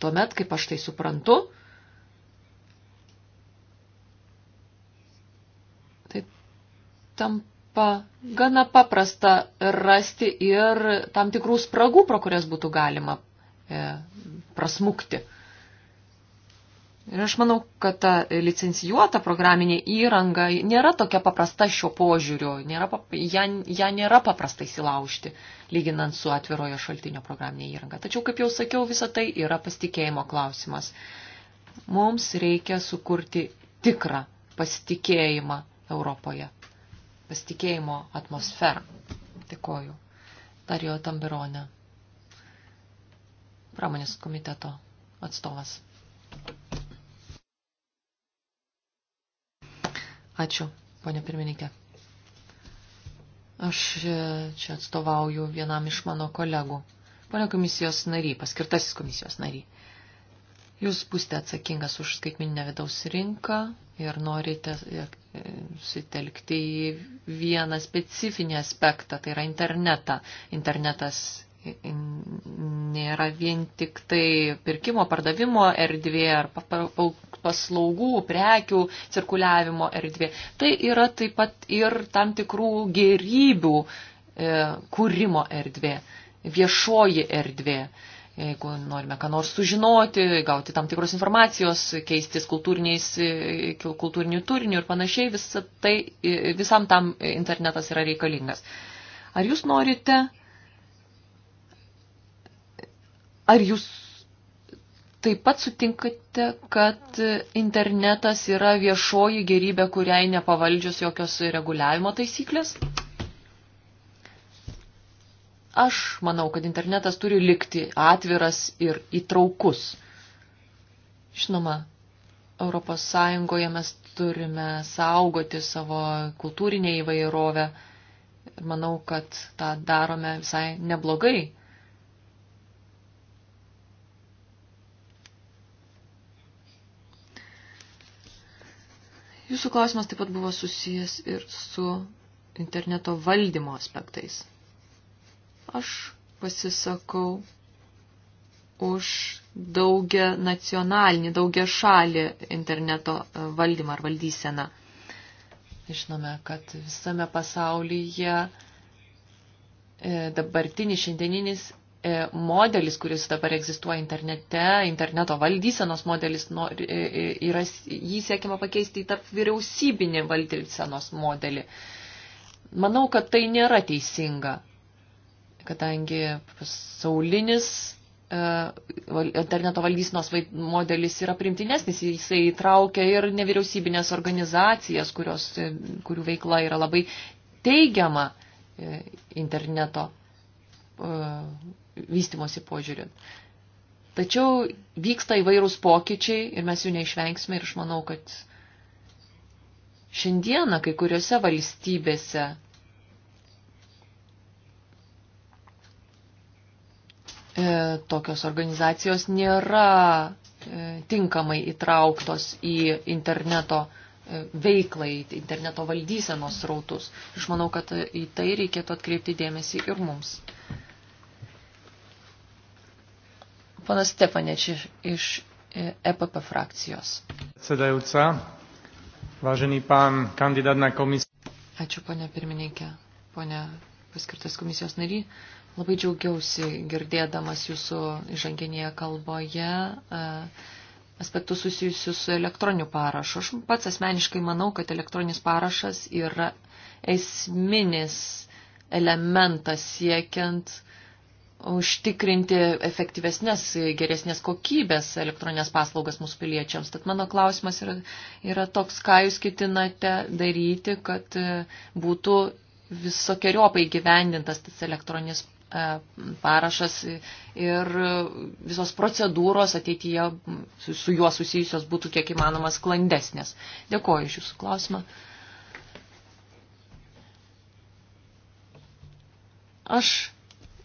tuomet, kaip aš tai suprantu, tai tampa gana paprasta rasti ir tam tikrų spragų, pro kurias būtų galima e, prasmukti. Ir aš manau, kad ta licencijuota programinė įranga nėra tokia paprasta šio požiūriu, nėra, ją, ją nėra paprasta įsilaužti, lyginant su atvirojo šaltinio programinė įranga. Tačiau, kaip jau sakiau, visa tai yra pasitikėjimo klausimas. Mums reikia sukurti tikrą pasitikėjimą Europoje, pasitikėjimo atmosferą. Dėkoju. Darijo Tambironė, pramonės komiteto atstovas. Thank you. Ačiū, ponė pirmininkė. Aš e, čia atstovauju vienam iš mano kolegų. Pone komisijos nary, paskirtasis komisijos nary. Jūs būsite atsakingas už skaitmininę vidaus rinką ir norite e, e, sutelkti į vieną specifinį aspektą, tai yra internetą. Internetas nėra vien tik tai pirkimo, pardavimo erdvė ar paslaugų, prekių cirkuliavimo erdvė. Tai yra taip pat ir tam tikrų gerybių e, kūrimo erdvė, viešoji erdvė. Jeigu norime ką nors sužinoti, gauti tam tikros informacijos, keistis e, kultūriniu turiniu ir panašiai, visa tai, e, visam tam internetas yra reikalingas. Ar jūs norite, ar jūs taip pat sutinkate, kad internetas yra viešoji gerybė, kuriai nepavaldžios jokios reguliavimo taisyklės? Aš manau, kad internetas turi likti atviras ir įtraukus. Žinoma, ES mes turime saugoti savo kultūrinę įvairovę ir manau, kad tą darome visai neblogai. Jūsų klausimas taip pat buvo susijęs ir su interneto valdymo aspektais. Aš pasisakau už daugia nacionalinį, daugia šalį interneto e, valdymą ar valdyseną. Žinome, kad visame pasaulyje e, dabartinis šiandieninis E, modelis, kuris dabar egzistuoja internete, interneto valdysenos modelis, e, e, yra, jį siekima pakeisti į tarp vyriausybinį valdysenos modelį. Manau, kad tai nėra teisinga, kadangi pasaulinis interneto valdysenos modelis yra primtinesnis, jisai įtraukia ir nevyriausybinės organizacijas, kurios, kurių veikla yra labai teigiama interneto vystimosi požiūriu. Tačiau vyksta įvairūs pokyčiai ir mes jų neišvengsime ir aš manau, kad šiandieną kai kuriuose valstybėse e, tokios organizacijos nėra e, tinkamai įtrauktos į interneto e, veiklai, interneto valdysenos rautus. Aš manau, kad į tai reikėtų atkreipti dėmesį ir mums. Ponas Stepaneč iš EPP e frakcijos. Sėdajúca, vážený pán kandidát na komisiją. Ačiū, ponia pirmininkė, ponia paskirtas komisijos nary. Labai džiaugiausi girdėdamas jūsų įžanginėje kalboje e, aspektus susijusius su elektroniniu parašu. Aš pats asmeniškai manau, kad elektroninis parašas yra esminis elementas siekiant užtikrinti efektyvesnės, geresnės kokybės elektroninės paslaugas mūsų piliečiams. Tad mano klausimas yra, yra toks, ką jūs ketinate daryti, kad e, būtų visokiojopai gyvendintas tas elektroninis e, parašas ir visos procedūros ateityje su juo susijusios būtų kiek įmanoma sklandesnės. Dėkuoju iš jūsų klausimą. Aš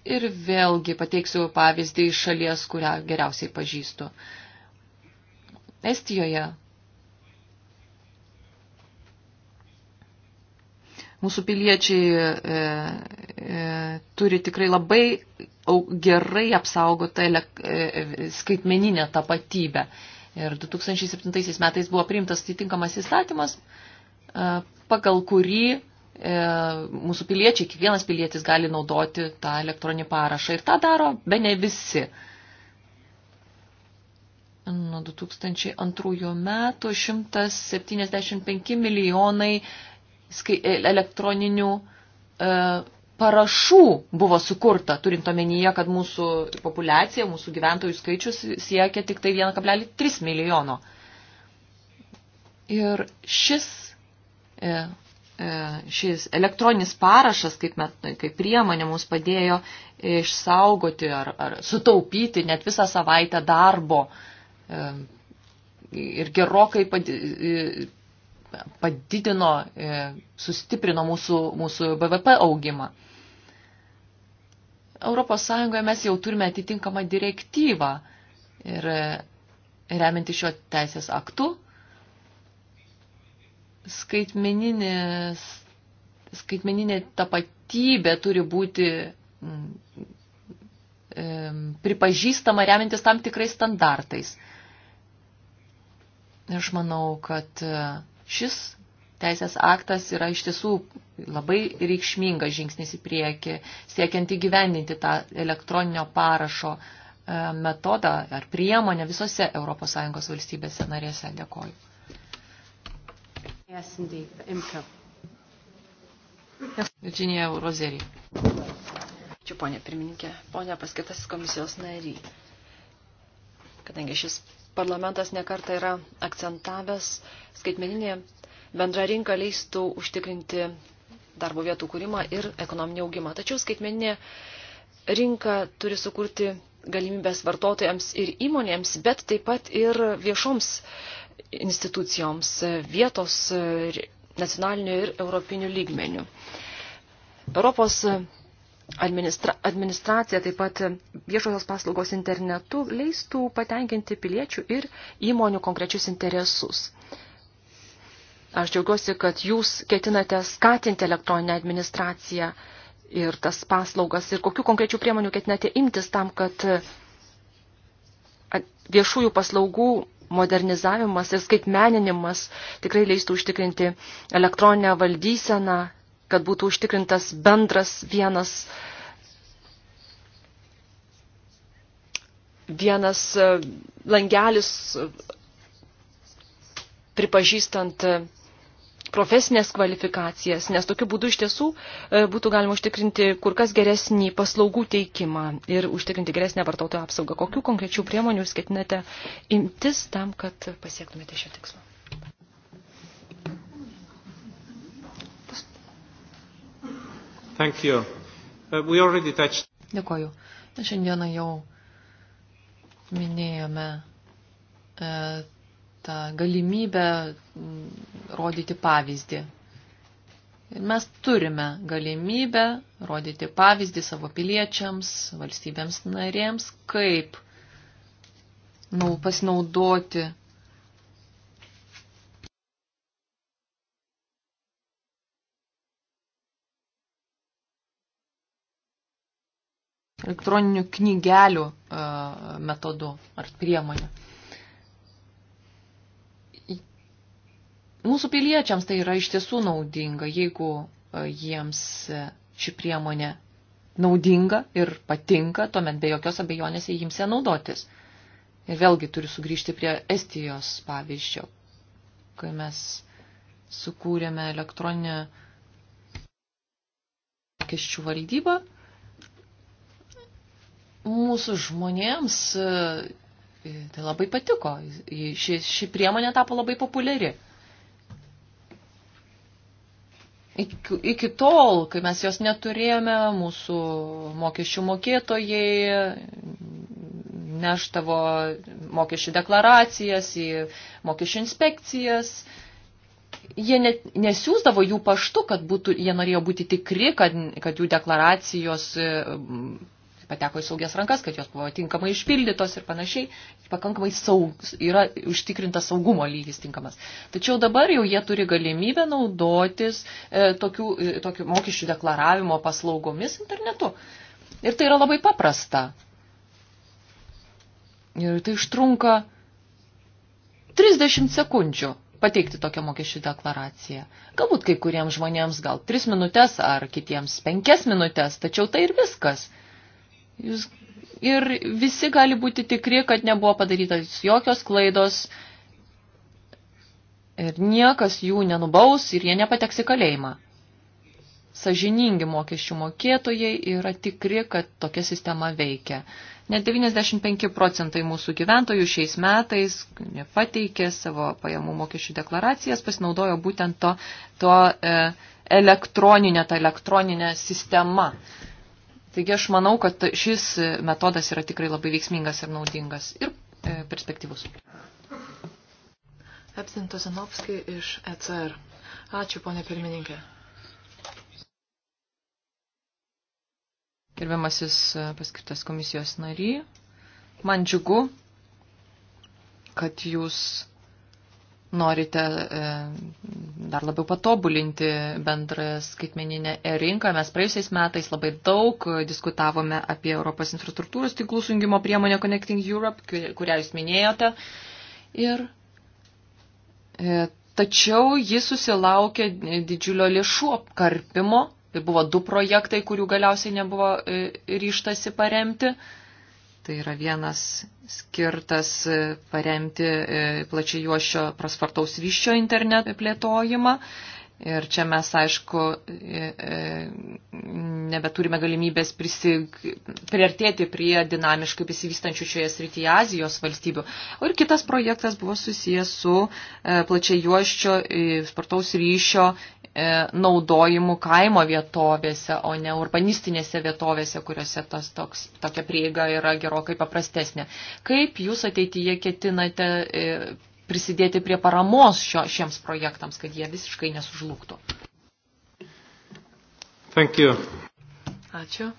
Ir vėlgi pateiksiu pavyzdį iš šalies, kurią geriausiai pažįstu. Estijoje mūsų piliečiai e, e, turi tikrai labai gerai apsaugotą e, e, skaitmeninę tapatybę. Ir 2007 metais buvo priimtas atitinkamas įstatymas, e, pagal kurį E, mūsų piliečiai, kiekvienas pilietis gali naudoti tą elektroninį parašą. Ir tą daro be ne visi. Nuo 2002 metų 175 milijonai e, elektroninių e, parašų buvo sukurta, turint omenyje, kad mūsų populiacija, mūsų gyventojų skaičius siekia tik tai 1,3 milijono. Ir šis E, šis elektroninis parašas kaip, met, kaip priemonė mums padėjo išsaugoti ar, ar sutaupyti net visą savaitę darbo e, ir gerokai e, padidino, sustiprino mūsų, mūsų BVP augimą. Europos Sąjungoje mes jau turime atitinkamą direktyvą ir remianti šio teisės aktu skaitmeninė, skaitmeninė tapatybė turi būti mm, pripažįstama remintis tam tikrais standartais. Ir aš manau, kad e, šis teisės aktas yra iš tiesų labai reikšmingas žingsnis į priekį, siekiant įgyvendinti tą elektroninio parašo e, metodą ar priemonę visose ES valstybėse narėse. Dėkoju. Yes, indeed, for IMCO. Virginija Rozerį. Ačiū, ponė pirmininkė, ponė paskirtasis komisijos nariai. Kadangi šis parlamentas nekarta yra akcentavęs, skaitmeninė bendra rinka leistų užtikrinti darbo vietų kūrimą ir ekonominį augimą. Tačiau skaitmeninė rinka turi sukurti galimybės vartotojams ir įmonėms, bet taip pat ir viešoms institucijoms vietos nacionaliniu ir europiniu lygmeniu. Europos administra administracija, taip pat viešosios paslaugos internetu leistų patenkinti piliečių ir įmonių konkrečius interesus. Aš džiaugiuosi, kad jūs ketinate skatinti elektroninę administraciją ir tas paslaugas ir kokiu konkrečiu priemonių ketinate imtis tam, kad viešųjų paslaugų modernizavimas ir skaitmeninimas tikrai leistų užtikrinti elektroninę valdyseną, kad būtų užtikrintas bendras vienas, vienas e, langelis e, pripažįstant e, profesinės kvalifikacijas, nes tokiu būdu iš tiesų e, būtų galima užtikrinti kur kas geresnį paslaugų teikimą ir užtikrinti geresnę vartotojų apsaugą. Kokių konkrečių priemonių jūs ketinate imtis tam, kad pasiektumėte šią tikslą? Thank you. Uh, we already touched. Dėkoju. Šiandieną jau minėjome e, tą galimybę mm, rodyti pavyzdį. Ir mes turime galimybę rodyti pavyzdį savo piliečiams, valstybėms narėms, kaip nu, pasinaudoti elektroninių knygelių e, metodu ar priemonė. Mūsų piliečiams tai yra iš tiesų naudinga, jeigu e, jiems e, ši priemonė naudinga ir patinka, tuomet be jokios abejonės jie imsia naudotis. Ir vėlgi turiu sugrįžti prie Estijos pavyzdžio, kai mes sukūrėme elektroninę keščių valdybą. Mūsų žmonėms e, tai labai patiko. Ši, ši priemonė tapo labai populiari. Iki, iki tol, kai mes jos neturėjome, mūsų mokesčių mokėtojai neštavo mokesčių deklaracijas į mokesčių inspekcijas. Jie net nesiūsdavo jų paštu, kad būtų, jie norėjo būti tikri, kad, kad jų deklaracijos pateko į saugias rankas, kad jos buvo tinkamai išpildytos ir panašiai, pakankamai saug, yra užtikrintas saugumo lygis tinkamas. Tačiau dabar jau jie turi galimybę naudotis e, tokių, e, tokių mokesčių deklaravimo paslaugomis internetu. Ir tai yra labai paprasta. Ir tai užtrunka 30 sekundžių pateikti tokią mokesčių deklaraciją. Galbūt kai kuriems žmonėms gal 3 minutės ar kitiems 5 minutės, tačiau tai ir viskas. Jūs ir visi gali būti tikri, kad nebuvo padarytas jokios klaidos ir niekas jų nenubaus ir jie nepateks į kalėjimą. Sažiningi mokesčių mokėtojai yra tikri, kad tokia sistema veikia. Net 95 procentai mūsų gyventojų šiais metais pateikė savo pajamų mokesčių deklaracijas, pasinaudojo būtent to, to e, elektroninė, ta elektroninė sistema. E, Taigi aš manau, kad šis metodas yra tikrai labai veiksmingas ir naudingas ir e, perspektyvus. Epsinto Zanovskai iš ECR. Ačiū, ponė pirmininkė. Gerbiamasis e, paskirtas komisijos nary, man džiugu, kad jūs norite e, dar labiau patobulinti bendrą skaitmeninę rinką. Mes praėjusiais metais labai daug diskutavome apie Europos infrastruktūros tinklų sujungimo priemonę Connecting Europe, kurią jūs minėjote. Ir, e, tačiau jis susilaukė didžiulio lėšų apkarpimo. Tai buvo du projektai, kurių galiausiai nebuvo e, ryštasi paremti. Tai yra vienas skirtas e, paremti e, plačiai juošio praspartaus vyščio internet plėtojimą. Ir čia mes, aišku, e, nebeturime galimybės prisig... priartėti prie dinamiškai besivystančių šioje srityje Azijos valstybių. O ir kitas projektas buvo susijęs su plačiai juoščio spartaus ryšio E, naudojimu kaimo vietovėse, o ne urbanistinėse vietovėse, kuriuose tas toks, tokia prieiga yra gerokai paprastesnė. Kaip jūs ateityje ketinate e, prisidėti prie paramos šio, šiems projektams, kad jie visiškai nesužlugtų? Thank you. Ačiū.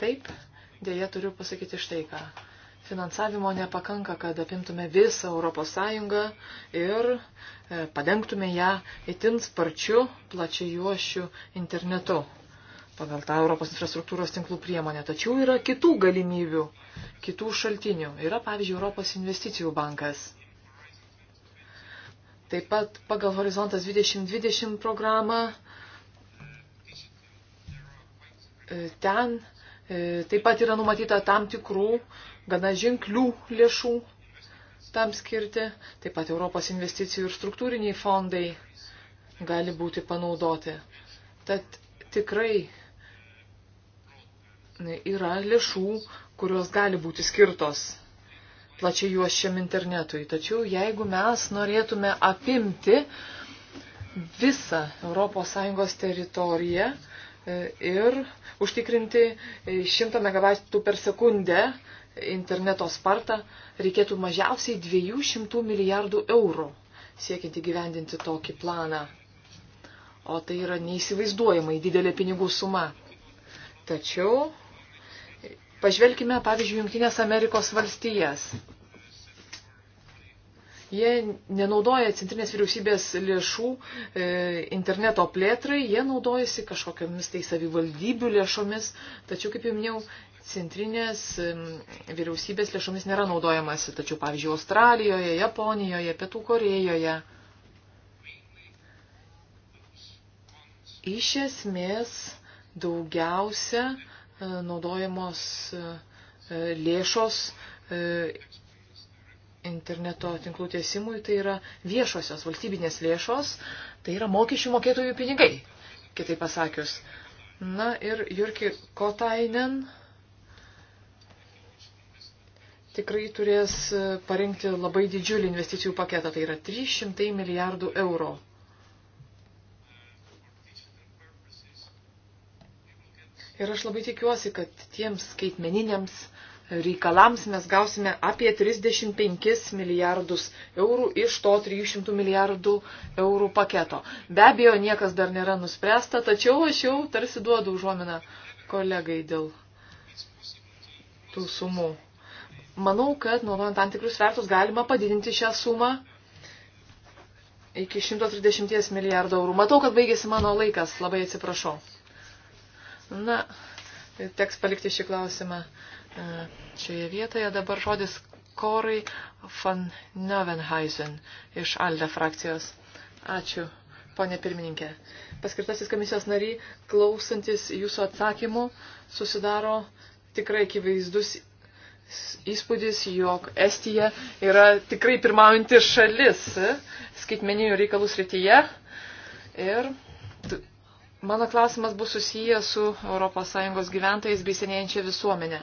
Taip, dėja turiu pasakyti štai ką Finansavimo nepakanka, kad apimtume visą Europos Sąjungą ir e, padengtume ją itin sparčiu plačiai juošiu internetu pagal tą Europos infrastruktūros tinklų priemonę. Tačiau yra kitų galimybių, kitų šaltinių. Yra, pavyzdžiui, Europos investicijų bankas. Taip pat pagal Horizontas 2020 programą e, ten e, taip pat yra numatyta tam tikrų gana ženklių lėšų tam skirti. Taip pat Europos investicijų ir struktūriniai fondai gali būti panaudoti. Tad tikrai yra lėšų, kurios gali būti skirtos plačiai juos šiam internetui. Tačiau jeigu mes norėtume apimti visą ES teritoriją e, ir užtikrinti 100 MB per sekundę interneto spartą reikėtų mažiausiai 200 milijardų eurų siekiant įgyvendinti tokį planą. O tai yra neįsivaizduojamai didelė pinigų suma. Tačiau pažvelkime, pavyzdžiui, Junktinės Amerikos valstijas. Jie nenaudoja centrinės vyriausybės lėšų e, interneto plėtrai, jie naudojasi kažkokiamis tai savivaldybių lėšomis, tačiau, kaip jau minėjau, centrinės vyriausybės lėšomis nėra naudojamasi, tačiau, pavyzdžiui, Australijoje, Japonijoje, Pietų Korejoje. Iš esmės daugiausia e, naudojamos e, e, lėšos interneto tinklų tiesimui, tai yra viešosios valstybinės lėšos, tai yra mokesčių mokėtojų pinigai, kitaip pasakius. Na ir Jurki Kotainen tikrai turės e, parengti labai didžiulį investicijų paketą, tai yra 300 milijardų eurų. Ir aš labai tikiuosi, kad tiems skaitmeniniams reikalams mes gausime apie 35 milijardus eurų iš to 300 milijardų eurų paketo. Be abejo, niekas dar nėra nuspręsta, tačiau aš jau tarsi duodu užuominą kolegai dėl tų sumų. Manau, kad naudojant tam tikrus svertus galima padidinti šią sumą iki 130 milijardų eurų. Matau, kad baigėsi mano laikas, labai atsiprašau. Na, tai teks palikti šį klausimą e, šioje vietoje. Dabar žodis Korai van Neuvenheisen iš Alde frakcijos. Ačiū, ponė pirmininkė. Paskirtasis komisijos nariai, klausantis jūsų atsakymų, susidaro tikrai akivaizdus įspūdis, jog Estija yra tikrai pirmaujanti šalis skaitmeninių reikalų srityje. Ir mano klausimas bus susijęs su ES gyventojais bei senėjančia visuomenė.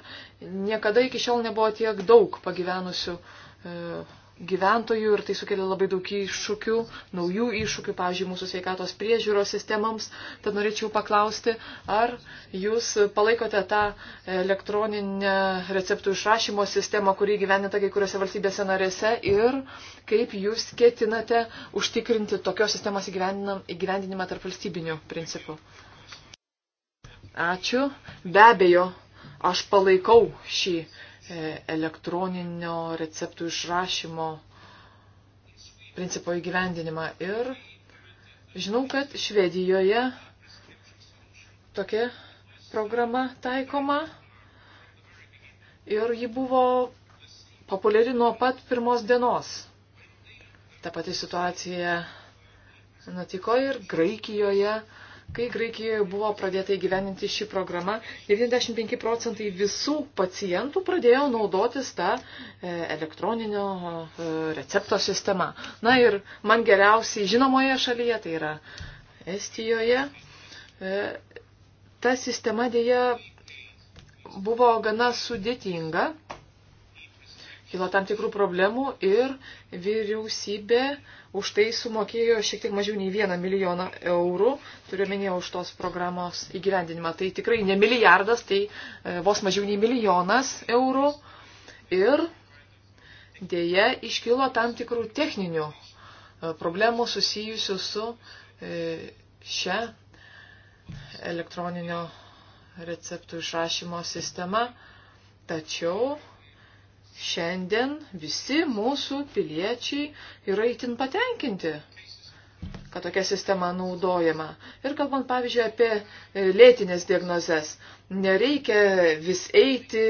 Niekada iki šiol nebuvo tiek daug pagyvenusių e, gyventojų ir tai sukelia labai daug iššūkių, naujų iššūkių, pavyzdžiui, mūsų sveikatos priežiūros sistemams. Tad norėčiau paklausti, ar jūs palaikote tą elektroninę receptų išrašymo sistemą, kurį gyvenate kai kuriuose valstybėse narėse ir kaip jūs ketinate užtikrinti tokios sistemos įgyvendinimą tarp valstybinių principų. Ačiū. Be abejo, aš palaikau šį E, elektroninio receptų išrašymo principo įgyvendinimą. Ir žinau, kad Švedijoje tokia programa taikoma ir ji buvo populiari nuo pat pirmos dienos. Ta pati situacija nutiko ir Graikijoje Kai Graikijoje buvo pradėta įgyveninti šį programą, 95 procentai visų pacientų pradėjo naudotis tą e, elektroninio e, recepto sistemą. Na ir man geriausiai žinomoje šalyje, tai yra Estijoje, e, ta sistema dėja buvo gana sudėtinga kilo tam tikrų problemų ir vyriausybė už tai sumokėjo šiek tiek mažiau nei vieną milijoną eurų, turiuomenėje už tos programos įgyvendinimą. Tai tikrai ne milijardas, tai e, vos mažiau nei milijonas eurų. Ir dėje iškilo tam tikrų techninių e, problemų susijusių su e, šia elektroninio receptų išrašymo sistema. Tačiau Šiandien visi mūsų piliečiai yra itin patenkinti, kad tokia sistema naudojama. Ir kalbant, pavyzdžiui, apie e, lėtinės diagnozes, nereikia vis eiti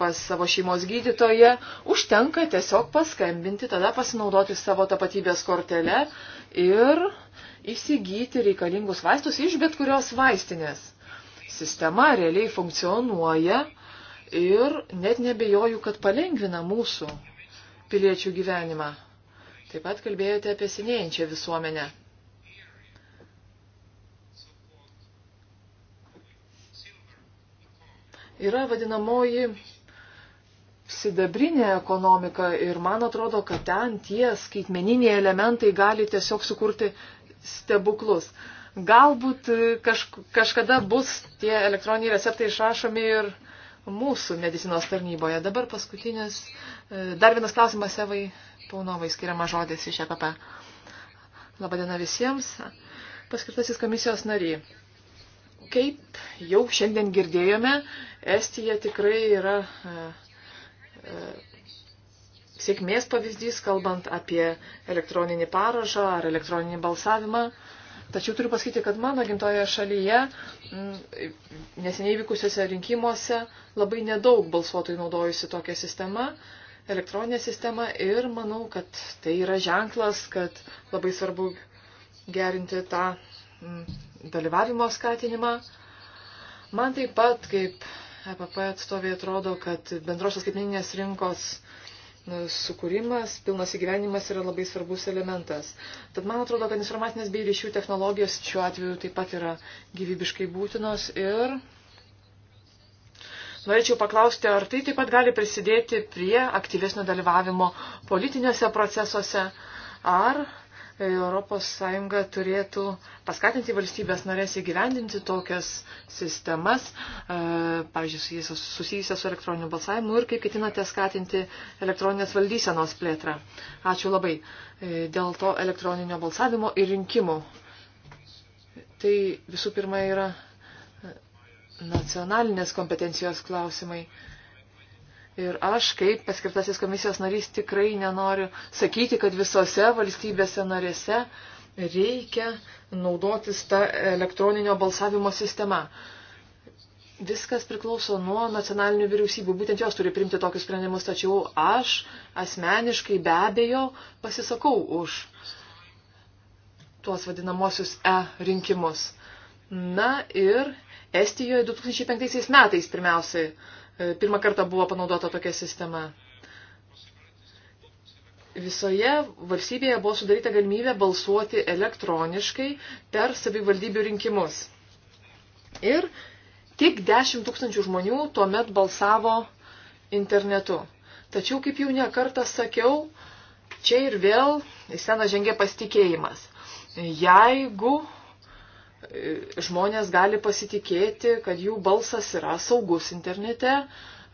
pas savo šeimos gydytoje, užtenka tiesiog paskambinti, tada pasinaudoti savo tapatybės kortelę ir įsigyti reikalingus vaistus iš bet kurios vaistinės. Sistema realiai funkcionuoja ir net nebejoju, kad palengvina mūsų piliečių gyvenimą. Taip pat kalbėjote apie senėjančią visuomenę. Yra vadinamoji sidabrinė ekonomika ir man atrodo, kad ten tie skaitmeniniai elementai gali tiesiog sukurti stebuklus. Galbūt kaž, kažkada bus tie elektroniniai receptai išrašomi ir uh, mūsų medicinos tarnyboje. Dabar paskutinis, e, dar vienas klausimas Evai Paunovai skiriama žodis iš EPP. Labadiena visiems. Paskirtasis komisijos nariai. Kaip jau šiandien girdėjome, Estija tikrai yra e, e, sėkmės pavyzdys, kalbant apie elektroninį parašą ar elektroninį balsavimą. E, Tačiau turiu pasakyti, kad mano gimtoje šalyje mm, neseniai vykusiuose rinkimuose labai nedaug balsuotojų naudojusi tokią sistemą, elektroninę sistemą ir manau, kad tai yra ženklas, kad labai svarbu gerinti tą mm, dalyvavimo skatinimą. Man taip pat, kaip EPP atstovė, atrodo, kad bendrosios skaitmeninės rinkos sukūrimas, pilnas įgyvenimas yra labai svarbus elementas. Tad man atrodo, kad informacinės bei ryšių technologijos šiuo atveju taip pat yra gyvybiškai būtinos ir norėčiau paklausti, ar tai taip pat gali prisidėti prie aktyvesnio dalyvavimo politiniuose procesuose, ar ES turėtų paskatinti valstybės norės įgyvendinti tokias sistemas, e, pavyzdžiui, susijusias su elektroniniu balsavimu ir kaip ketinate skatinti elektroninės valdysenos plėtrą. Ačiū labai e, dėl to elektroninio balsavimo ir rinkimų. Tai visų pirma yra e, nacionalinės kompetencijos klausimai. Ir aš, kaip paskirtasis komisijos narys, tikrai nenoriu sakyti, kad visose valstybėse narėse reikia naudotis tą elektroninio balsavimo sistemą. Viskas priklauso nuo nacionalinių vyriausybių, būtent jos turi primti tokius sprendimus, tačiau aš asmeniškai be abejo pasisakau už tuos vadinamosius E rinkimus. Na ir Estijoje 2005 metais pirmiausiai E, pirmą kartą buvo panaudota tokia sistema. Visoje valstybėje buvo sudaryta galimybė balsuoti elektroniškai per savivaldybių rinkimus. Ir tik 10 tūkstančių žmonių tuomet balsavo internetu. Tačiau, kaip jau nekartą sakiau, čia ir vėl į seną žengia pasitikėjimas. Jeigu E, žmonės gali pasitikėti, kad jų balsas yra saugus internete,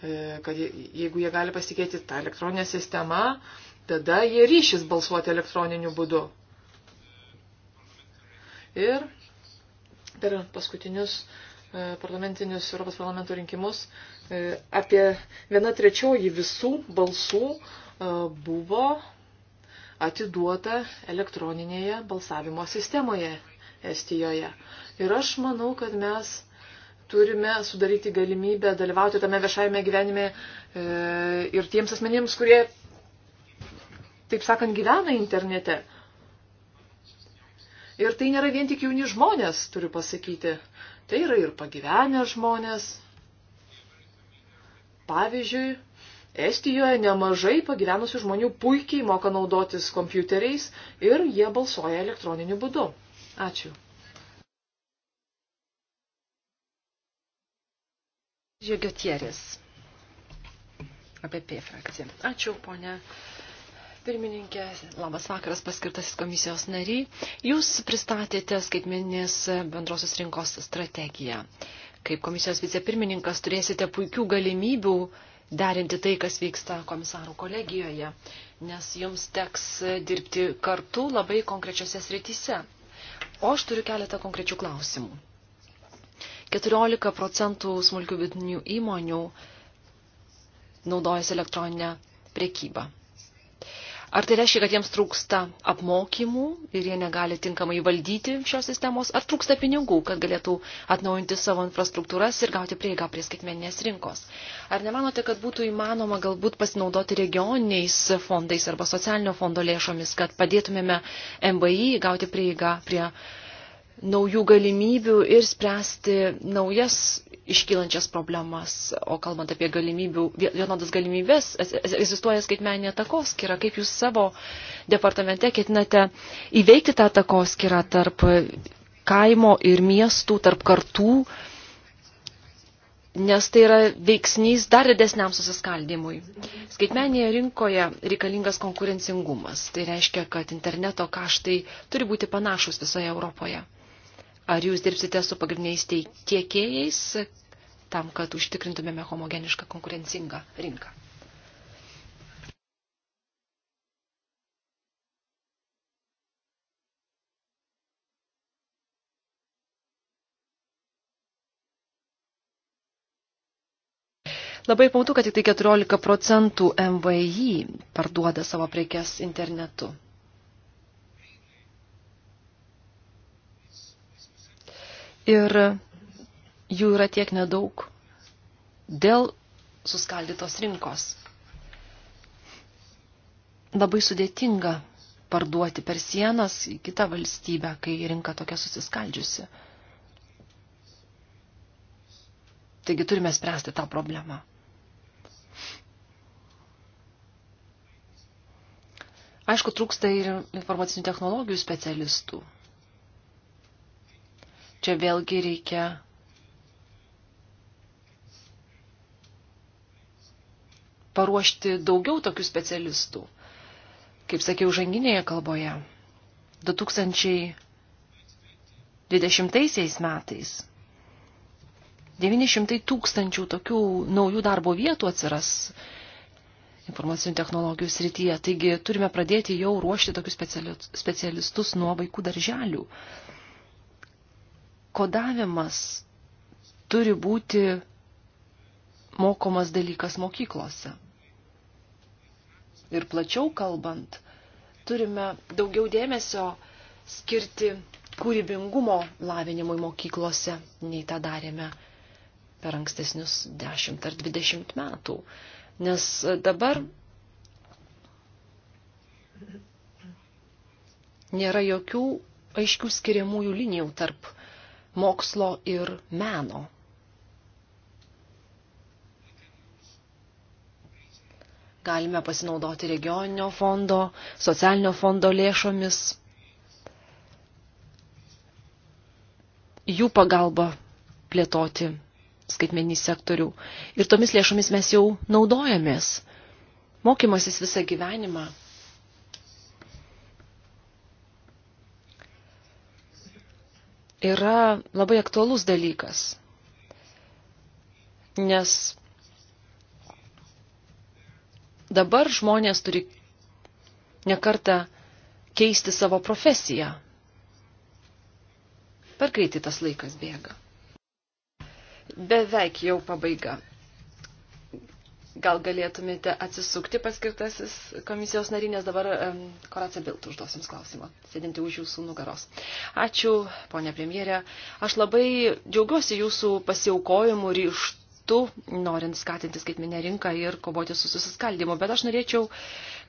e, kad jeigu jie gali pasitikėti tą elektroninę sistemą, tada jie ryšys balsuoti elektroniniu būdu. Ir per paskutinius e, parlamentinius Europos parlamento rinkimus apie viena trečioji visų balsų buvo atiduota elektroninėje balsavimo sistemoje. Estijoje. Ir aš manau, kad mes turime sudaryti galimybę dalyvauti tame viešajame gyvenime e, ir tiems asmenims, kurie, taip sakant, gyvena internete. Ir tai nėra vien tik jauni žmonės, turiu pasakyti. Tai yra ir pagyvenę žmonės. Pavyzdžiui, Estijoje nemažai pagyvenusių žmonių puikiai moka naudotis kompiuteriais ir jie balsuoja elektroniniu būdu. Ačiū. Žiogotieris, APP frakcija. Ačiū, ponė pirmininkė. Labas vakaras, paskirtasis komisijos nariai. Jūs pristatėte skaitmeninės bendrosios rinkos strategiją. Kaip komisijos vicepirmininkas turėsite puikių galimybių derinti tai, kas vyksta komisarų kolegijoje, nes jums teks dirbti kartu labai konkrečiose srityse. O aš turiu keletą konkrečių klausimų. 14 procentų smulkių vidinių įmonių naudojasi elektroninę priekybą. Ar tai reiškia, kad jiems trūksta apmokymų ir jie negali tinkamai valdyti šios sistemos, ar trūksta pinigų, kad galėtų atnaujinti savo infrastruktūras ir gauti prieigą prie skaitmeninės rinkos? Ar nemanote, kad būtų įmanoma galbūt pasinaudoti regioniniais fondais arba socialinio fondo lėšomis, kad padėtumėme MBI gauti prieigą prie naujų galimybių ir spręsti naujas iškylančias problemas. O kalbant apie galimybių, vienodas galimybės, egzistuoja skaitmeninė takoskira. Kaip jūs savo departamente ketinate įveikti tą takoskirą tarp kaimo ir miestų, tarp kartų, nes tai yra veiksnys dar didesniam susiskaldimui. Skaitmenėje rinkoje reikalingas konkurencingumas. Tai reiškia, kad interneto kaštai turi būti panašus visoje Europoje Ar jūs dirbsite su pagrindiniais tiekėjais tam, kad užtikrintumėme homogenišką konkurencingą rinką? Labai pautu, kad tik tai 14 procentų MVI parduoda savo prekes internetu. ir jų yra tiek nedaug dėl suskaldytos rinkos. Labai sudėtinga parduoti per sienas į kitą valstybę, kai rinka tokia susiskaldžiusi. Taigi turime spręsti tą problemą. Aišku, trūksta ir informacinių technologijų specialistų. Čia vėlgi reikia paruošti daugiau tokių specialistų, kaip sakiau, žanginėje kalboje. 2020 metais 900 tūkstančių tokių naujų darbo vietų atsiras informacinių technologijų srityje. Taigi turime pradėti jau ruošti tokius specialistus nuo vaikų darželių kodavimas turi būti mokomas dalykas mokyklose. Ir plačiau kalbant, turime daugiau dėmesio skirti kūrybingumo lavinimui mokyklose, nei tą darėme per ankstesnius 10 ar 20 metų. Nes dabar nėra jokių aiškių skiriamųjų linijų tarp mokslo ir meno. Galime pasinaudoti regioninio fondo, socialinio fondo lėšomis. Jų pagalba plėtoti skaitmenį sektorių. Ir tomis lėšomis mes jau naudojamės. Mokymasis visą gyvenimą yra labai aktualus dalykas, nes dabar žmonės turi nekartą keisti savo profesiją. Per greitai tas laikas bėga. Beveik jau pabaiga. Gal galėtumėte atsisukti paskirtasis komisijos narinės, dabar um, Koracija Bilt užduos jums klausimą, sėdinti už jūsų nugaros. Ačiū, ponė premjerė. Aš labai džiaugiuosi jūsų pasiaukojimu ryštu, norint skatinti skaitminę rinką ir kovoti su susiskaldimu, bet aš norėčiau,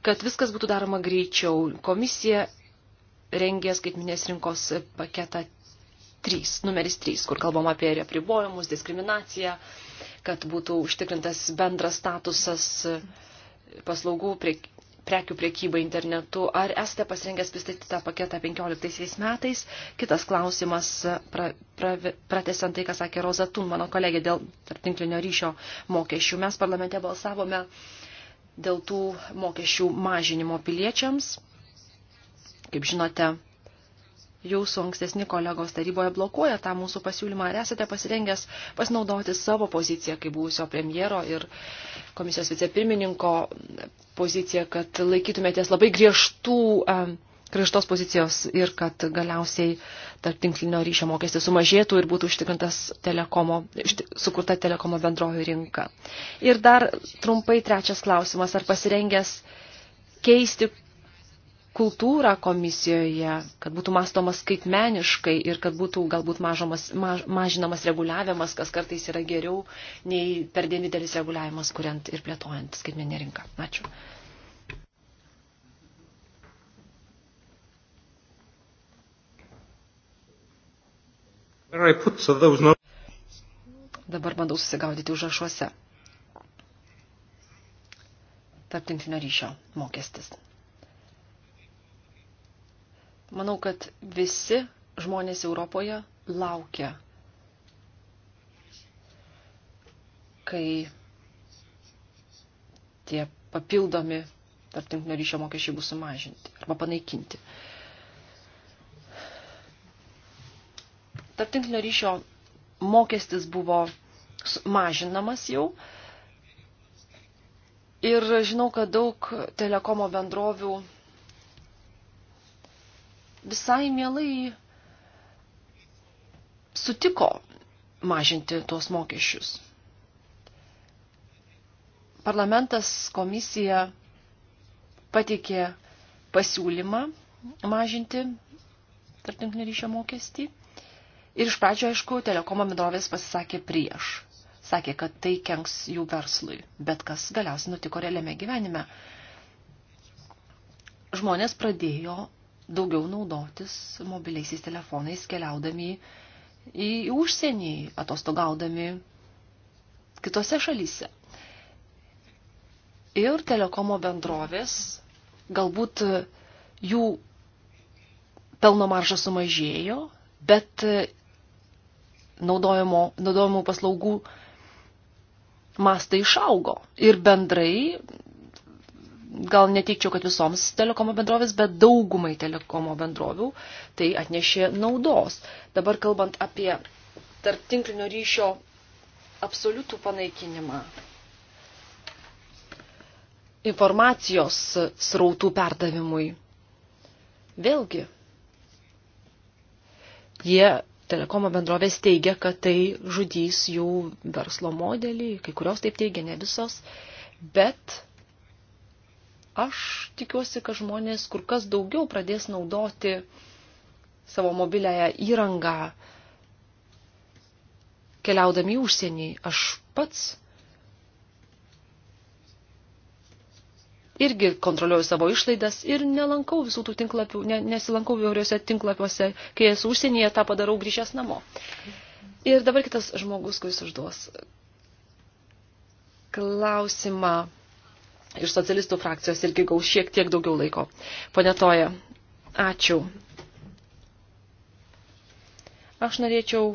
kad viskas būtų daroma greičiau. Komisija rengė skaitminės rinkos paketą 3, numeris 3, kur kalbam apie apribojimus, diskriminaciją, kad būtų užtikrintas bendras statusas paslaugų prie, prekių priekyba internetu. Ar esate pasirengęs pristatyti tą paketą 15 metais? Kitas klausimas, pra, pra, pratesiant tai, ką sakė Roza Tun, mano kolegė, dėl tarptinklinio ryšio mokesčių. Mes parlamente balsavome dėl tų mokesčių mažinimo piliečiams. Kaip žinote, jūsų ankstesni kolegos taryboje blokuoja tą mūsų pasiūlymą. Ar esate pasirengęs pasinaudoti savo poziciją kaip būsio premjero ir komisijos vicepirmininko poziciją, kad laikytumėtės labai griežtų e, griežtos pozicijos ir kad galiausiai tarp tinklinio ryšio mokestis sumažėtų ir būtų užtikrintas telekomo, sukurta telekomo bendrovių rinka. Ir dar trumpai trečias klausimas, ar pasirengęs keisti kultūrą komisijoje, kad būtų mastoma skaitmeniškai ir kad būtų galbūt mažomas, maž, mažinamas reguliavimas, kas kartais yra geriau nei per didelis reguliavimas, kuriant ir plėtojant skaitmeninę rinką. Ačiū. Dabar bandau susigaudyti užrašuose. Tarptinklinio ryšio mokestis. Manau, kad visi žmonės Europoje laukia, kai tie papildomi tarptinklinio ryšio mokesčiai bus sumažinti arba panaikinti. Tarptinklinio ryšio mokestis buvo mažinamas jau. Ir žinau, kad daug telekomo bendrovių visai mielai sutiko mažinti tuos mokesčius. Parlamentas komisija pateikė pasiūlymą mažinti tarptinklinį ryšio mokestį. Ir iš pradžio, aišku, telekomo bendrovės pasisakė prieš. Sakė, kad tai kenks jų verslui. Bet kas galiausiai nutiko realiame gyvenime? Žmonės pradėjo daugiau naudotis mobiliaisiais telefonais keliaudami į užsienį, atostogaudami kitose šalyse. Ir telekomo bendrovės, galbūt jų pelno marža sumažėjo, bet naudojimo, naudojimo paslaugų mastai išaugo. Ir bendrai gal neteikčiau, kad visoms telekomo bendrovės, bet daugumai telekomo bendrovių tai atnešė naudos. Dabar kalbant apie tarp tinklinio ryšio absoliutų panaikinimą, informacijos srautų perdavimui. Vėlgi, jie telekomo bendrovės teigia, kad tai žudys jų verslo modelį, kai kurios taip teigia, ne visos, bet Aš tikiuosi, kad žmonės kur kas daugiau pradės naudoti savo mobiliąją įrangą keliaudami į užsienį. Aš pats irgi kontroliuoju savo išlaidas ir nelankau visų tų tinklapių, ne, nesilankau įvairiuose tinklapiuose, kai esu užsienyje, tą padarau grįžęs namo. Ir dabar kitas žmogus, kuris užduos klausimą iš socialistų frakcijos irgi gaus šiek tiek daugiau laiko. Pone Toja, ačiū. Aš norėčiau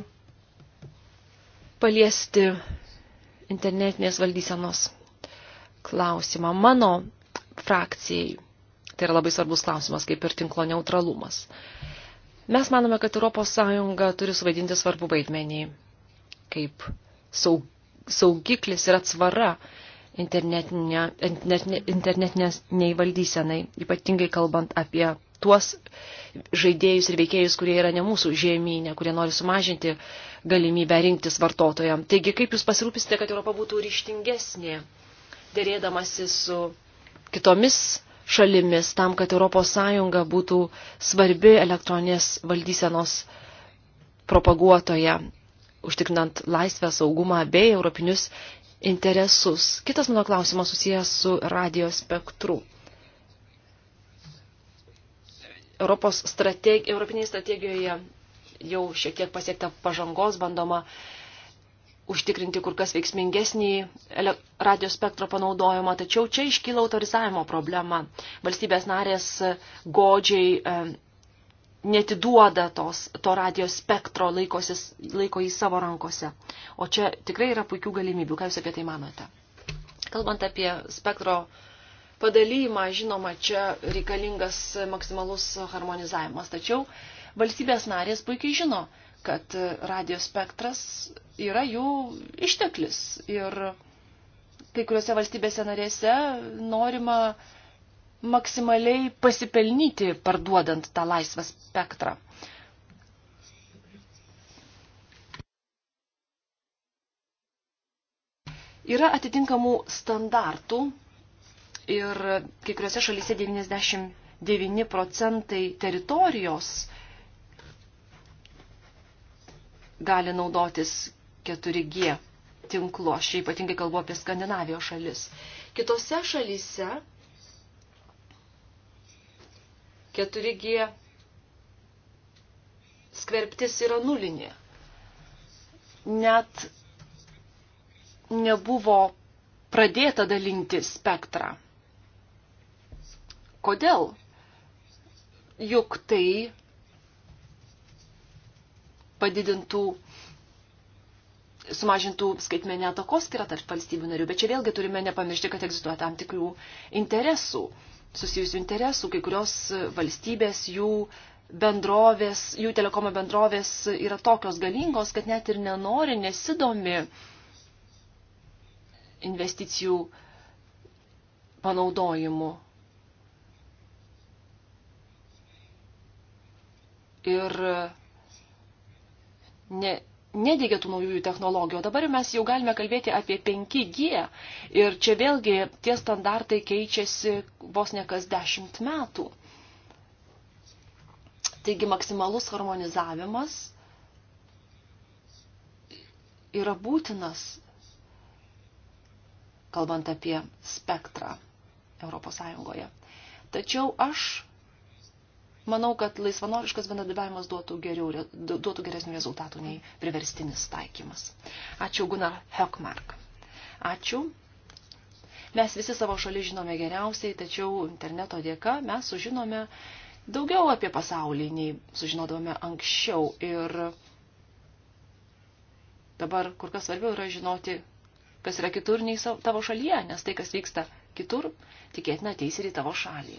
paliesti internetinės valdysenos klausimą. Mano frakcijai tai yra labai svarbus klausimas, kaip ir tinklo neutralumas. Mes manome, kad ES turi suvaidinti svarbų vaidmenį kaip saugiklis ir atsvara internetinė, internetinė, internetinės neįvaldysenai, ypatingai kalbant apie tuos žaidėjus ir veikėjus, kurie yra ne mūsų žemynė, kurie nori sumažinti galimybę rinktis vartotojams. Taigi, kaip jūs pasirūpysite, kad Europa būtų ryštingesnė, dėrėdamasi su kitomis šalimis, tam, kad ES būtų svarbi elektroninės valdysenos propaguotoja, užtikrinant laisvę, saugumą bei europinius interesus. Kitas mano klausimas susijęs su radio spektru. Europos strategi, Europinėje strategijoje jau šiek tiek pasiekta pažangos, bandoma užtikrinti kur kas veiksmingesnį radio spektro panaudojimą, tačiau čia iškyla autorizavimo problema. Valstybės narės godžiai netiduoda tos, to radijos spektro, laikosi, laiko jį savo rankose. O čia tikrai yra puikių galimybių. Ką Jūs apie tai manote? Kalbant apie spektro padalymą, žinoma, čia reikalingas maksimalus harmonizavimas. Tačiau valstybės narės puikiai žino, kad radijos spektras yra jų išteklis. Ir kai kuriuose valstybėse narėse norima uh, maksimaliai pasipelnyti parduodant tą laisvą spektrą. Yra atitinkamų standartų ir kai kuriuose šalyse 99 procentai teritorijos gali naudotis 4G tinklu. Aš ypatingai kalbu apie Skandinavijos šalis. Kitose šalyse 4G skverbtis yra nulinė. Net nebuvo pradėta dalinti spektrą. Kodėl? Juk tai padidintų, sumažintų skaitmenę takoskirą tarp valstybių narių, bet čia vėlgi turime nepamiršti, kad egzistuoja tam tikrų interesų. Uh, susijusių interesų, kai kurios valstybės, jų bendrovės, jų telekomo bendrovės yra tokios galingos, kad net ir nenori, nesidomi investicijų panaudojimu. Ir ne, nedėgė tų naujųjų technologijų. O dabar mes jau galime kalbėti apie 5G ir čia vėlgi tie standartai keičiasi vos ne kas 10 metų. Taigi maksimalus harmonizavimas yra būtinas, kalbant apie spektrą Europos Sąjungoje. Tačiau aš Manau, kad laisvanoriškas bendradarbiavimas duotų, geriau, duotų geresnių rezultatų nei priverstinis taikymas. Ačiū Gunnar Hökmark. Ačiū. Mes visi savo šalį žinome geriausiai, tačiau interneto dėka mes sužinome daugiau apie pasaulį, nei sužinodavome anksčiau. Ir dabar kur kas svarbiau yra žinoti, kas yra kitur nei tavo šalyje, nes tai, kas vyksta kitur, tikėtina ateis ir į tavo šalį.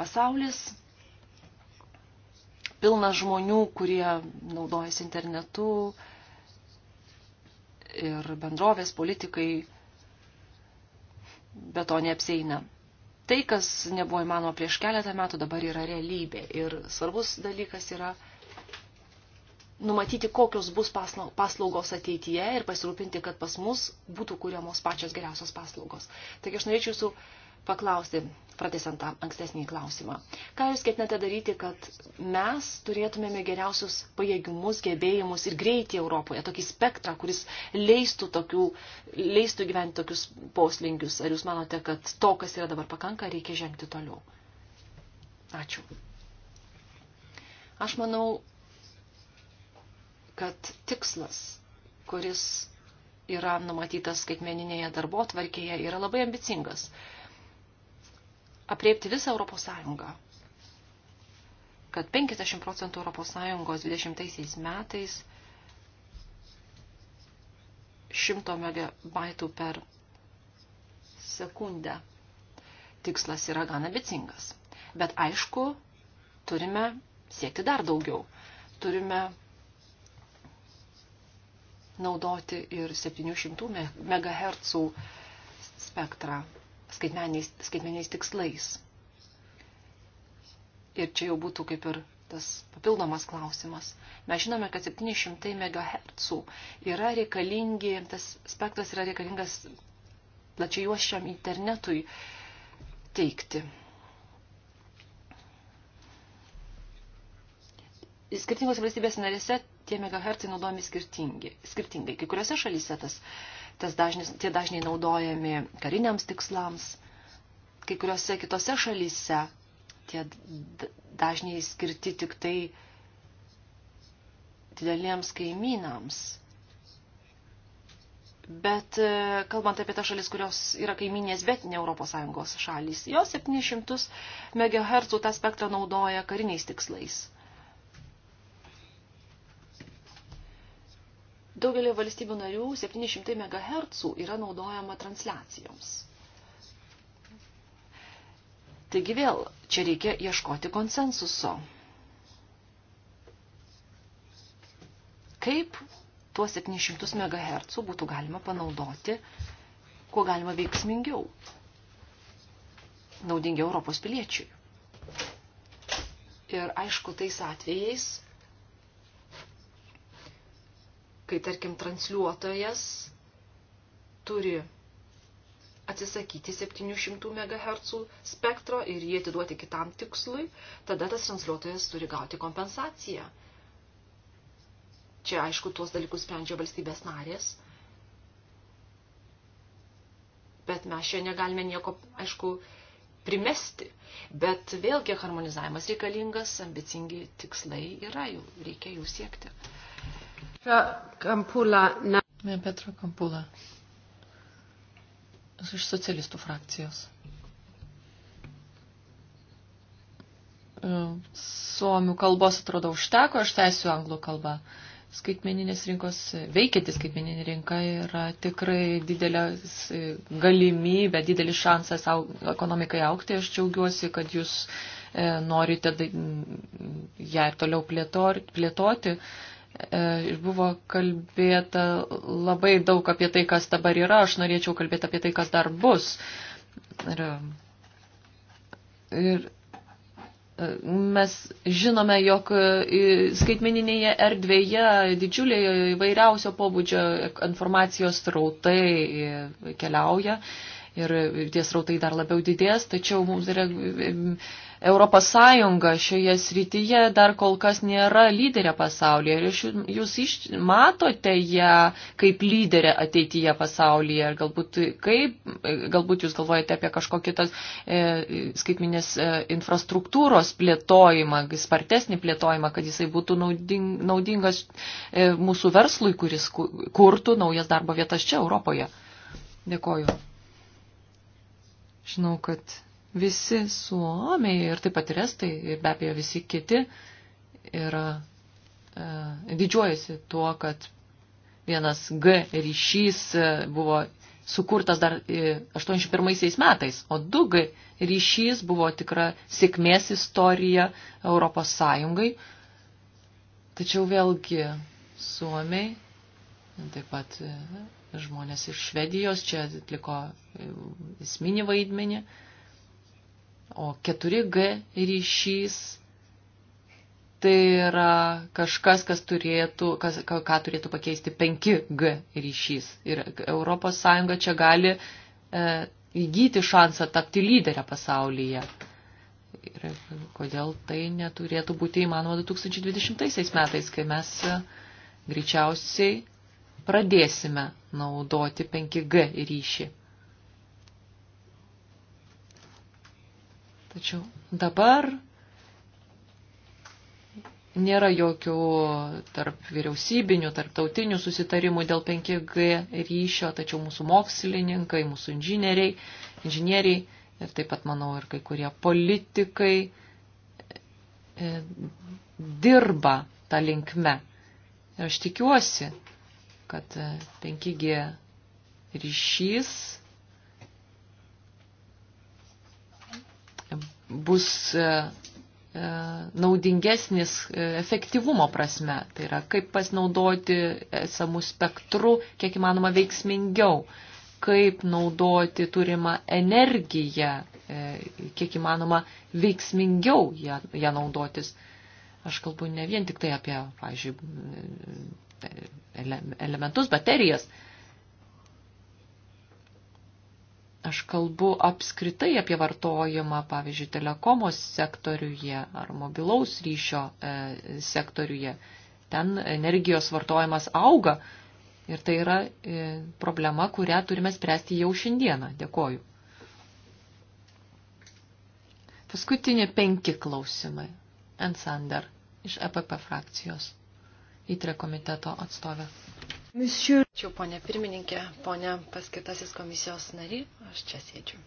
Pasaulis pilna žmonių, kurie naudojasi internetu ir bendrovės politikai be to neapseina. Tai, kas nebuvo įmanoma prieš keletą metų, dabar yra realybė. Ir svarbus dalykas yra numatyti, kokios bus paslaugos ateityje ir pasirūpinti, kad pas mus būtų kūriamos pačios geriausios paslaugos. Taigi aš norėčiau jūsų paklausti, pratesant tą ankstesnį klausimą. Ką jūs ketinate daryti, kad mes turėtumėme geriausius pajėgimus, gebėjimus ir greitį Europoje, tokį spektrą, kuris leistų, tokių, leistų gyventi tokius poslingius? Ar jūs manote, kad to, kas yra dabar pakanka, reikia žengti toliau? Ačiū. Aš manau, kad tikslas, kuris yra numatytas skaitmeninėje darbo tvarkėje, yra labai ambicingas apriepti visą Europos Sąjungą. Kad 50 procentų Europos Sąjungos 20 metais 100 megabaitų per sekundę tikslas yra gan ambicingas. Bet aišku, turime siekti dar daugiau. Turime naudoti ir 700 MHz spektrą skaitmeniais, skaitmeniais tikslais. Ir čia jau būtų kaip ir tas papildomas klausimas. Mes žinome, kad 700 MHz yra reikalingi, tas spektras yra reikalingas plačiai juošiam internetui teikti. Skirtingose valstybės narėse tie megahertai naudojami skirtingi, skirtingai. Kai kuriuose šalyse tas uh, tas dažnis, tie dažniai naudojami kariniams tikslams. Kai kuriuose kitose šalyse tie dažniai skirti tik tai dideliems kaimynams. Bet e, kalbant apie tą šalis, kurios yra kaiminės, bet ne ES šalis, jos 700 MHz tą spektrą naudoja kariniais tikslais. Daugelį valstybių narių 700 MHz yra naudojama transliacijoms. Taigi vėl, čia reikia ieškoti konsensuso. Kaip tuos 700 MHz būtų galima panaudoti, kuo galima veiksmingiau, naudingiau Europos piliečiui. Ir aišku, tais atvejais kai tarkim transliuotojas turi atsisakyti 700 MHz spektro ir jį atiduoti kitam tikslui, tada tas transliuotojas turi gauti kompensaciją. Čia, aišku, tuos dalykus sprendžia valstybės narės, bet mes čia negalime nieko, aišku, primesti. Bet vėlgi harmonizavimas reikalingas, ambicingi tikslai yra, jau reikia jų siekti. Petra Kampula iš socialistų frakcijos. E, suomių kalbos atrodo užteko, aš tęsiu anglų kalbą. Skaitmeninės rinkos, veikianti skaitmeninė rinka yra tikrai didelė e, galimybė, didelis šansas au, ekonomikai aukti. Aš džiaugiuosi, kad jūs e, norite ją ir toliau plėtoti. plėtoti E, ir buvo kalbėta labai daug apie tai, kas dabar yra. Aš norėčiau kalbėti apie tai, kas dar bus. Ir, ir e, mes žinome, jog e, skaitmeninėje erdvėje didžiuliai įvairiausio pobūdžio informacijos trautai keliauja ir tie srautai dar labiau didės, tačiau mums yra Europos Sąjunga šioje srityje dar kol kas nėra lyderė pasaulyje ir jūs iš, matote ją kaip lyderė ateityje pasaulyje ir galbūt, kaip, galbūt jūs galvojate apie kažkokį tas e, skaitminės e, infrastruktūros plėtojimą, spartesnį plėtojimą, kad jisai būtų nauding, naudingas e, mūsų verslui, kuris kurtų naujas darbo vietas čia Europoje. Dėkoju. Žinau, kad visi suomiai ir taip pat ir estai, ir be abejo visi kiti, yra e, didžiuojasi tuo, kad vienas G ryšys e, buvo sukurtas dar 81 e, metais, o 2G ryšys buvo tikra sėkmės istorija Europos Sąjungai. Tačiau vėlgi Suomiai, taip pat e, žmonės iš Švedijos čia atliko esminį vaidmenį. O 4G ryšys tai yra kažkas, kas turėtų, kas, ką turėtų pakeisti 5G ryšys. Ir ES čia gali e, įgyti šansą tapti lyderę pasaulyje. Ir kodėl tai neturėtų būti įmanoma 2020 metais, kai mes e, greičiausiai pradėsime naudoti 5G ryšį. Tačiau dabar nėra jokių tarp vyriausybinių, tarptautinių susitarimų dėl 5G ryšio, tačiau mūsų mokslininkai, mūsų inžinieriai, inžinieriai ir taip pat, manau, ir kai kurie politikai e, dirba tą linkme. Ir aš tikiuosi, kad 5G e, ryšys bus e, e, naudingesnis efektyvumo prasme. Tai yra, kaip pasinaudoti esamų spektrų, kiek įmanoma veiksmingiau, kaip naudoti turimą energiją, kiek įmanoma veiksmingiau ją, ją naudotis. Aš kalbu ne vien tik tai apie, pavyzdžiui, elementus, baterijas. Aš kalbu apskritai apie vartojimą, pavyzdžiui, telekomos sektoriuje ar mobilaus ryšio e, sektoriuje. Ten energijos vartojimas auga ir tai yra e, problema, kurią turime spręsti jau šiandieną. Dėkoju. Paskutinė penki klausimai. Ensander iš EPP frakcijos įtre komiteto atstovę. Monsieur. Čia ponė pirmininkė, ponė paskirtasis komisijos nary, aš čia sėdžiu.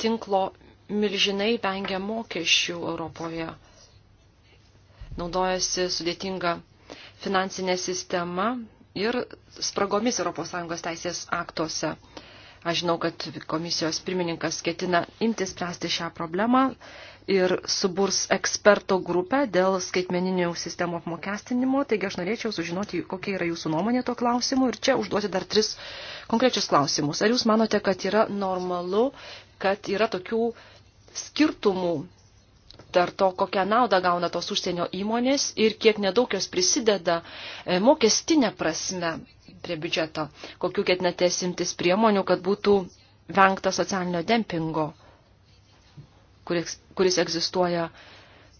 Tinklo milžinai vengia mokesčių Europoje, naudojasi sudėtinga finansinė sistema ir spragomis ES teisės aktuose. Aš žinau, kad komisijos pirmininkas ketina imti spręsti šią problemą, ir suburs eksperto grupę dėl skaitmeninių sistemų apmokestinimo. Taigi aš norėčiau sužinoti, kokia yra jūsų nuomonė tuo klausimu ir čia užduoti dar tris konkrečius klausimus. Ar jūs manote, kad yra normalu, kad yra tokių skirtumų tarp to, kokią naudą gauna tos užsienio įmonės ir kiek nedaug jos prisideda e, mokestinė prasme prie biudžeto, kokiu ketinate simtis priemonių, kad būtų vengta socialinio dempingo kuris, kuris egzistuoja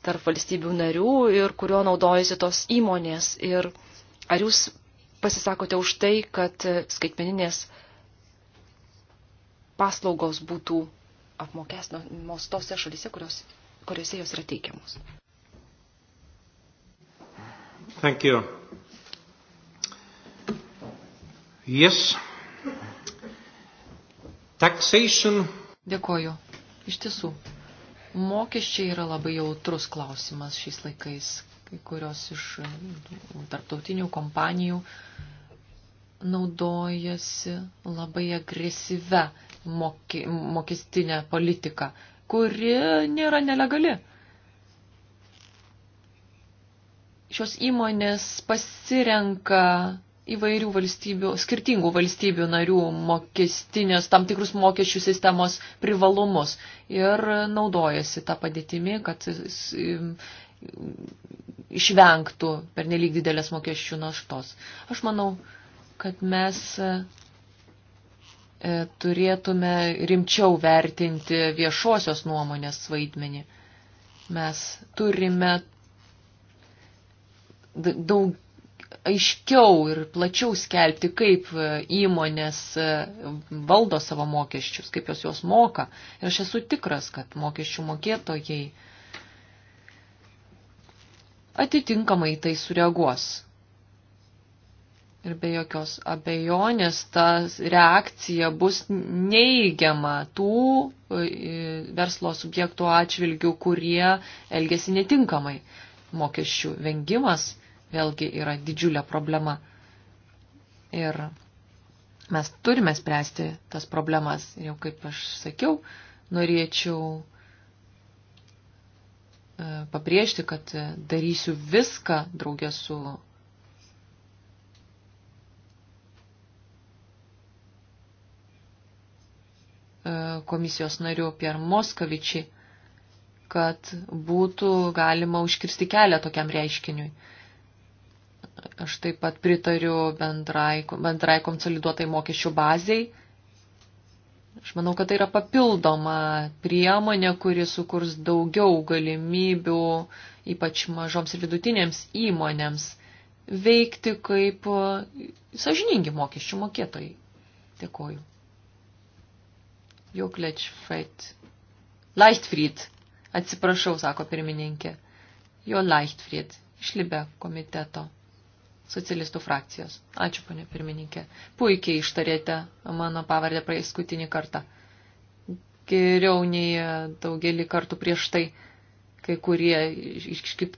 tarp valstybių narių ir kurio naudojasi tos įmonės. Ir ar jūs pasisakote už tai, kad skaitmeninės paslaugos būtų apmokestinamos tose šalise, kurios, kuriuose jos yra teikiamos? Thank you. Yes. Taxation. Dėkoju. Iš tiesų, Mokesčiai yra labai jautrus klausimas šiais laikais, kai kurios iš tarptautinių kompanijų naudojasi labai agresyvę moki, mokestinę politiką, kuri nėra nelegali. Šios įmonės pasirenka įvairių valstybių, skirtingų valstybių narių mokestinius, tam tikrus mokesčių sistemos privalumus ir naudojasi tą padėtimi, kad išvengtų per nelik didelės mokesčių naštos. Aš manau, kad mes e, turėtume rimčiau vertinti viešosios nuomonės vaidmenį. Mes turime daug aiškiau ir plačiau skelbti, kaip e, įmonės e, valdo savo mokesčius, kaip jos juos moka. Ir aš esu tikras, kad mokesčių mokėtojai atitinkamai tai sureaguos. Ir be jokios abejonės ta reakcija bus neigiama tų e, verslo subjektų atžvilgių, kurie elgesi netinkamai. Mokesčių vengimas vėlgi yra didžiulė problema. Ir mes turime spręsti tas problemas. Jau kaip aš sakiau, norėčiau e, pabrėžti, kad e, darysiu viską draugę su e, komisijos nariu Pierre Moskavičiai, kad būtų galima užkirsti kelią tokiam reiškiniui. Aš taip pat pritariu bendrai, bendrai konsoliduotai mokesčių baziai. Aš manau, kad tai yra papildoma priemonė, kuri sukurs daugiau galimybių, ypač mažoms ir vidutinėms įmonėms, veikti kaip sažiningi mokesčių mokėtojai. Dėkoju. Jukleč Freit. Leichtfried. Atsiprašau, sako pirmininkė. Jo Leichtfried iš Libe komiteto socialistų frakcijos. Ačiū, ponė pirmininkė. Puikiai ištarėte mano pavardę praeiskutinį kartą. Geriau nei e, daugelį kartų prieš tai, kai kurie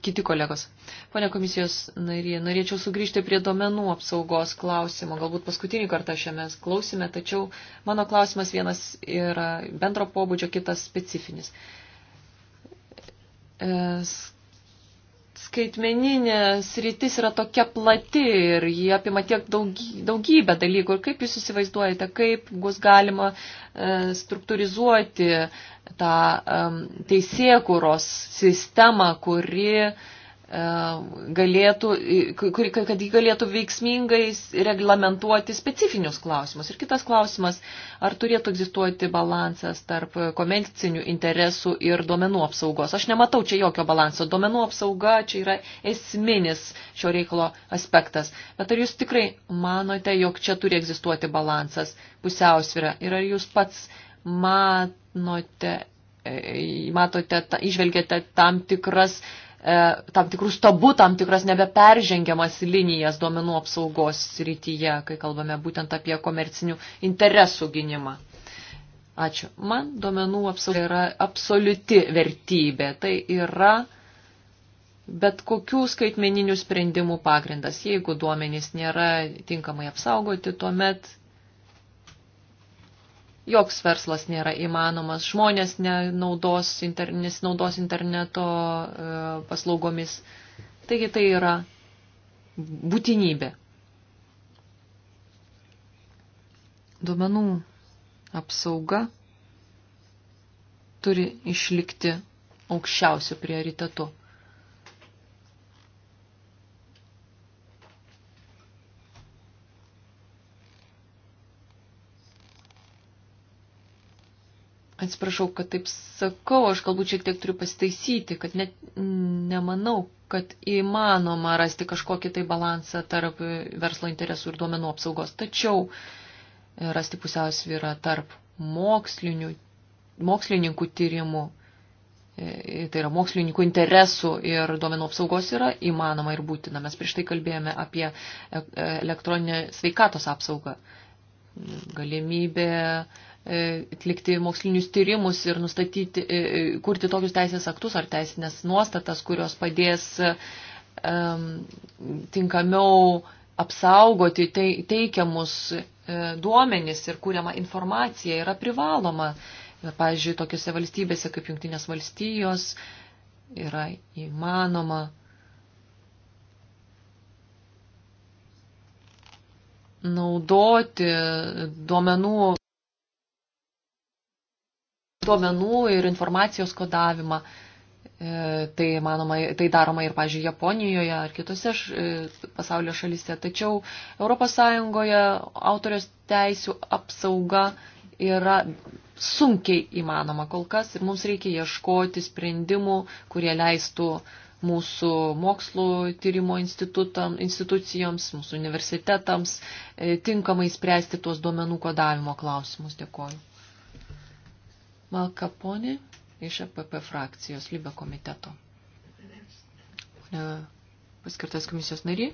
kiti kolegos. Pone komisijos narė, norėčiau sugrįžti prie domenų apsaugos klausimo. Galbūt paskutinį kartą šiame klausime, tačiau mano klausimas vienas yra bendro pobūdžio, kitas specifinis e, skaitmeninė sritis yra tokia plati ir jie apima tiek daugybę dalykų. Ir kaip jūs įsivaizduojate, kaip bus galima e, struktūrizuoti tą teisėkūros sistemą, kuri E, galėtų, kad jį galėtų veiksmingai reglamentuoti specifinius klausimus. Ir kitas klausimas, ar turėtų egzistuoti balansas tarp komercinių interesų ir duomenų apsaugos. Aš nematau čia jokio balanso. Duomenų apsauga čia yra esminis šio reikalo aspektas. Bet ar jūs tikrai manote, jog čia turi egzistuoti balansas, pusiausvyrą? Ir ar jūs pats manote, e, matote, ta, išvelgėte tam tikras E, tam tikrus tabu, tam tikras nebeperžengiamas linijas duomenų apsaugos srityje, kai kalbame būtent apie komercinių interesų gynimą. Ačiū. Man duomenų apsauga yra absoliuti vertybė. Tai yra bet kokių skaitmeninių sprendimų pagrindas. Jeigu duomenys nėra tinkamai apsaugoti, tuomet joks verslas nėra įmanomas, žmonės nenaudos inter, nesinaudos interneto e, paslaugomis. Taigi tai yra būtinybė. Duomenų apsauga turi išlikti aukščiausių prioritetų. Atsiprašau, kad taip sakau, aš galbūt šiek tiek turiu pasitaisyti, kad net nemanau, kad įmanoma rasti kažkokį tai balansą tarp verslo interesų ir duomenų apsaugos. Tačiau e, rasti pusiausvyrą tarp mokslininkų tyrimų, e, tai yra mokslininkų interesų ir duomenų apsaugos yra įmanoma ir būtina. Mes prieš tai kalbėjome apie e, elektroninę sveikatos apsaugą. Galimybė E, atlikti mokslinius tyrimus ir nustatyti, e, e, kurti tokius teisės aktus ar teisinės nuostatas, kurios padės um, tinkamiau apsaugoti teikiamus duomenis ir kūriamą informaciją yra privaloma. Pavyzdžiui, tokiuose valstybėse kaip Junktinės valstijos yra įmanoma. naudoti duomenų duomenų ir informacijos kodavimą. E, tai, manoma, tai daroma ir, pažiūrėjau, Japonijoje ar kitose e, pasaulio šalyse. Tačiau ES autorios teisų apsauga yra sunkiai įmanoma kol kas ir mums reikia ieškoti sprendimų, kurie leistų mūsų mokslo tyrimo institucijoms, mūsų universitetams e, tinkamai spręsti tuos duomenų kodavimo klausimus. Dėkuoju. Malkaponė iš APP frakcijos Libe komiteto. E, paskirtas komisijos nariai.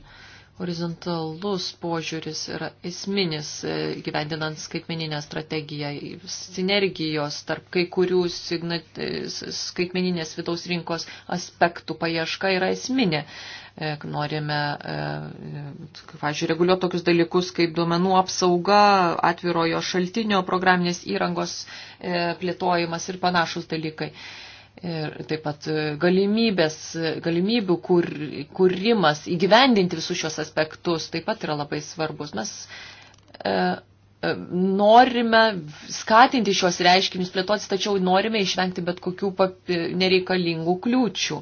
Horizontalus požiūris yra esminis e, gyvendinant skaitmeninę strategiją. Sinergijos tarp kai kurių signat, e, skaitmeninės vidaus rinkos aspektų paieška yra esminė. E, norime, pavyzdžiui, reguliuoti tokius dalykus kaip duomenų apsauga, atvirojo šaltinio programinės įrangos plėtojimas ir panašus dalykai. Ir taip pat e, galimybės, e, galimybių kur, kūrimas, įgyvendinti visus šios aspektus taip pat yra labai svarbus. Mes e, e norime skatinti šios reiškinius plėtoti, tačiau norime išvengti bet kokių papi, nereikalingų kliūčių.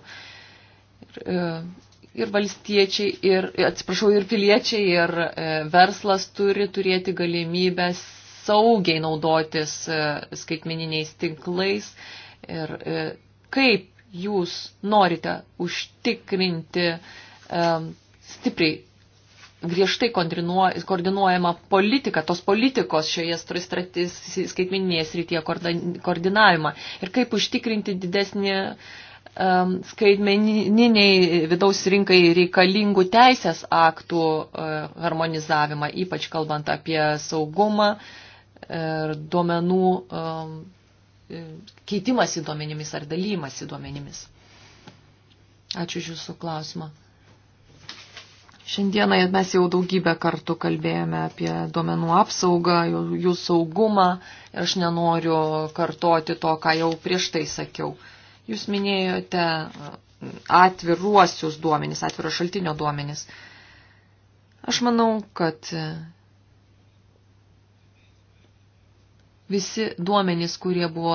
Ir, e, ir valstiečiai, ir, atsiprašau, ir piliečiai, ir e, verslas turi turėti galimybę saugiai naudotis e, skaitmeniniais tinklais ir kaip jūs norite užtikrinti um, stipriai griežtai koordinuojama politika, tos politikos šioje skaitmininėje srityje koordinavimą ir kaip užtikrinti didesnį um, skaitmeniniai vidaus rinkai reikalingų teisės aktų uh, harmonizavimą, ypač kalbant apie saugumą ir duomenų um, E, keitimasi duomenimis ar dalymasi duomenimis. Ačiū iš jūsų klausimą. Šiandieną mes jau daugybę kartų kalbėjome apie duomenų apsaugą, jų, jų saugumą ir aš nenoriu kartoti to, ką jau prieš tai sakiau. Jūs minėjote atviruosius duomenis, atviro šaltinio duomenis. Aš manau, kad visi duomenys, kurie buvo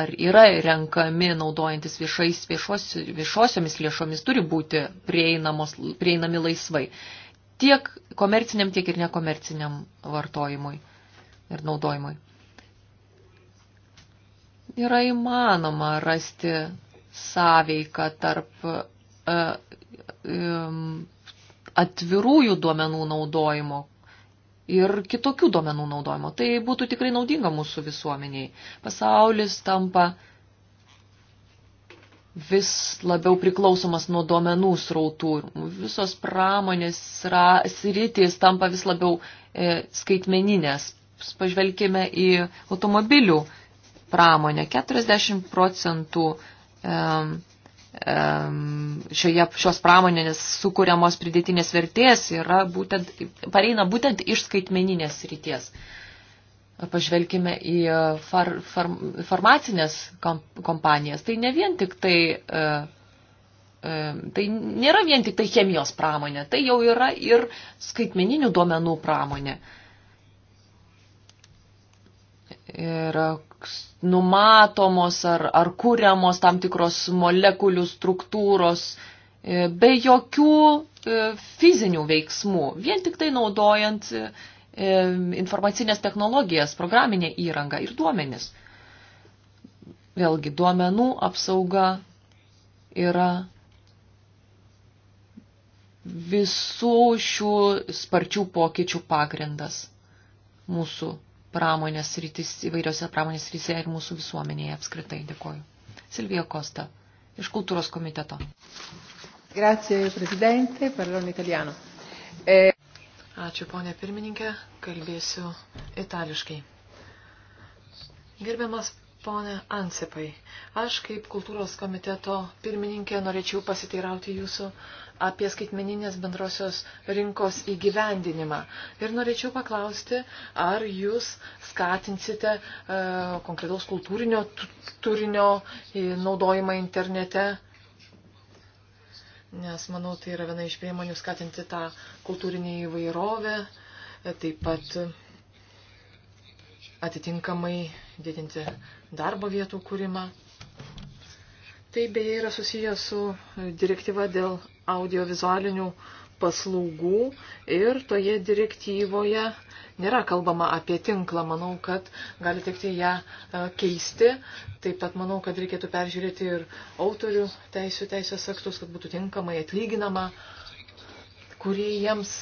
ar yra renkami naudojantis viešais, viešos, viešosiomis lėšomis, turi būti prieinami laisvai. Tiek komerciniam, tiek ir nekomerciniam vartojimui ir naudojimui. Yra įmanoma rasti sąveiką tarp uh, um, atvirųjų duomenų naudojimo, ir kitokių duomenų naudojimo. Tai būtų tikrai naudinga mūsų visuomeniai. Pasaulis tampa vis labiau priklausomas nuo duomenų srautų. Visos pramonės sritys tampa vis labiau e, skaitmeninės. Pažvelkime į automobilių pramonę. 40 procentų e, šioje, šios pramonės sukūriamos pridėtinės vertės yra būtent, pareina būtent iš skaitmeninės ryties. Pažvelkime į far, far, farmacinės kompanijas. Tai ne vien tik tai, e, e, tai nėra vien tik tai chemijos pramonė, tai jau yra ir skaitmeninių duomenų pramonė. Ir numatomos ar, ar kūriamos tam tikros molekulių struktūros e, be jokių e, fizinių veiksmų, vien tik tai naudojant e, informacinės technologijas, programinę įrangą ir duomenis. Vėlgi, duomenų apsauga yra visų šių sparčių pokyčių pagrindas mūsų pramonės rytis, įvairiose pramonės rytise ir mūsų visuomenėje apskritai. Dėkoju. Silvija Kosta, iš kultūros komiteto. Grazie, prezidente, parlon italiano. E... Ačiū, ponė pirmininkė, kalbėsiu itališkai. Gerbiamas Pone Ansipai, aš kaip kultūros komiteto pirmininkė norėčiau pasiteirauti jūsų apie skaitmeninės bendrosios rinkos įgyvendinimą. Ir norėčiau paklausti, ar jūs skatinsite e, konkretaus kultūrinio turinio naudojimą internete? Nes, manau, tai yra viena iš priemonių skatinti tą kultūrinį įvairovę, e, taip pat atitinkamai didinti darbo vietų kūrimą. Tai beje yra susijęs su direktyva dėl audiovizualinių paslaugų ir toje direktyvoje nėra kalbama apie tinklą. Manau, kad gali tekti ją e, keisti. Taip pat manau, kad reikėtų peržiūrėti ir autorių teisų teisės aktus, kad būtų tinkamai atlyginama kuriejams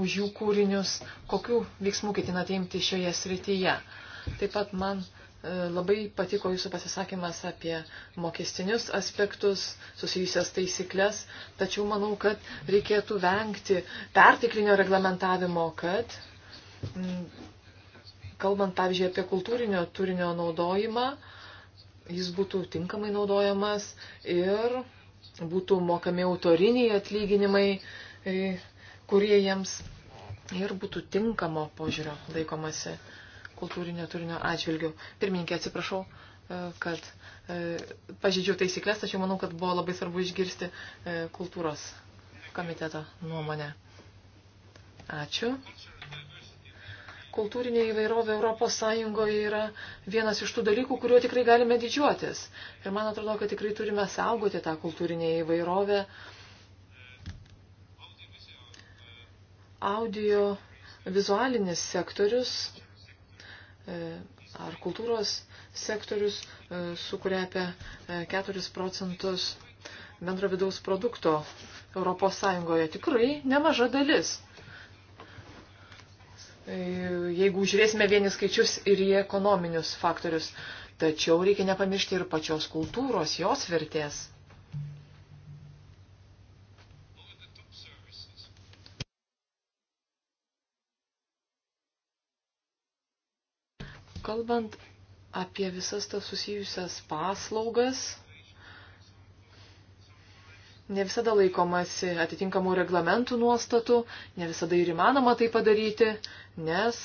už jų kūrinius, kokių veiksmų ketinate imti šioje srityje. Taip pat man E, labai patiko jūsų pasisakymas apie mokestinius aspektus, susijusias taisyklės, tačiau manau, kad reikėtų vengti pertiklinio reglamentavimo, kad, kalbant pavyzdžiui apie kultūrinio turinio naudojimą, jis būtų tinkamai naudojamas ir būtų mokami autoriniai atlyginimai e, kurie jiems ir būtų tinkamo požiūrio laikomasi kultūrinio turinio atžvilgių. Pirmininkė, atsiprašau, e, kad e, pažydžiau taisyklės, tačiau manau, kad buvo labai svarbu išgirsti e, kultūros komiteto nuomonę. Ačiū. Kultūrinė įvairovė Europos Sąjungoje yra vienas iš tų dalykų, kuriuo tikrai galime didžiuotis. Ir man atrodo, kad tikrai turime saugoti tą kultūrinę įvairovę. Audio vizualinis sektorius E, ar kultūros sektorius e, sukuria apie 4 e, procentus bendro vidaus produkto Europos Sąjungoje. Tikrai nemaža dalis. Jeigu žiūrėsime vieni skaičius ir į ekonominius faktorius. Tačiau reikia nepamiršti ir pačios kultūros, jos vertės. Kalbant apie visas tas susijusias paslaugas, ne visada laikomasi atitinkamų reglamentų nuostatų, ne visada ir įmanoma tai padaryti, nes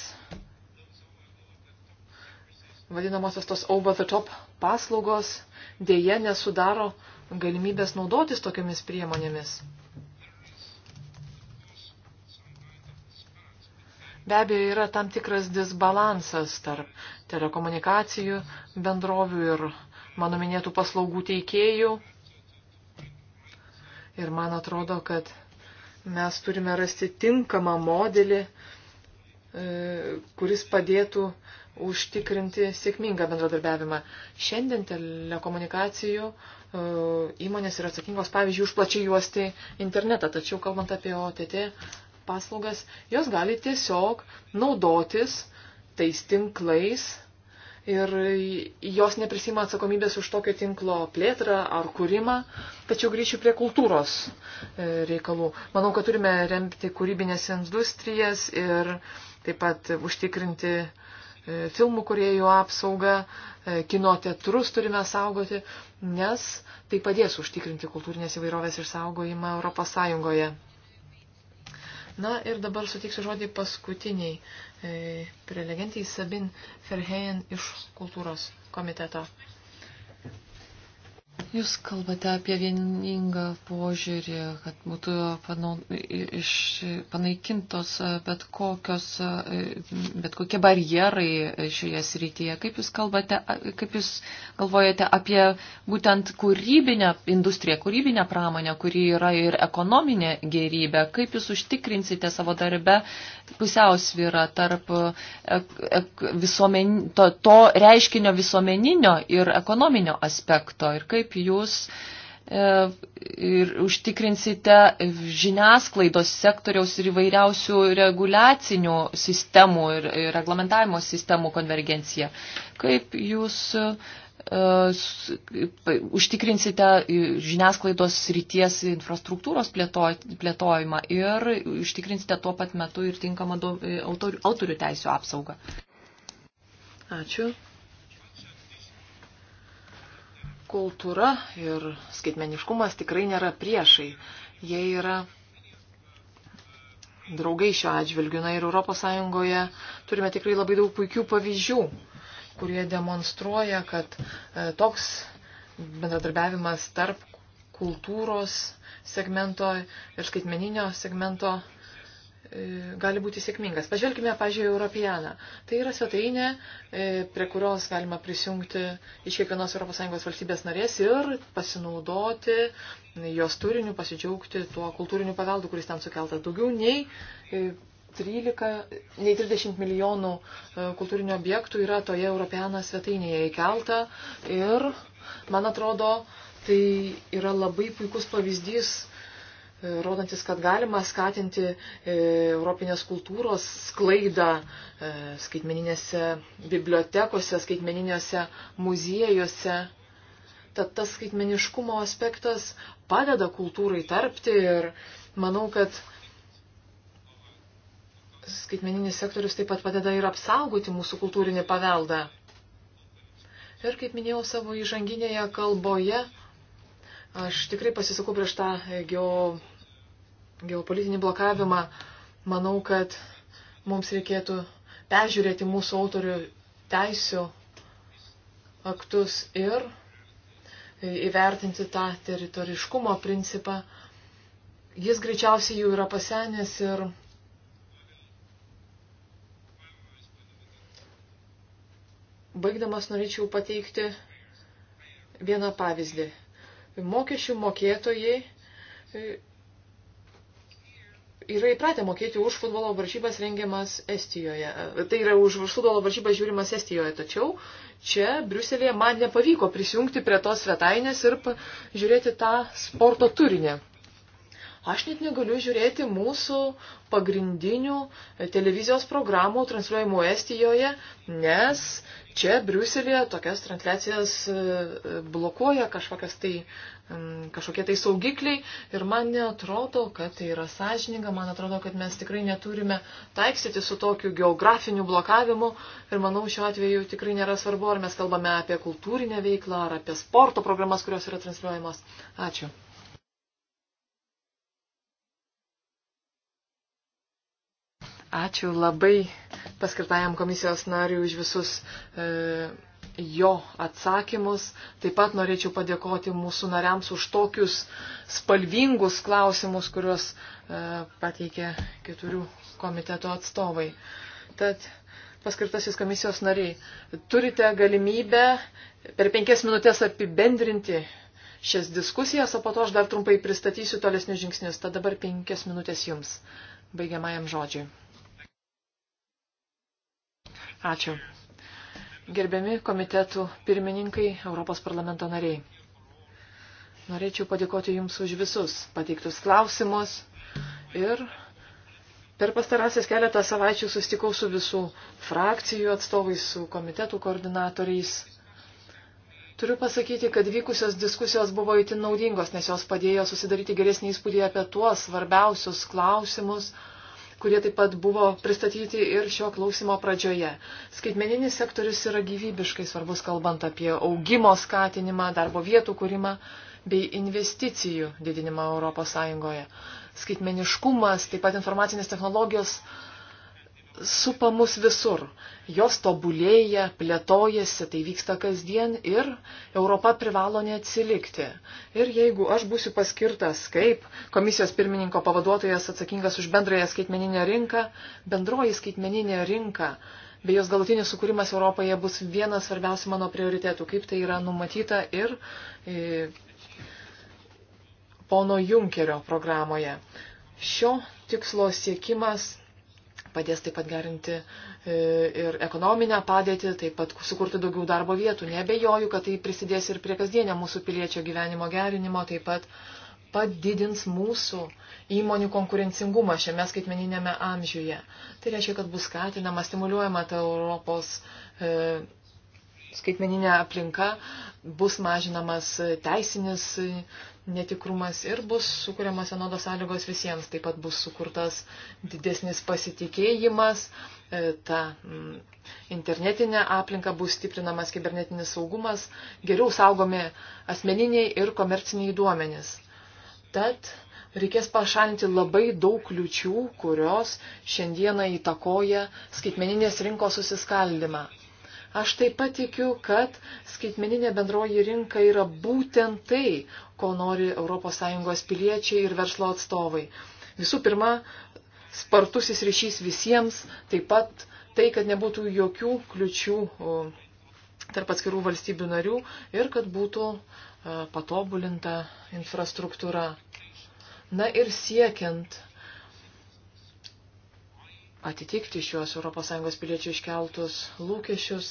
vadinamosios tos over the top paslaugos dėje nesudaro galimybės naudotis tokiamis priemonėmis. Be abejo, yra tam tikras disbalansas tarp telekomunikacijų bendrovių ir mano minėtų paslaugų teikėjų. Ir man atrodo, kad mes turime rasti tinkamą modelį, e, kuris padėtų užtikrinti sėkmingą bendradarbiavimą. Šiandien telekomunikacijų e, įmonės yra atsakingos, pavyzdžiui, už plačiai juosti internetą, tačiau kalbant apie OTT, paslaugas, jos gali tiesiog naudotis tais tinklais ir jos neprisima atsakomybės už tokio tinklo plėtrą ar kūrimą. Tačiau grįšiu prie kultūros e, reikalų. Manau, kad turime remti kūrybinės industrijas ir taip pat užtikrinti e, filmų kuriejų apsaugą, e, kino teatrus turime saugoti, nes tai padės užtikrinti kultūrinės įvairovės išsaugojimą Europos Sąjungoje. Na ir dabar sutiksiu žodį paskutiniai e, prelegentiai Sabin Ferhejen iš kultūros komiteto. Jūs kalbate apie vieningą požiūrį, kad būtų panau, iš, panaikintos e, bet, kokios, e, bet kokie barjerai e, šioje srityje. Kaip jūs, kalbate, kaip jūs galvojate apie būtent kūrybinę industriją, kūrybinę pramonę, kuri yra ir ekonominė gerybė? Kaip jūs užtikrinsite savo darbe pusiausvyrą tarp visuomen, to, to reiškinio visuomeninio ir ekonominio aspekto? Ir kaip jūs e, ir užtikrinsite žiniasklaidos sektoriaus ir įvairiausių reguliacinių sistemų ir reglamentavimo sistemų konvergenciją. Kaip jūs e, užtikrinsite žiniasklaidos ryties infrastruktūros plėtojimą ir užtikrinsite tuo pat metu ir tinkamą e, autorių teisų apsaugą? Ačiū kultūra ir skaitmeniškumas tikrai nėra priešai. Jie yra draugai šio atžvilgiu. Na ir ES turime tikrai labai daug puikių pavyzdžių, kurie demonstruoja, kad e, toks bendradarbiavimas tarp kultūros segmento ir skaitmeninio segmento E, gali būti sėkmingas. Pažvelkime, pažiūrėjau, Europianą. Tai yra svetainė, e, prie kurios galima prisijungti iš kiekvienos ES valstybės narės ir pasinaudoti jos turiniu, pasidžiaugti tuo kultūriniu paveldu, kuris tam sukeltas daugiau nei 13, e, nei 30 milijonų kultūrinių objektų yra toje Europiano svetainėje įkelta ir, man atrodo, tai yra labai puikus pavyzdys rodantis, kad galima skatinti e, europinės kultūros sklaidą e, skaitmeninėse bibliotekose, skaitmeniniuose muziejuose. Tad tas skaitmeniškumo aspektas padeda kultūrai tarpti ir manau, kad skaitmeninis sektorius taip pat padeda ir apsaugoti mūsų kultūrinį paveldą. Ir kaip minėjau savo įžanginėje kalboje, Aš tikrai pasisakau prieš tą geo, geopolitinį blokavimą. Manau, kad mums reikėtų peržiūrėti mūsų autorių teisų aktus ir įvertinti tą teritoriškumo principą. Jis greičiausiai jau yra pasenęs ir baigdamas norėčiau pateikti vieną pavyzdį mokesčių mokėtojai e, yra įpratę mokėti už futbolo varžybas rengiamas Estijoje. E, tai yra už futbolo varžybas žiūrimas Estijoje, tačiau čia Briuselėje man nepavyko prisijungti prie tos svetainės ir žiūrėti tą sporto turinį. Aš net negaliu žiūrėti mūsų pagrindinių televizijos programų transliuojamų Estijoje, nes čia Briuselėje tokias transliacijas e, blokuoja kažkokias tai, kažkokie tai saugikliai ir man netrodo, kad tai yra sąžininga, man atrodo, kad mes tikrai neturime taiksyti su tokiu geografiniu blokavimu ir manau šiuo atveju tikrai nėra svarbu, ar mes kalbame apie kultūrinę veiklą ar apie sporto programas, kurios yra transliuojamos. Ačiū. Ačiū labai paskirtajam komisijos nariui už visus e, jo atsakymus. Taip pat norėčiau padėkoti mūsų nariams už tokius spalvingus klausimus, kuriuos e, pateikė keturių komiteto atstovai. Tad paskirtasis komisijos nariai, turite galimybę per penkias minutės apibendrinti šias diskusijas, o po to aš dar trumpai pristatysiu tolesnius žingsnius. Tad dabar penkias minutės jums baigiamajam žodžiui. Ačiū. Gerbiami komitetų pirmininkai, Europos parlamento nariai. Norėčiau padėkoti Jums už visus pateiktus klausimus ir Per pastarąsias keletą savaičių sustikau su visų frakcijų atstovais, su komitetų koordinatoriais. Turiu pasakyti, kad vykusios diskusijos buvo itin naudingos, nes jos padėjo susidaryti geresnį įspūdį apie tuos svarbiausius klausimus, kurie taip pat buvo pristatyti ir šio klausimo pradžioje. Skaitmeninis sektorius yra gyvybiškai svarbus, kalbant apie augimo skatinimą, darbo vietų kūrimą bei investicijų didinimą ES. Skaitmeniškumas, taip pat informacinės technologijos supa mus visur. Jos tobulėja, plėtojasi, tai vyksta kasdien ir Europa privalo neatsilikti. Ir jeigu aš būsiu paskirtas kaip komisijos pirmininko pavaduotojas atsakingas už bendrąją skaitmeninę rinką, bendroji skaitmeninė rinka bei jos galutinis sukūrimas Europoje bus vienas svarbiausių mano prioritėtų, kaip tai yra numatyta ir e, pono Junkerio programoje. Šio tikslo siekimas padės taip pat gerinti e, ir ekonominę padėtį, taip pat sukurti daugiau darbo vietų. Nebejoju, kad tai prisidės ir prie kasdienio mūsų piliečio gyvenimo gerinimo, taip pat padidins mūsų įmonių konkurencingumą šiame skaitmeninėme amžiuje. Tai reiškia, kad bus skatinama, stimuliuojama ta Europos e, skaitmeninė aplinka, bus mažinamas teisinis netikrumas ir bus sukūriamas vienodos sąlygos visiems. Taip pat bus sukurtas didesnis pasitikėjimas, e, ta mm, internetinė aplinka bus stiprinamas kibernetinis saugumas, geriau saugomi asmeniniai ir komerciniai duomenys. Tad reikės pašalinti labai daug kliučių, kurios šiandieną įtakoja skaitmeninės rinkos susiskaldimą. Aš taip pat tikiu, kad skaitmeninė bendroji rinka yra būtent tai, ko nori ES piliečiai ir verslo atstovai. Visų pirma, spartusis ryšys visiems, taip pat tai, kad nebūtų jokių kliučių tarp atskirų valstybių narių ir kad būtų e, patobulinta infrastruktūra. Na ir siekiant atitikti šiuos ES piliečių iškeltus lūkesčius.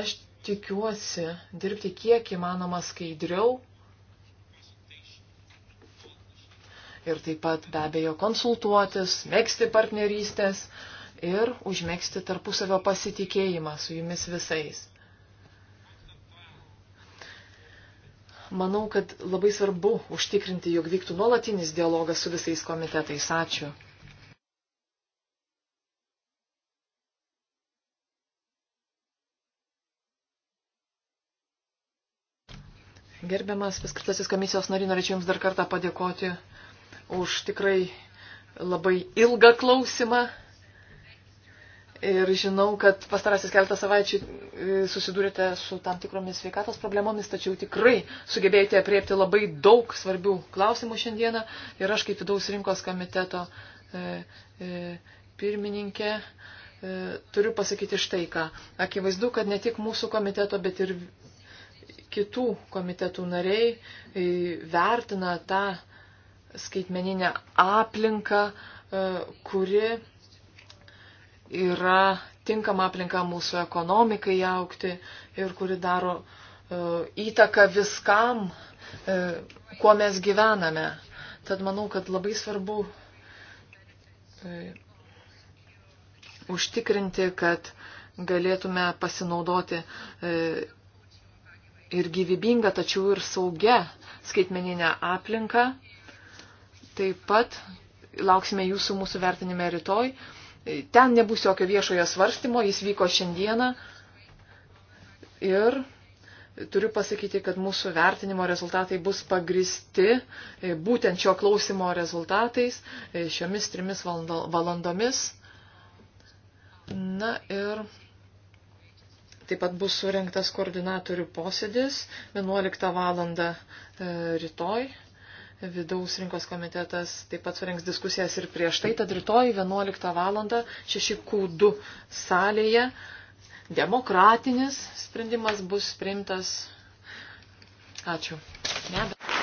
Aš tikiuosi dirbti kiek įmanoma skaidriau ir taip pat be abejo konsultuotis, mėgsti partnerystės ir užmėgsti tarpusavio pasitikėjimą su jumis visais. Manau, kad labai svarbu užtikrinti, jog vyktų nuolatinis dialogas su visais komitetais. Ačiū. Gerbiamas paskirtasis komisijos nariai, norėčiau Jums dar kartą padėkoti už tikrai labai ilgą klausimą. Ir žinau, kad pastarasis keletą savaičių e, susidūrėte su tam tikromis sveikatos problemomis, tačiau tikrai sugebėjote apriepti labai daug svarbių klausimų šiandieną. Ir aš kaip vidaus rinkos komiteto e, e, pirmininkė e, turiu pasakyti štai ką. Akivaizdu, kad ne tik mūsų komiteto, bet ir kitų komitetų nariai e, vertina tą skaitmeninę aplinką, e, kuri yra tinkama aplinka mūsų ekonomikai aukti ir kuri daro e, įtaką viskam, kuo mes gyvename. Tad manau, kad labai svarbu užtikrinti, kad galėtume pasinaudoti ir gyvybingą, tačiau ir saugę skaitmeninę aplinką. Taip pat lauksime jūsų mūsų vertinime rytoj. Ten nebus jokio viešojo svarstymo, jis vyko šiandieną. Ir turiu pasakyti, kad mūsų vertinimo rezultatai bus pagristi e, būtent šio klausimo rezultatais e, šiomis trimis valandomis. Na ir Taip pat bus surinktas koordinatorių posėdis 11 val. E, rytoj. Vidaus rinkos komitetas taip pat surinks diskusijas ir prieš tai, tad rytoj 11 val. 6Q2 salėje demokratinis sprendimas bus priimtas. Ačiū. Ne, bet...